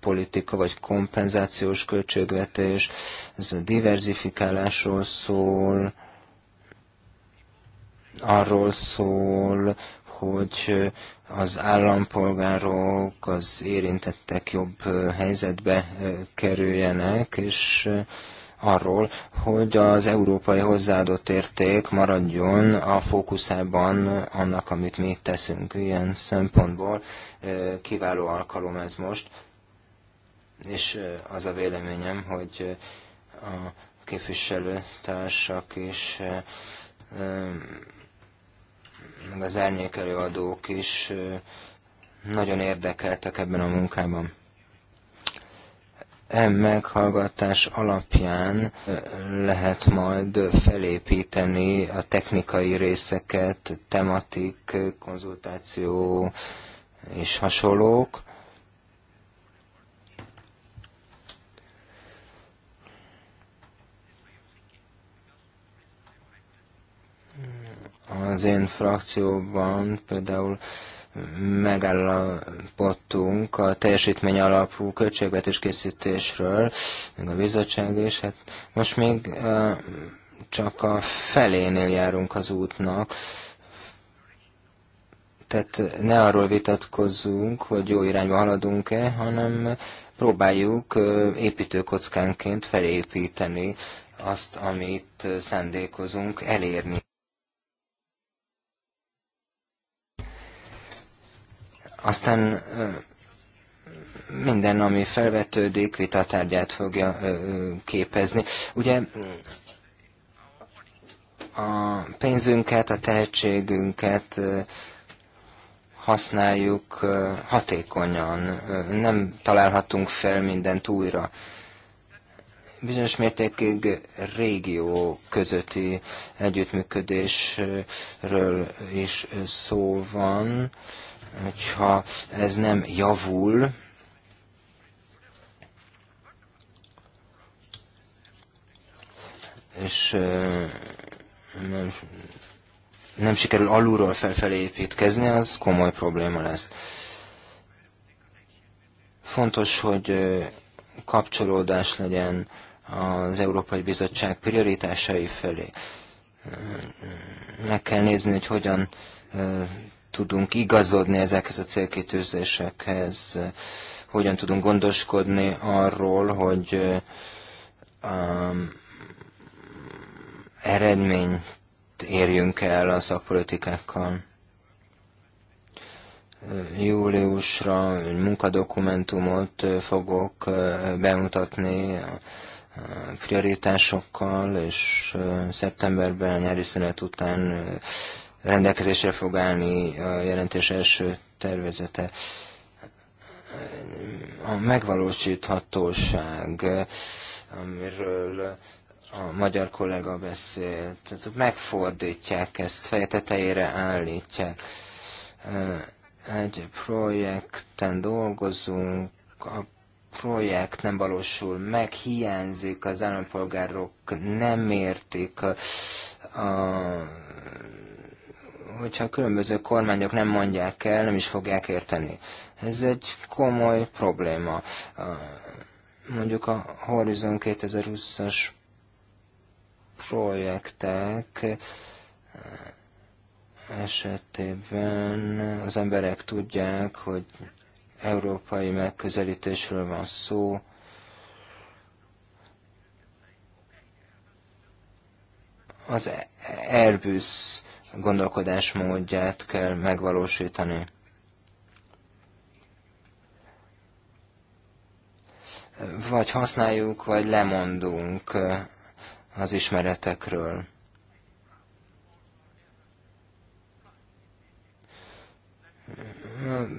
politika, vagy kompenzációs költségvetés, ez a diverzifikálásról szól, arról szól, hogy az állampolgárok, az érintettek jobb helyzetbe eh, kerüljenek, és eh, arról, hogy az európai hozzáadott érték maradjon a fókuszában annak, amit mi teszünk. Ilyen szempontból kiváló alkalom ez most, és az a véleményem, hogy a képviselőtársak is meg az árnyékelőadók is nagyon érdekeltek ebben a munkában e meghallgatás alapján e, lehet majd felépíteni a technikai részeket, tematik, konzultáció és hasonlók. Az én frakcióban például megállapodtunk a teljesítmény alapú költségvetés készítésről, meg a bizottság is, hát most még csak a felénél járunk az útnak, tehát ne arról vitatkozzunk, hogy jó irányba haladunk-e, hanem próbáljuk építőkockánként felépíteni azt, amit szándékozunk elérni. Aztán minden, ami felvetődik, vitatárgyát fogja képezni. Ugye a pénzünket, a tehetségünket használjuk hatékonyan, nem találhatunk fel mindent újra. Bizonyos mértékig régió közötti együttműködésről is szó van Hogyha ez nem javul, és nem, nem sikerül alulról felfelé építkezni, az komoly probléma lesz. Fontos, hogy kapcsolódás legyen az Európai Bizottság prioritásai felé. Meg kell nézni, hogy hogyan tudunk igazodni ezekhez a célkitűzésekhez, hogyan tudunk gondoskodni arról, hogy um, eredményt érjünk el a szakpolitikákkal. Júliusra egy munkadokumentumot fogok bemutatni a prioritásokkal, és szeptemberben nyári szünet után rendelkezésre fog állni a jelentés első tervezete. A megvalósíthatóság, amiről a magyar kollega beszélt, megfordítják ezt, feje tetejére állítják. Egy projekten dolgozunk, a projekt nem valósul meg, hiányzik, az állampolgárok nem értik a hogyha különböző kormányok nem mondják el, nem is fogják érteni. Ez egy komoly probléma. Mondjuk a Horizon 2020-as projektek e, esetében az emberek tudják, hogy európai megközelítésről van szó, az Airbus gondolkodásmódját kell megvalósítani. Vagy használjuk, vagy lemondunk az ismeretekről.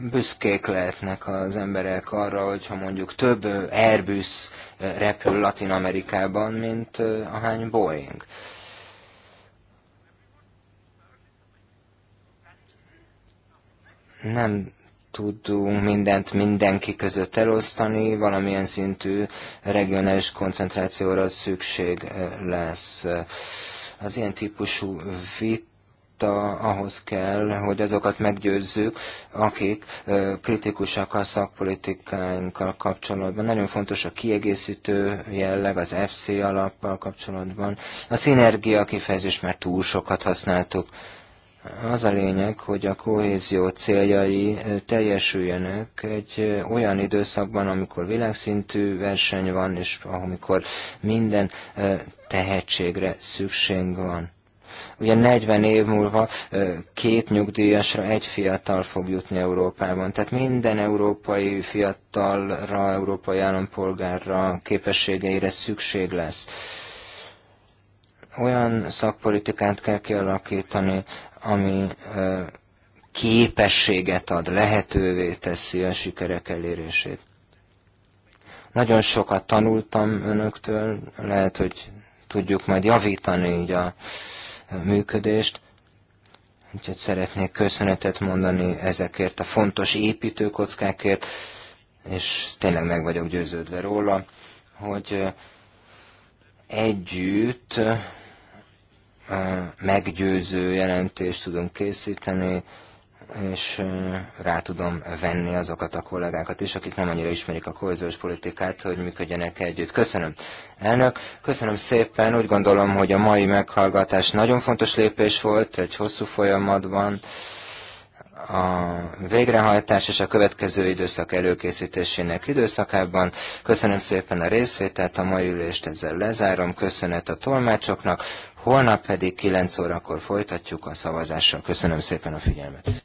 büszkék lehetnek az emberek arra, hogyha mondjuk több Airbus repül Latin Amerikában, mint eh, ahány Boeing. nem tudunk mindent mindenki között elosztani, valamilyen szintű regionális koncentrációra szükség eh, lesz. Az ilyen típusú vit vita ahhoz kell, hogy azokat meggyőzzük, akik eh, kritikusak a szakpolitikáinkkal kapcsolatban. Nagyon fontos a kiegészítő jelleg, az FC alappal kapcsolatban. A szinergia kifejezés, már túl sokat használtuk. Az a lényeg, hogy a kohézió céljai teljesüljenek egy olyan időszakban, amikor világszintű verseny van, és amikor minden tehetségre szükség van. Ugye 40 év múlva két nyugdíjasra egy fiatal fog jutni Európában. Tehát minden európai fiatalra, európai állampolgárra képességeire szükség lesz olyan szakpolitikát kell kialakítani, ami képességet ad, lehetővé teszi a sikerek elérését. Nagyon sokat tanultam önöktől, lehet, hogy tudjuk majd javítani így a működést, úgyhogy szeretnék köszönetet mondani ezekért a fontos építőkockákért, és tényleg meg vagyok győződve róla, hogy együtt meggyőző jelentést tudunk készíteni, és rá tudom venni azokat a kollégákat is, akik nem annyira ismerik a kohéziós politikát, hogy működjenek együtt. Köszönöm, elnök. Köszönöm szépen. Úgy gondolom, hogy a mai meghallgatás nagyon fontos lépés volt egy hosszú folyamatban. A végrehajtás és a következő időszak előkészítésének időszakában. Köszönöm szépen a részvételt, a mai ülést ezzel lezárom. Köszönet a tolmácsoknak holnap pedig 9 órakor folytatjuk a szavazással. Köszönöm szépen a figyelmet!